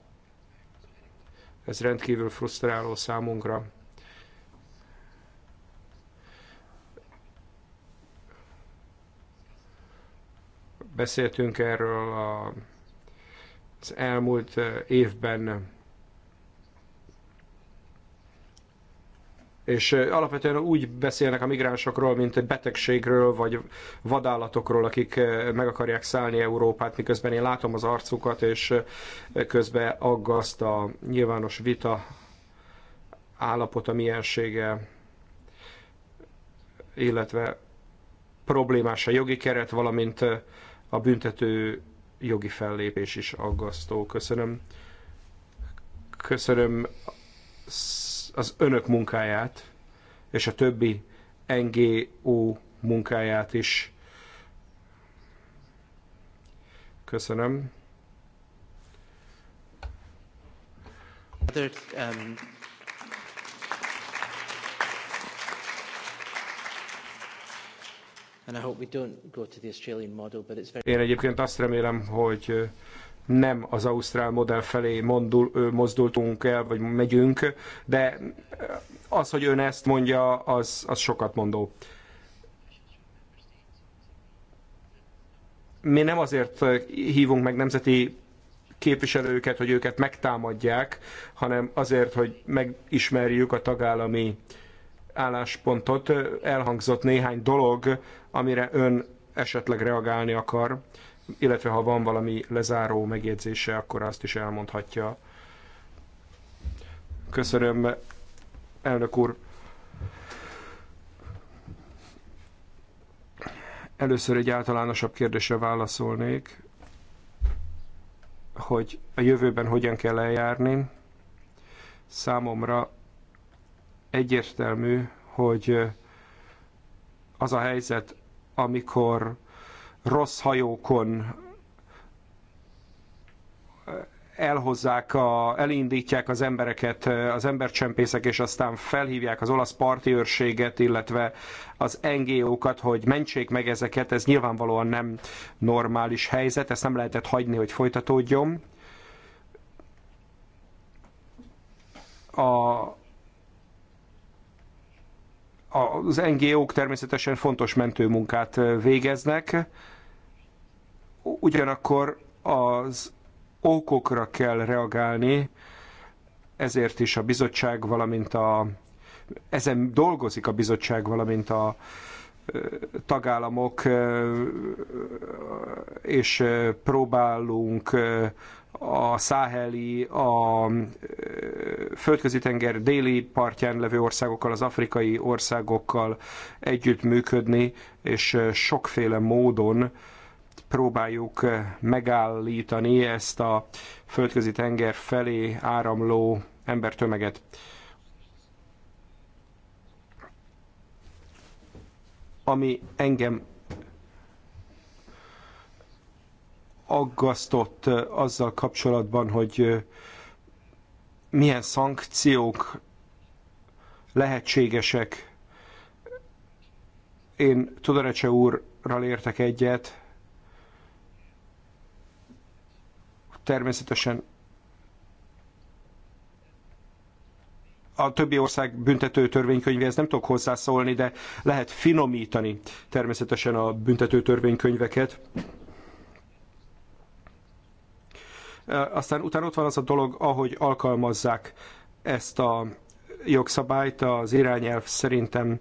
Ez rendkívül frusztráló számunkra. Beszéltünk erről az elmúlt eh, évben És alapvetően úgy beszélnek a migránsokról, mint egy betegségről, vagy vadállatokról, akik meg akarják szállni Európát, miközben én látom az arcukat, és közben aggaszt a nyilvános vita állapota, miensége, illetve problémás a jogi keret, valamint a büntető jogi fellépés is aggasztó. Köszönöm. Köszönöm az önök munkáját és a többi NGO munkáját is. Köszönöm. Um, Én egyébként azt remélem, hogy nem az Ausztrál modell felé mondul, mozdultunk el, vagy megyünk, de az, hogy ön ezt mondja, az, az sokat mondó. Mi nem azért hívunk meg nemzeti képviselőket, hogy őket megtámadják, hanem azért, hogy megismerjük a tagállami álláspontot. Elhangzott néhány dolog, amire ön esetleg reagálni akar illetve ha van valami lezáró megjegyzése, akkor azt is elmondhatja. Köszönöm, elnök úr. Először egy általánosabb kérdésre válaszolnék, hogy a jövőben hogyan kell eljárni. Számomra egyértelmű, hogy az a helyzet, amikor rossz hajókon eh, elhozzák, a, elindítják az embereket, eh, az embercsempészek, és aztán felhívják az olasz parti őrséget, illetve az NGO-kat, hogy mentsék meg ezeket, ez nyilvánvalóan nem normális helyzet, ezt nem lehetett hagyni, hogy folytatódjon. A, az NGO-k természetesen fontos mentőmunkát eh, végeznek, Ugyanakkor az okokra kell reagálni, ezért is a bizottság, valamint a ezen dolgozik a bizottság, valamint a tagállamok, és próbálunk a száheli, a földközi tenger déli partján levő országokkal, az afrikai országokkal együttműködni, és sokféle módon próbáljuk eh, megállítani ezt a földközi tenger felé áramló embertömeget. Ami engem aggasztott eh, azzal kapcsolatban, hogy eh, milyen szankciók lehetségesek. Én Tudorecse úrral értek egyet, Természetesen a többi ország büntető törvénykönyvéhez nem tudok hozzászólni, de lehet finomítani természetesen a büntető törvénykönyveket. Aztán utána ott van az a dolog, ahogy alkalmazzák ezt a jogszabályt, az irányelv szerintem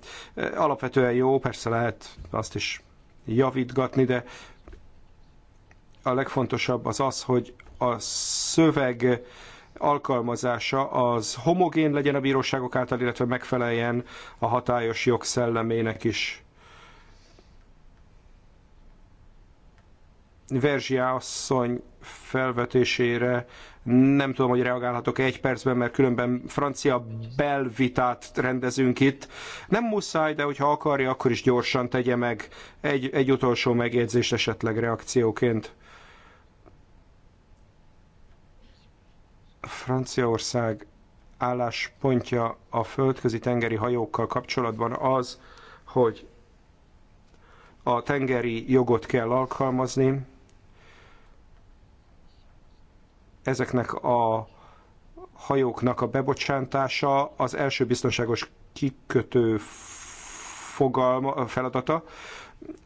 alapvetően jó, persze lehet azt is javítgatni, de a legfontosabb az az, hogy a szöveg alkalmazása az homogén legyen a bíróságok által, illetve megfeleljen a hatályos jogszellemének is. Verzsia asszony felvetésére nem tudom, hogy reagálhatok egy percben, mert különben francia belvitát rendezünk itt. Nem muszáj, de hogyha akarja, akkor is gyorsan tegye meg egy, egy utolsó megjegyzés esetleg reakcióként. Franciaország álláspontja a földközi tengeri hajókkal kapcsolatban az, hogy a tengeri jogot kell alkalmazni, ezeknek a hajóknak a bebocsátása az első biztonságos kikötő fogalma, feladata,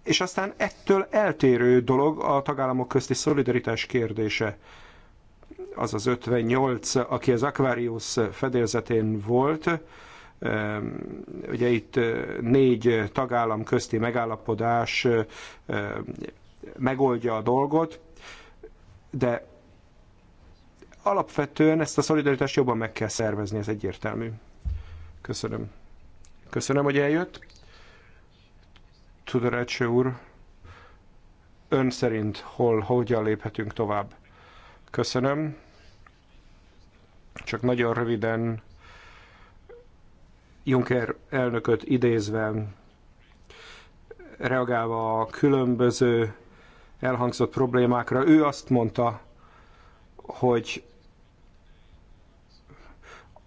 és aztán ettől eltérő dolog a tagállamok közti szolidaritás kérdése az az 58, aki az Aquarius fedélzetén volt, ugye itt eh, négy tagállam közti megállapodás eh, megoldja a dolgot, de alapvetően ezt a szolidaritást jobban meg kell szervezni, ez egyértelmű. Köszönöm. Köszönöm, hogy eljött. Tudorácse úr, ön szerint hol, hogyan léphetünk tovább? Köszönöm. Csak nagyon röviden Juncker elnököt idézve, reagálva a különböző elhangzott problémákra, ő azt mondta, hogy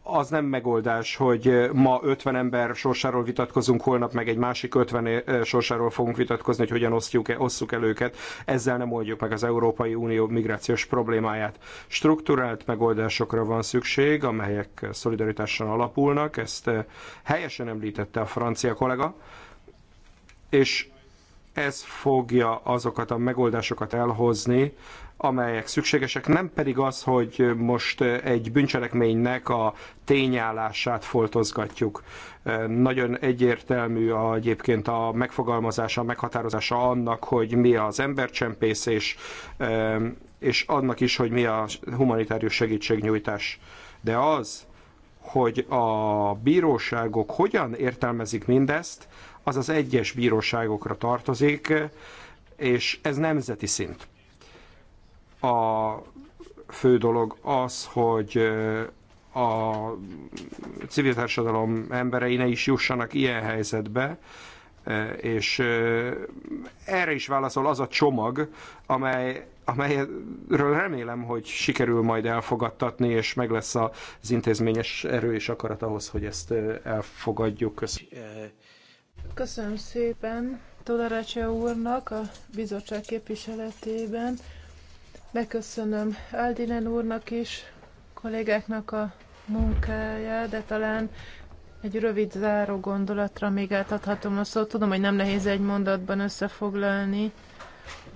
az nem megoldás, hogy eh, ma 50 ember sorsáról vitatkozunk, holnap meg egy másik 50 eh, sorsáról fogunk vitatkozni, hogy hogyan osztjuk, -e, osszuk el őket. Ezzel nem oldjuk meg az Európai Unió migrációs problémáját. Strukturált megoldásokra van szükség, amelyek szolidaritáson alapulnak, ezt eh, helyesen említette a francia kollega, és ez fogja azokat a megoldásokat elhozni, amelyek szükségesek, nem pedig az, hogy most egy bűncselekménynek a tényállását foltozgatjuk. Nagyon egyértelmű a, egyébként a megfogalmazása, a meghatározása annak, hogy mi az embercsempész, és, és annak is, hogy mi a humanitárius segítségnyújtás. De az, hogy a bíróságok hogyan értelmezik mindezt, az az egyes bíróságokra tartozik, és ez nemzeti szint. A fő dolog az, hogy a civil társadalom emberei ne is jussanak ilyen helyzetbe, és erre is válaszol az a csomag, amely, amelyről remélem, hogy sikerül majd elfogadtatni, és meg lesz az intézményes erő és akarat ahhoz, hogy ezt elfogadjuk. Köszönöm, Köszönöm szépen Tolerácsia úrnak a bizottság képviseletében. Beköszönöm Aldinen úrnak is, kollégáknak a munkája, de talán egy rövid záró gondolatra még átadhatom a szót. Tudom, hogy nem nehéz egy mondatban összefoglalni,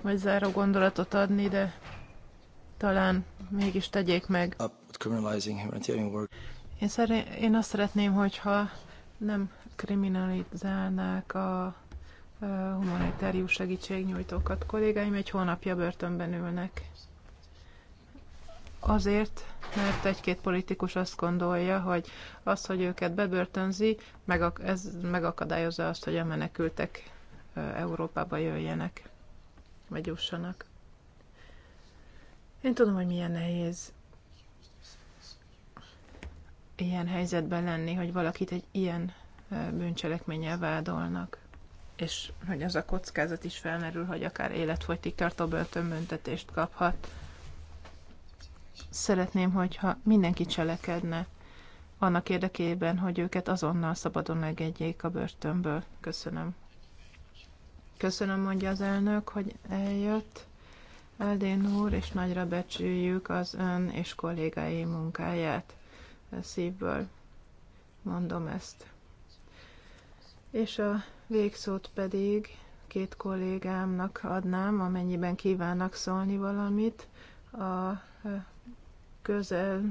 vagy záró gondolatot adni, de talán mégis tegyék meg. Én, szerint, én azt szeretném, hogyha nem kriminalizálnák a humanitárius segítségnyújtókat. Kollégáim egy hónapja börtönben ülnek. Azért, mert egy-két politikus azt gondolja, hogy az, hogy őket bebörtönzi, megak- ez megakadályozza azt, hogy a menekültek Európába jöjjenek, vagy jussanak. Én tudom, hogy milyen nehéz ilyen helyzetben lenni, hogy valakit egy ilyen bűncselekménnyel vádolnak, és hogy az a kockázat is felmerül, hogy akár életfogytig tartó börtönbüntetést kaphat szeretném, hogyha mindenki cselekedne annak érdekében, hogy őket azonnal szabadon megegyék a börtönből. Köszönöm. Köszönöm, mondja az elnök, hogy eljött. Eldén úr, és nagyra becsüljük az ön és kollégái munkáját. Szívből mondom ezt. És a végszót pedig két kollégámnak adnám, amennyiben kívánnak szólni valamit. A közel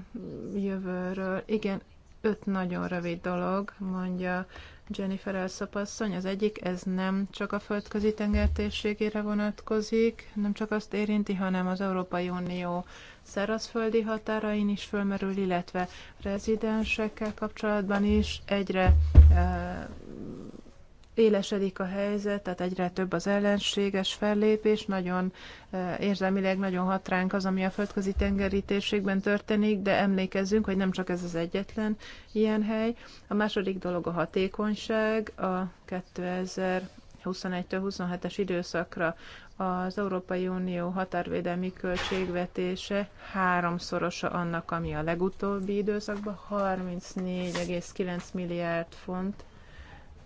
jövőről. Igen, öt nagyon rövid dolog, mondja Jennifer elszapasszony. Az egyik, ez nem csak a földközi tengertérségére vonatkozik, nem csak azt érinti, hanem az Európai Unió szárazföldi határain is fölmerül, illetve rezidensekkel kapcsolatban is egyre élesedik a helyzet, tehát egyre több az ellenséges fellépés, nagyon eh, érzelmileg nagyon hat ránk az, ami a földközi tengeri térségben történik, de emlékezzünk, hogy nem csak ez az egyetlen ilyen hely. A második dolog a hatékonyság, a 2021 27 es időszakra az Európai Unió határvédelmi költségvetése háromszorosa annak, ami a legutóbbi időszakban 34,9 milliárd font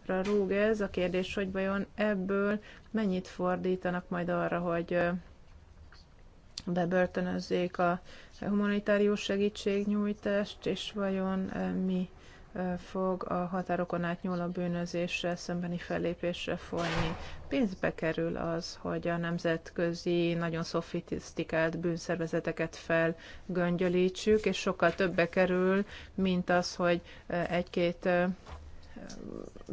Ra rúg ez. A kérdés, hogy vajon ebből mennyit fordítanak majd arra, hogy bebörtönözzék a humanitárius segítségnyújtást, és vajon mi fog a határokon átnyúló bűnözésre szembeni fellépésre folyni. Pénzbe kerül az, hogy a nemzetközi, nagyon szofisztikált bűnszervezeteket felgöngyölítsük, és sokkal többe kerül, mint az, hogy egy-két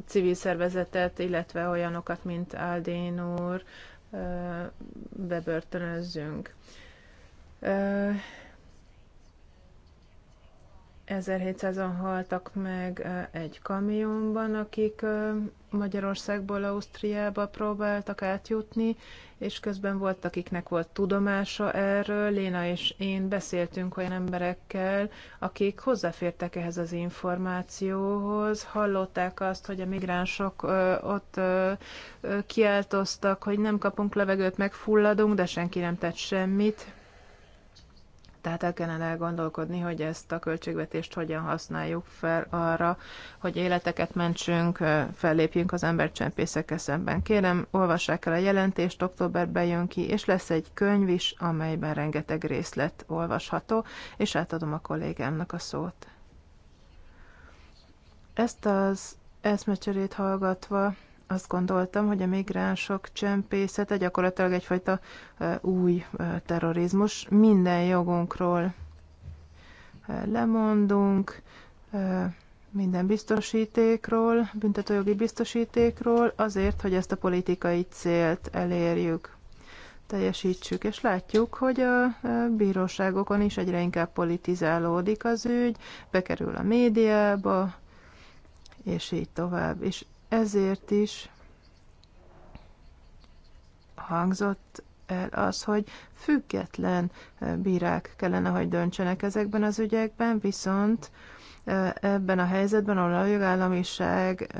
civil szervezetet, illetve olyanokat, mint Aldén úr, bebörtönözzünk. 1700-an haltak meg egy kamionban, akik Magyarországból Ausztriába próbáltak átjutni, és közben volt, akiknek volt tudomása erről. Léna és én beszéltünk olyan emberekkel, akik hozzáfértek ehhez az információhoz, hallották azt, hogy a migránsok ott kiáltoztak, hogy nem kapunk levegőt, megfulladunk, de senki nem tett semmit tehát el kellene elgondolkodni, hogy ezt a költségvetést hogyan használjuk fel arra, hogy életeket mentsünk, fellépjünk az embercsempészekkel szemben. Kérem, olvassák el a jelentést, októberben jön ki, és lesz egy könyv is, amelyben rengeteg részlet olvasható, és átadom a kollégámnak a szót. Ezt az eszmecserét hallgatva azt gondoltam, hogy a migránsok csempészete gyakorlatilag egyfajta új terrorizmus. Minden jogunkról lemondunk, minden biztosítékról, büntetőjogi biztosítékról, azért, hogy ezt a politikai célt elérjük, teljesítsük. És látjuk, hogy a bíróságokon is egyre inkább politizálódik az ügy, bekerül a médiába, és így tovább. És ezért is hangzott el az, hogy független bírák kellene, hogy döntsenek ezekben az ügyekben, viszont ebben a helyzetben, ahol a jogállamiság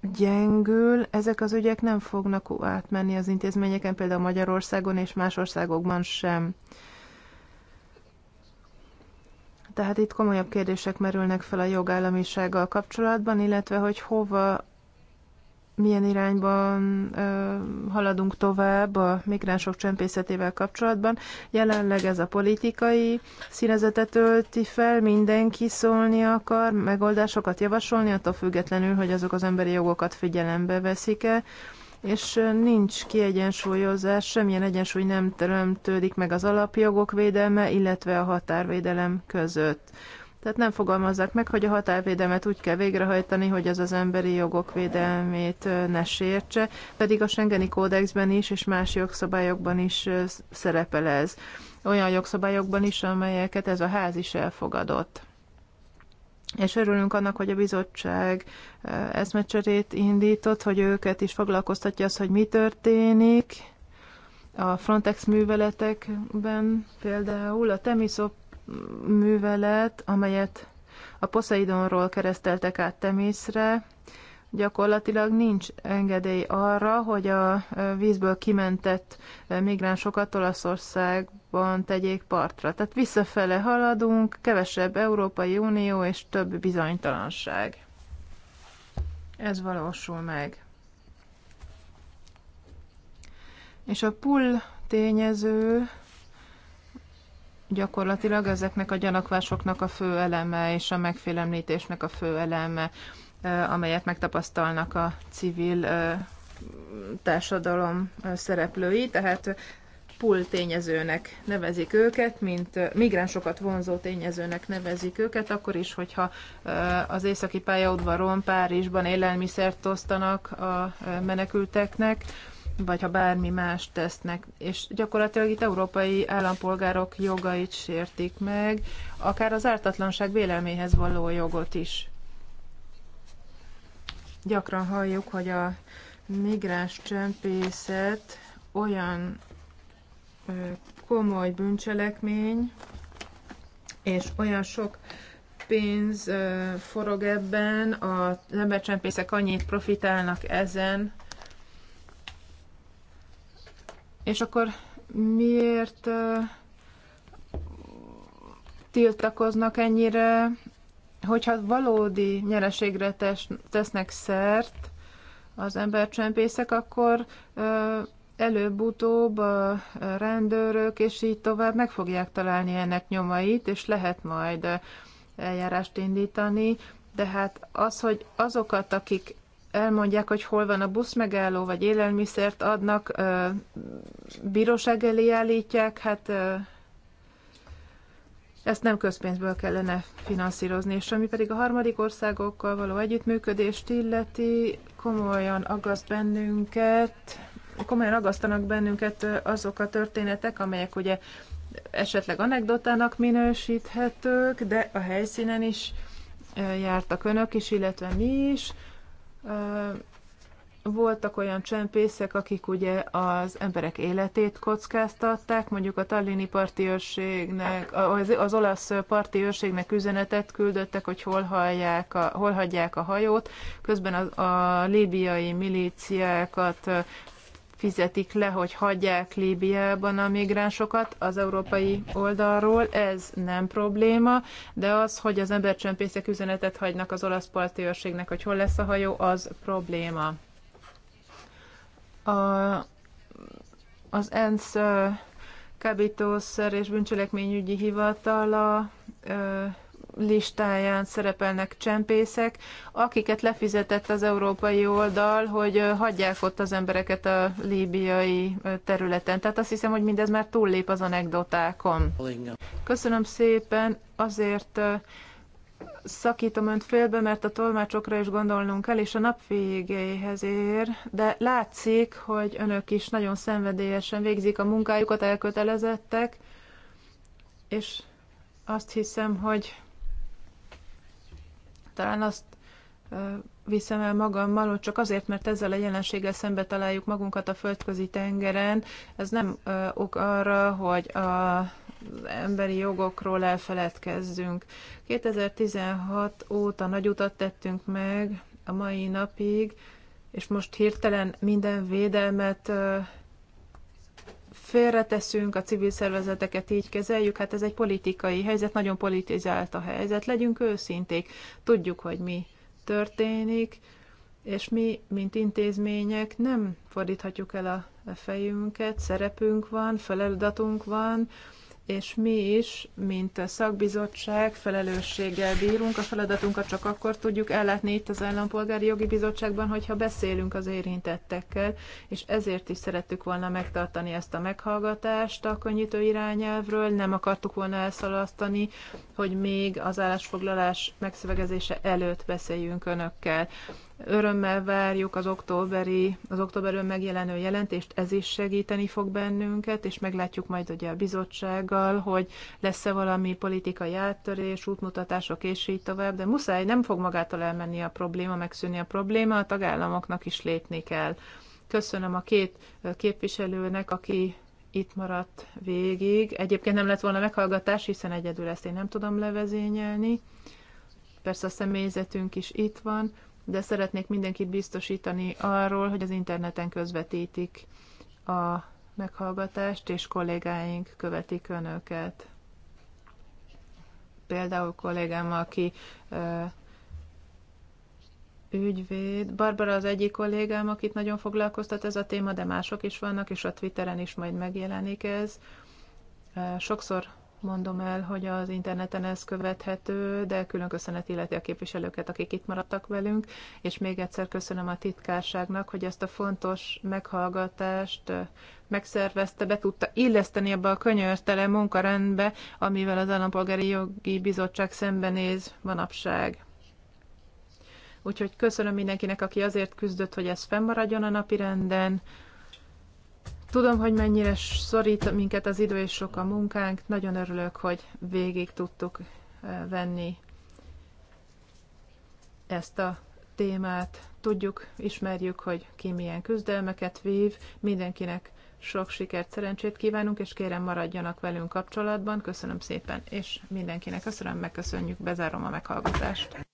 gyengül, ezek az ügyek nem fognak átmenni az intézményeken, például Magyarországon és más országokban sem. Tehát itt komolyabb kérdések merülnek fel a jogállamisággal kapcsolatban, illetve hogy hova, milyen irányban ö, haladunk tovább a migránsok csempészetével kapcsolatban. Jelenleg ez a politikai színezetet ölti fel, mindenki szólni akar, megoldásokat javasolni, attól függetlenül, hogy azok az emberi jogokat figyelembe veszik-e. Ö, és nincs kiegyensúlyozás, semmilyen egyensúly nem teremtődik meg az alapjogok védelme, illetve a határvédelem között. Tehát nem fogalmazzák meg, hogy a határvédelmet úgy kell végrehajtani, hogy az az emberi jogok védelmét ne sértse, pedig a Schengeni Kódexben is és más jogszabályokban is szerepel ez. Olyan jogszabályokban is, amelyeket ez a ház is elfogadott és örülünk annak, hogy a bizottság eh, eszmecserét indított, hogy őket is foglalkoztatja az, hogy mi történik a Frontex műveletekben, például a Temiszop művelet, amelyet a Poseidonról kereszteltek át Temiszre, gyakorlatilag nincs engedély arra, hogy a vízből kimentett migránsokat Olaszországban tegyék partra. Tehát visszafele haladunk, kevesebb Európai Unió és több bizonytalanság. Ez valósul meg. És a pull tényező gyakorlatilag ezeknek a gyanakvásoknak a fő eleme és a megfélemlítésnek a fő eleme amelyet megtapasztalnak a civil társadalom szereplői, tehát pull tényezőnek nevezik őket, mint migránsokat vonzó tényezőnek nevezik őket, akkor is, hogyha az északi pályaudvaron, Párizsban élelmiszert osztanak a menekülteknek, vagy ha bármi más tesznek. És gyakorlatilag itt európai állampolgárok jogait sértik meg, akár az ártatlanság vélelméhez való jogot is. Gyakran halljuk, hogy a migráns csempészet olyan komoly bűncselekmény, és olyan sok pénz forog ebben, az embercsempészek annyit profitálnak ezen, és akkor miért tiltakoznak ennyire hogyha valódi nyereségre tesznek szert az embercsempészek, akkor előbb-utóbb a rendőrök és így tovább meg fogják találni ennek nyomait, és lehet majd eljárást indítani. De hát az, hogy azokat, akik elmondják, hogy hol van a buszmegálló, vagy élelmiszert adnak, bíróság elé állítják, hát ezt nem közpénzből kellene finanszírozni, és ami pedig a harmadik országokkal való együttműködést illeti, komolyan aggaszt bennünket, komolyan aggasztanak bennünket azok a történetek, amelyek ugye esetleg anekdotának minősíthetők, de a helyszínen is eh, jártak önök is, illetve mi is. Eh, voltak olyan csempészek, akik ugye az emberek életét kockáztatták, mondjuk a tallini parti őrségnek, az az olasz parti őrségnek üzenetet küldöttek, hogy hol, hallják a, hol hagyják a hajót, közben a, a líbiai milíciákat fizetik le, hogy hagyják Líbiában a migránsokat az európai oldalról, ez nem probléma, de az, hogy az embercsempészek üzenetet hagynak az olasz partiőrségnek, hogy hol lesz a hajó, az probléma. A, az ENSZ kábítószer és bűncselekményügyi hivatala listáján szerepelnek csempészek, akiket lefizetett az európai oldal, hogy hagyják ott az embereket a líbiai területen. Tehát azt hiszem, hogy mindez már túllép az anekdotákon. Köszönöm szépen, azért szakítom önt félbe, mert a tolmácsokra is gondolnunk kell, és a nap végéhez ér, de látszik, hogy önök is nagyon szenvedélyesen végzik a munkájukat, elkötelezettek, és azt hiszem, hogy talán azt viszem el magammal, hogy csak azért, mert ezzel a jelenséggel szembe találjuk magunkat a földközi tengeren, ez nem ok arra, hogy a emberi jogokról elfeledkezzünk. 2016 óta nagy utat tettünk meg a mai napig, és most hirtelen minden védelmet félreteszünk, a civil szervezeteket így kezeljük, hát ez egy politikai helyzet, nagyon politizált a helyzet, legyünk őszinték, tudjuk, hogy mi történik, és mi, mint intézmények nem fordíthatjuk el a fejünket, szerepünk van, feladatunk van, és mi is, mint szakbizottság felelősséggel bírunk, a feladatunkat csak akkor tudjuk ellátni itt az Állampolgári Jogi Bizottságban, hogyha beszélünk az érintettekkel, és ezért is szerettük volna megtartani ezt a meghallgatást a könnyítő irányelvről, nem akartuk volna elszalasztani hogy még az állásfoglalás megszövegezése előtt beszéljünk önökkel. Örömmel várjuk az októberi, az októberről megjelenő jelentést, ez is segíteni fog bennünket, és meglátjuk majd ugye a bizottsággal, hogy lesz-e valami politikai áttörés, útmutatások, és így tovább, de muszáj, nem fog magától elmenni a probléma, megszűnni a probléma, a tagállamoknak is lépni kell. Köszönöm a két képviselőnek, aki itt maradt végig. Egyébként nem lett volna meghallgatás, hiszen egyedül ezt én nem tudom levezényelni. Persze a személyzetünk is itt van, de szeretnék mindenkit biztosítani arról, hogy az interneten közvetítik a meghallgatást, és kollégáink követik önöket. Például kollégám, aki ügyvéd. Barbara az egyik kollégám, akit nagyon foglalkoztat ez a téma, de mások is vannak, és a Twitteren is majd megjelenik ez. Sokszor mondom el, hogy az interneten ez követhető, de külön köszönet illeti a képviselőket, akik itt maradtak velünk, és még egyszer köszönöm a titkárságnak, hogy ezt a fontos meghallgatást megszervezte, be tudta illeszteni ebbe a könyörtele munkarendbe, amivel az Állampolgári Jogi Bizottság szembenéz manapság. Úgyhogy köszönöm mindenkinek, aki azért küzdött, hogy ez fennmaradjon a napirenden. Tudom, hogy mennyire szorít minket az idő és sok a munkánk. Nagyon örülök, hogy végig tudtuk eh, venni ezt a témát. Tudjuk, ismerjük, hogy ki milyen küzdelmeket vív. Mindenkinek sok sikert, szerencsét kívánunk, és kérem maradjanak velünk kapcsolatban. Köszönöm szépen, és mindenkinek köszönöm, megköszönjük, bezárom a meghallgatást.